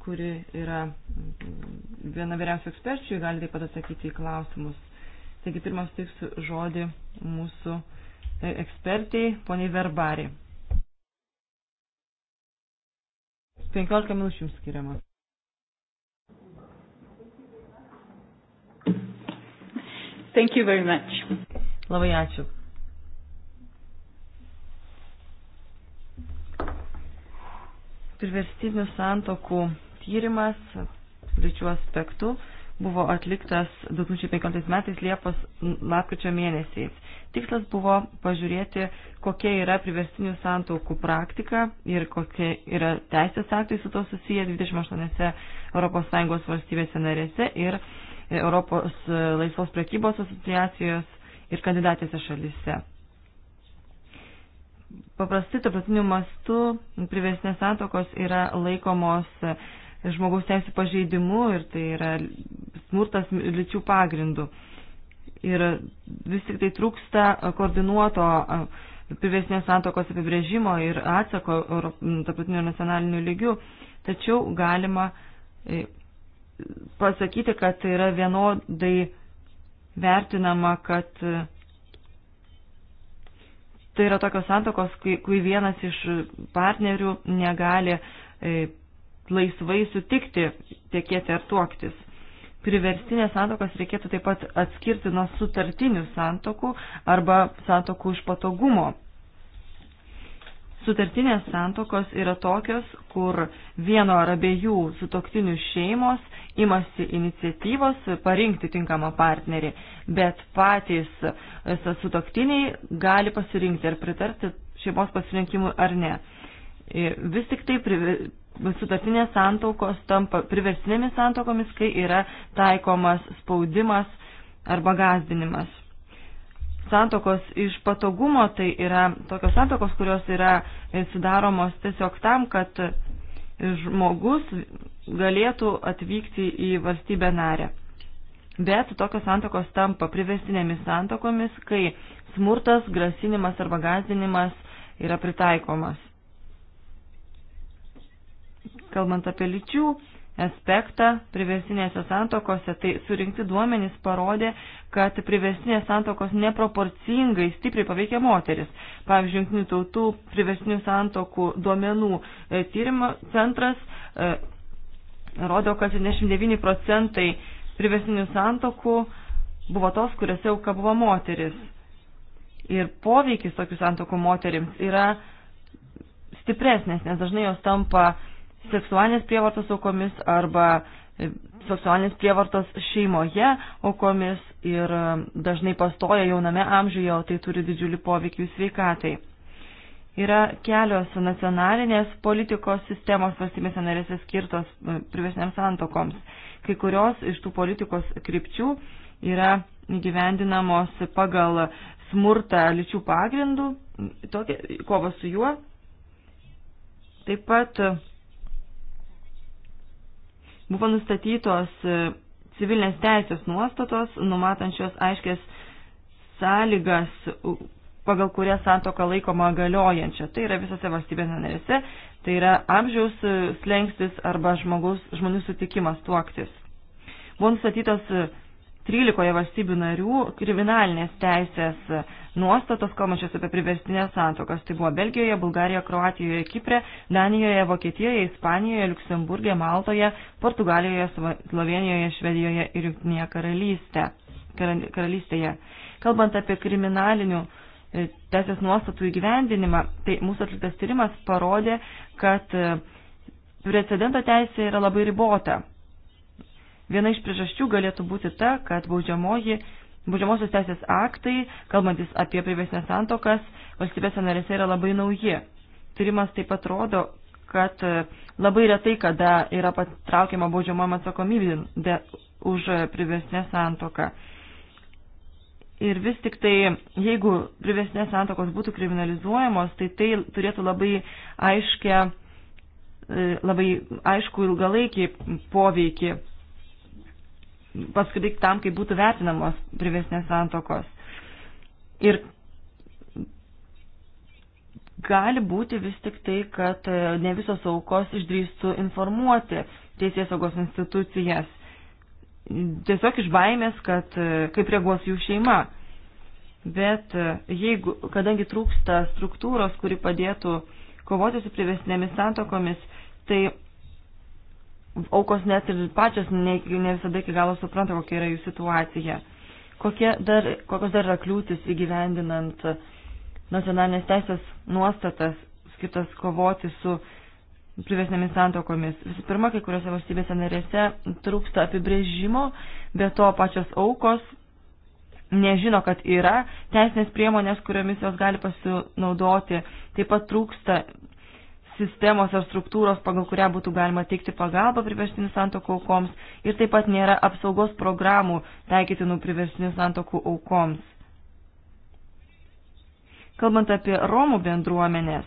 kuri yra mm, viena vyriausių eksperčių, gali taip pat atsakyti į klausimus. Taigi pirmas teiksiu žodį mūsų e, ekspertiai, poniai Verbari. 15 minučių jums skiriama. Thank you very much. Labai ačiū. Priverstinių santokų tyrimas lyčių aspektų buvo atliktas 2015 metais Liepos lapkričio mėnesiais. Tikslas buvo pažiūrėti, kokia yra priverstinių santaukų praktika ir kokie yra teisės aktai su to susiję 28 ES valstybėse narėse ir e, Europos e, laisvos prekybos asociacijos ir kandidatėse šalise. Paprastai tarptautiniu mastu priverstinės santokos yra laikomos žmogaus teisų pažeidimu ir tai yra smurtas lyčių pagrindų. Ir vis tik tai trūksta koordinuoto privesnės santokos apibrėžimo ir atsako tarptautinio nacionaliniu lygiu, tačiau galima e, pasakyti, kad tai yra vienodai vertinama, kad e, tai yra tokios santokos, kai, kai vienas iš partnerių negali e, laisvai sutikti tekėti ar tuoktis. Priverstinės santokas reikėtų taip pat atskirti nuo sutartinių santokų arba santokų iš patogumo. Sutartinės santokos yra tokios, kur vieno ar abiejų sutoktinių šeimos imasi iniciatyvos parinkti tinkamą partnerį, bet patys e, sutoktiniai gali pasirinkti ar pritarti šeimos pasirinkimui ar ne. E, vis tik tai sutartinės santaukos tampa priversinėmis santokomis, kai yra taikomas spaudimas arba gazdinimas. Santokos iš patogumo tai yra tokios santokos, kurios yra sudaromos tiesiog tam, kad žmogus galėtų atvykti į valstybę narę. Bet tokios santokos tampa privestinėmis santokomis, kai smurtas, grasinimas arba gazdinimas yra pritaikomas kalbant apie lyčių aspektą priversinėse santokose, tai surinkti duomenys parodė, kad priversinės santokos neproporcingai stipriai paveikia moteris. Pavyzdžiui, Junktinių tautų priversinių santokų duomenų e, tyrimo centras e, rodo, kad 79 procentai priversinių santokų buvo tos, kuriuose auka buvo moteris. Ir poveikis tokių santokų moterims yra stipresnės, nes dažnai jos tampa seksualinės prievartos aukomis arba e, seksualinės prievartos šeimoje aukomis ir e, dažnai pastoja jauname amžiuje, o tai turi didžiulį poveikį jų sveikatai. Yra kelios nacionalinės politikos sistemos valstybėse narėse skirtos e, privesniams santokoms. Kai kurios iš tų politikos krypčių yra gyvendinamos pagal smurtą lyčių pagrindų, tokia, kova su juo. Taip pat Buvo nustatytos e, civilinės teisės nuostatos, numatančios aiškės sąlygas, pagal kurias santoka laikoma galiojančia. Tai yra visose valstybės narėse, tai yra amžiaus e, slengstis arba žmogus, žmonių sutikimas tuoktis. Buvo nustatytos e, 13 valstybių narių kriminalinės teisės nuostatos, kalbančios apie priverstinės santokas. Tai buvo Belgijoje, Bulgarijoje, Kroatijoje, Kiprė, Danijoje, Vokietijoje, Ispanijoje, Luksemburgė, Maltoje, Portugalijoje, Slovenijoje, Švedijoje ir Junktinėje karalystė, karalystėje. Kalbant apie kriminalinių e, teisės nuostatų įgyvendinimą, tai mūsų atliktas tyrimas parodė, kad e, precedento teisė yra labai ribota Viena iš priežasčių galėtų būti ta, kad baudžiamoji Būdžiamosios teisės aktai, kalbantis apie privesnės santokas, valstybėse narėse yra labai nauji. Tyrimas taip pat rodo, kad e, labai retai kada yra patraukiama baudžiamama atsakomybė už privesnę santoką. Ir vis tik tai, jeigu privesnės santokos būtų kriminalizuojamos, tai tai turėtų labai aiškę, e, labai aišku ilgalaikį poveikį paskui tam, kaip būtų vertinamos privesnės santokos. Ir gali būti vis tik tai, kad e, ne visos aukos išdrįstų informuoti teisės saugos institucijas. Tiesiog iš baimės, kad e, kaip reaguos jų šeima. Bet e, jeigu, kadangi trūksta struktūros, kuri padėtų kovoti su privesnėmis santokomis, tai aukos net ir pačios ne, ne visada iki galo supranta, kokia yra jų situacija. Kokie dar, kokios dar yra kliūtis įgyvendinant nacionalinės teisės nuostatas skirtas kovoti su privesnėmis santokomis. Visų pirma, kai kuriuose valstybėse narėse trūksta apibrėžimo, be to pačios aukos nežino, kad yra teisinės priemonės, kuriomis jos gali pasinaudoti. Taip pat trūksta sistemos ar struktūros, pagal kurią būtų galima teikti pagalbą priverstinių santokų aukoms ir taip pat nėra apsaugos programų taikytinų priverstinių santokų aukoms. Kalbant apie Romų bendruomenės,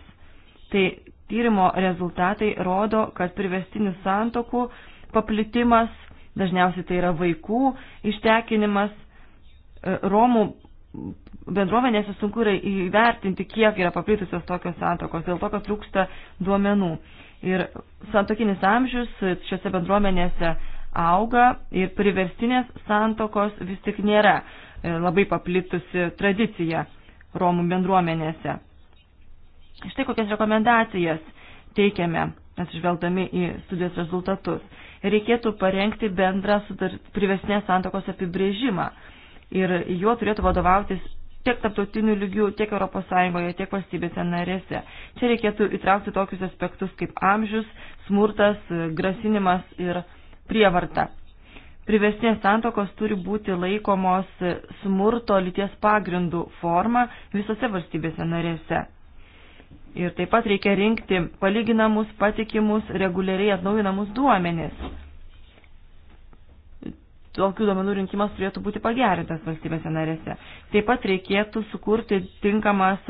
tai tyrimo rezultatai rodo, kad priverstinių santokų paplitimas, dažniausiai tai yra vaikų ištekinimas, e, Romų bendruomenėse sunku yra įvertinti, kiek yra paplitusios tokios santokos, dėl to, kad trūksta duomenų. Ir santokinis amžius šiuose bendruomenėse auga ir priverstinės santokos vis tik nėra e, labai paplitusi tradicija Romų bendruomenėse. Štai kokias rekomendacijas teikiame, atsižvelgdami į studijos rezultatus. Reikėtų parengti bendrą priverstinės santokos apibrėžimą ir juo turėtų vadovautis tiek taptautiniu lygiu, tiek ES, tiek valstybėse narėse. Čia reikėtų įtraukti tokius aspektus kaip amžius, smurtas, grasinimas ir prievarta. Privestinės santokos turi būti laikomos smurto lyties pagrindų forma visose valstybėse narėse. Ir taip pat reikia rinkti palyginamus, patikimus, reguliariai atnaujinamus duomenis tokių duomenų rinkimas turėtų būti pagerintas valstybėse narėse. Taip pat reikėtų sukurti tinkamas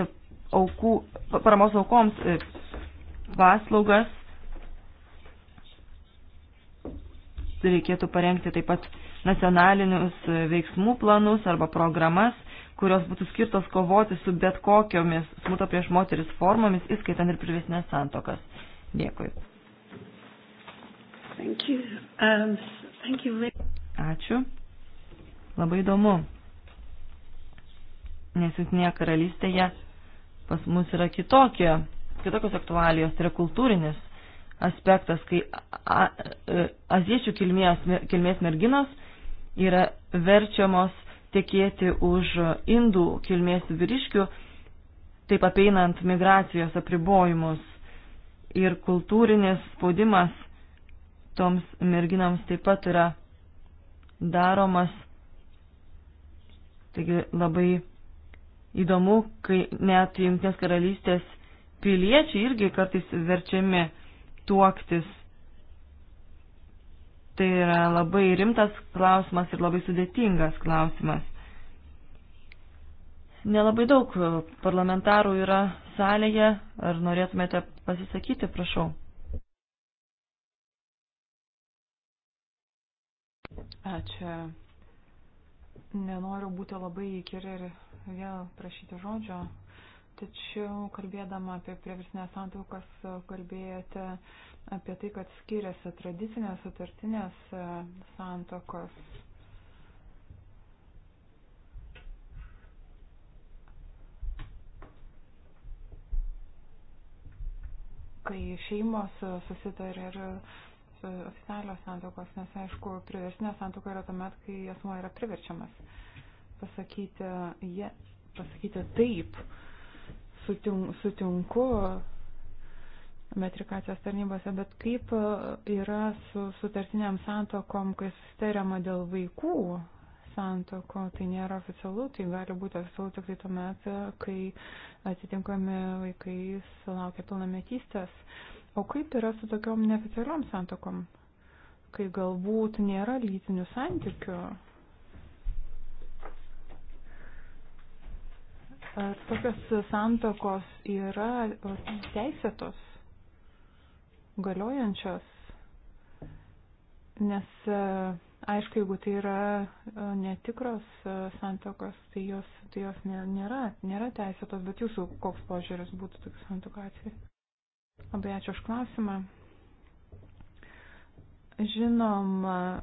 aukų, paramos aukoms e, paslaugas. Reikėtų parengti taip pat nacionalinius e, veiksmų planus arba programas, kurios būtų skirtos kovoti su bet kokiomis smurto prieš moteris formomis, įskaitant ir privesnės santokas. Dėkui. Thank you. Um, thank you. Ačiū. Labai įdomu. Nes Junktinėje karalystėje pas mus yra kitokie, kitokios aktualijos, tai yra kultūrinis aspektas, kai a, a, e, aziečių kilmės, kilmės merginos yra verčiamos tekėti už indų kilmės vyriškių, taip apeinant migracijos apribojimus ir kultūrinis spaudimas toms merginams taip pat yra daromas. Taigi labai įdomu, kai net Junktinės karalystės piliečiai irgi kartais verčiami tuoktis. Tai yra labai rimtas klausimas ir labai sudėtingas klausimas. Nelabai daug parlamentarų yra salėje. Ar norėtumėte pasisakyti, prašau? Ačiū. Nenoriu būti labai įkyri ir vėl prašyti žodžio, tačiau kalbėdama apie prievirsinės santuokas kalbėjote apie tai, kad skiriasi tradicinės sutartinės e, santokos. Kai šeimos susitarė ir E, oficialios santokos, nes aišku, priversinė santoka yra tuomet, kai asmo yra priverčiamas pasakyti, je, pasakyti taip, sutink, sutinku metrikacijos tarnybose, bet kaip e, yra su sutartiniam santokom, kai susitariama dėl vaikų santoko, tai nėra oficialu, tai gali būti oficialu tik tai tuomet, e, kai atitinkami vaikai sulaukia pilnametystės. Uh, O kaip yra su tokiom neoficialiom santokom, kai galbūt nėra lytinių santykių? Ar tokios santokos yra teisėtos, galiojančios? Nes e, aišku, jeigu tai yra e, netikros e, santokos, tai jos, tai jos nėra, nėra teisėtos, bet jūsų koks požiūris būtų tokių santokų atveju? Labai ačiū už klausimą. Žinoma,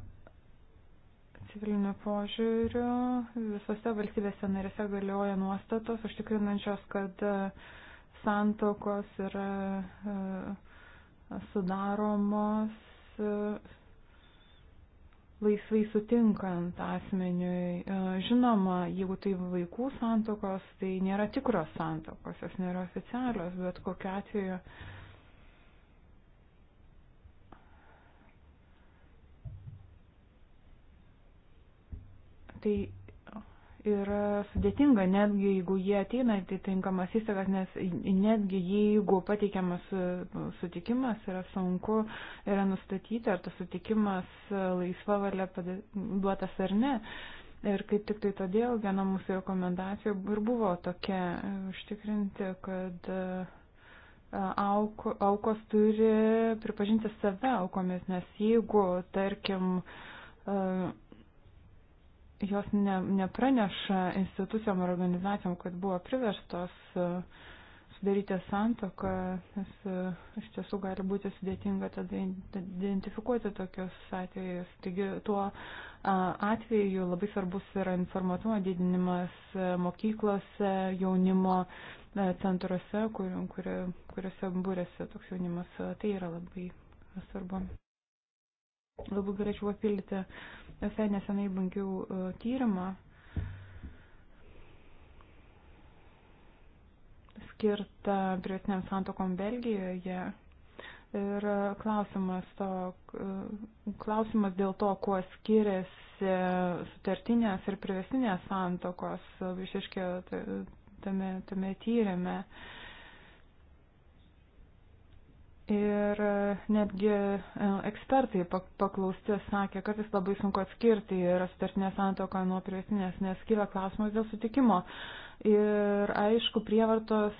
civiliniu požiūriu visose valstybėse narėse galioja nuostatos užtikrinančios, kad e, santokos yra e, sudaromos e, laisvai sutinkant asmeniui. Žinoma, jeigu tai vaikų santokos, tai nėra tikros santokos, jos nėra oficialios, bet kokiu atveju Tai yra sudėtinga, netgi jeigu jie ateina į tai tinkamas įstaigas, nes netgi jeigu pateikiamas e, sutikimas yra sunku, yra nustatyti, ar tas sutikimas e, laisva valia duotas ar ne. Ir kaip tik tai todėl viena mūsų rekomendacija ir buvo tokia e, užtikrinti, kad aukos turi pripažinti save aukomis, nes jeigu, tarkim, jos ne, nepraneša institucijom ar organizacijom, kad buvo priverstos e, sudaryti santoką, nes e, iš tiesų gali būti sudėtinga tada identifikuoti tokius atvejus. Taigi tuo atveju labai svarbus yra informatumo didinimas e, mokyklose, jaunimo centruose, kur, kur, kuriuose būrėsi toks jaunimas. Tai yra labai svarbu. Galbūt galėčiau papildyti, visai nesenai bankiau e, tyrimą skirtą prietiniam santokom Belgijoje. Ir e, klausimas, to, e, klausimas dėl to, kuo skiriasi sutartinės ir privestinės santokos, išiškėjo tame, tame tyrime. Uh, Ir e, netgi e, ekspertai paklausti sakė, kad jis labai sunku atskirti yra sutartinę santoką nuo priverstinės, nes kyla klausimas dėl sutikimo Ir aišku, prievartos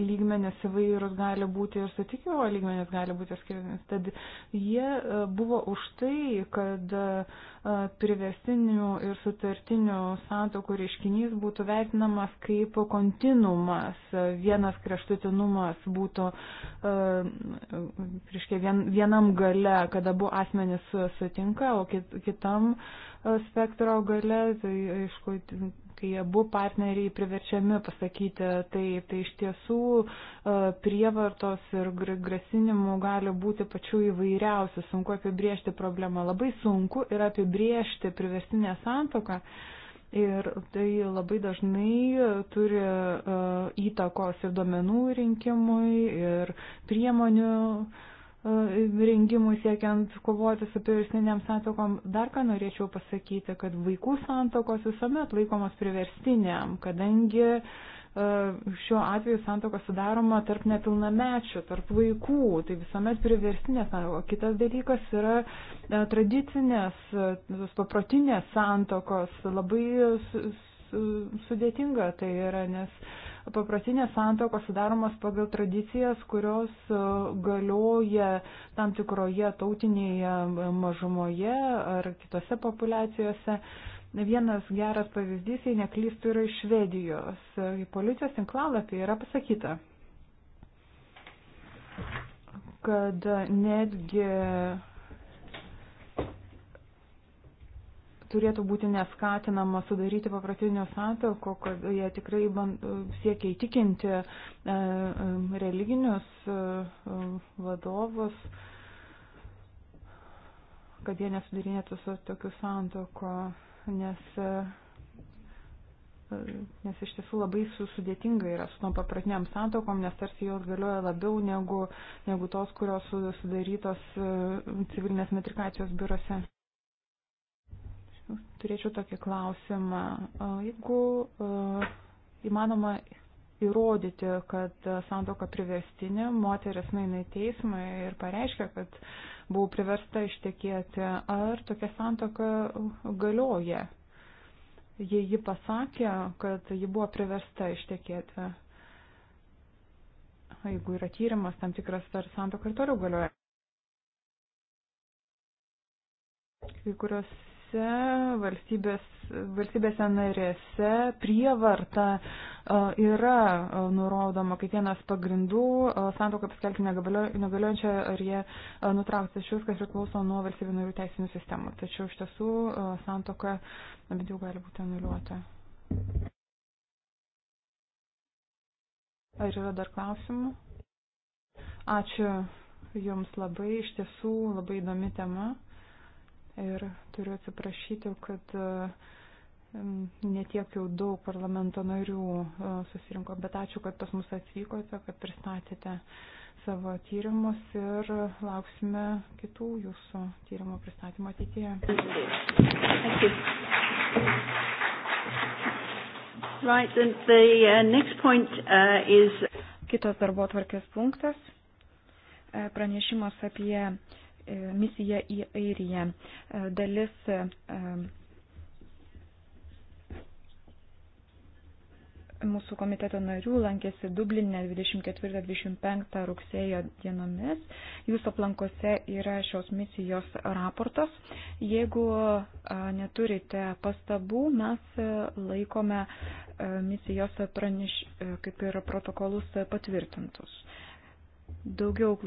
lygmenės įvairūs gali būti ir sutikimo lygmenės gali būti skirtingas. Tad jie e, buvo už tai, kad e, privestinių ir sutartinių santokų reiškinys būtų vertinamas kaip kontinumas, vienas kraštutinumas būtų, e, reiškia, vien, vienam gale, kada abu asmenys sutinka, o kitam spektro gale, tai aišku, kai abu partneriai priverčiami pasakyti taip, tai iš tiesų e, prievartos ir grasinimų gali būti pačių įvairiausių, sunku apibriežti problemą, labai sunku yra apibriežti priverstinę santoką. Ir tai labai dažnai turi uh, įtakos ir duomenų rinkimui, ir priemonių uh, E, rengimų siekiant kovoti su priverstinėm santokom. Dar ką norėčiau pasakyti, kad vaikų santokos visuomet laikomos priverstinėm, kadangi e, šiuo atveju santoka sudaroma tarp nepilnamečių, tarp vaikų, tai visuomet priverstinė santoka. Kitas dalykas yra e, tradicinės, tos paprotinės santokos, labai sudėtinga tai yra, nes paprotinės santokos sudaromos pagal tradicijas, kurios e, galioja tam tikroje tautinėje e, mažumoje ar kitose populiacijose. Vienas geras pavyzdys, jei neklystų, yra iš Švedijos. E, policijos tinklalapyje yra pasakyta, kad netgi turėtų būti neskatinama sudaryti paprastinių santokų, kad jie tikrai band, siekia įtikinti e, e religinius e, e, vadovus, kad jie nesudarinėtų su tokiu santoku, nes, e, e, nes iš tiesų labai su, sudėtinga yra su tom paprastiniam santokom, nes tarsi jos galioja labiau negu, negu tos, kurios sudarytos civilinės metrikacijos biurose turėčiau tokį klausimą. Jeigu įmanoma įrodyti, kad santoka priverstinė, moteris naina į teismą ir pareiškia, kad buvau priversta ištekėti, ar tokia santoka galioja, jei ji pasakė, kad ji buvo priversta ištekėti. Jeigu yra tyrimas tam tikras, ar santoka ir toliau galioja. Kai kurios kuriuose valstybės, valstybėse narėse prievarta yra nurodoma kaip vienas pagrindų santoką paskelbti negaliojančią ar jie nutraukti. Tačiau viskas priklauso nuo valstybių narių teisinių sistemų. Tačiau iš tiesų santoka bent jau gali būti anuliuota. Ar yra dar klausimų? Ačiū Jums labai, iš tiesų labai įdomi tema ir turiu atsiprašyti, kad netiek jau daug parlamento narių e, susirinko, bet ačiū, kad pas mus atvykote, kad pristatėte savo tyrimus ir lauksime kitų jūsų tyrimo pristatymo ateityje. Right, and the uh, next point uh, is... Kitas darbo tvarkės punktas, e, pranešimas apie uh, E, misija į Airiją. E, dalis e, mūsų komiteto narių lankėsi Dublinė 24-25 rugsėjo dienomis. Jūsų aplankose yra šios misijos raportas. Jeigu neturite pastabų, mes laikome misijos praniš, kaip ir protokolus patvirtintus. Daugiau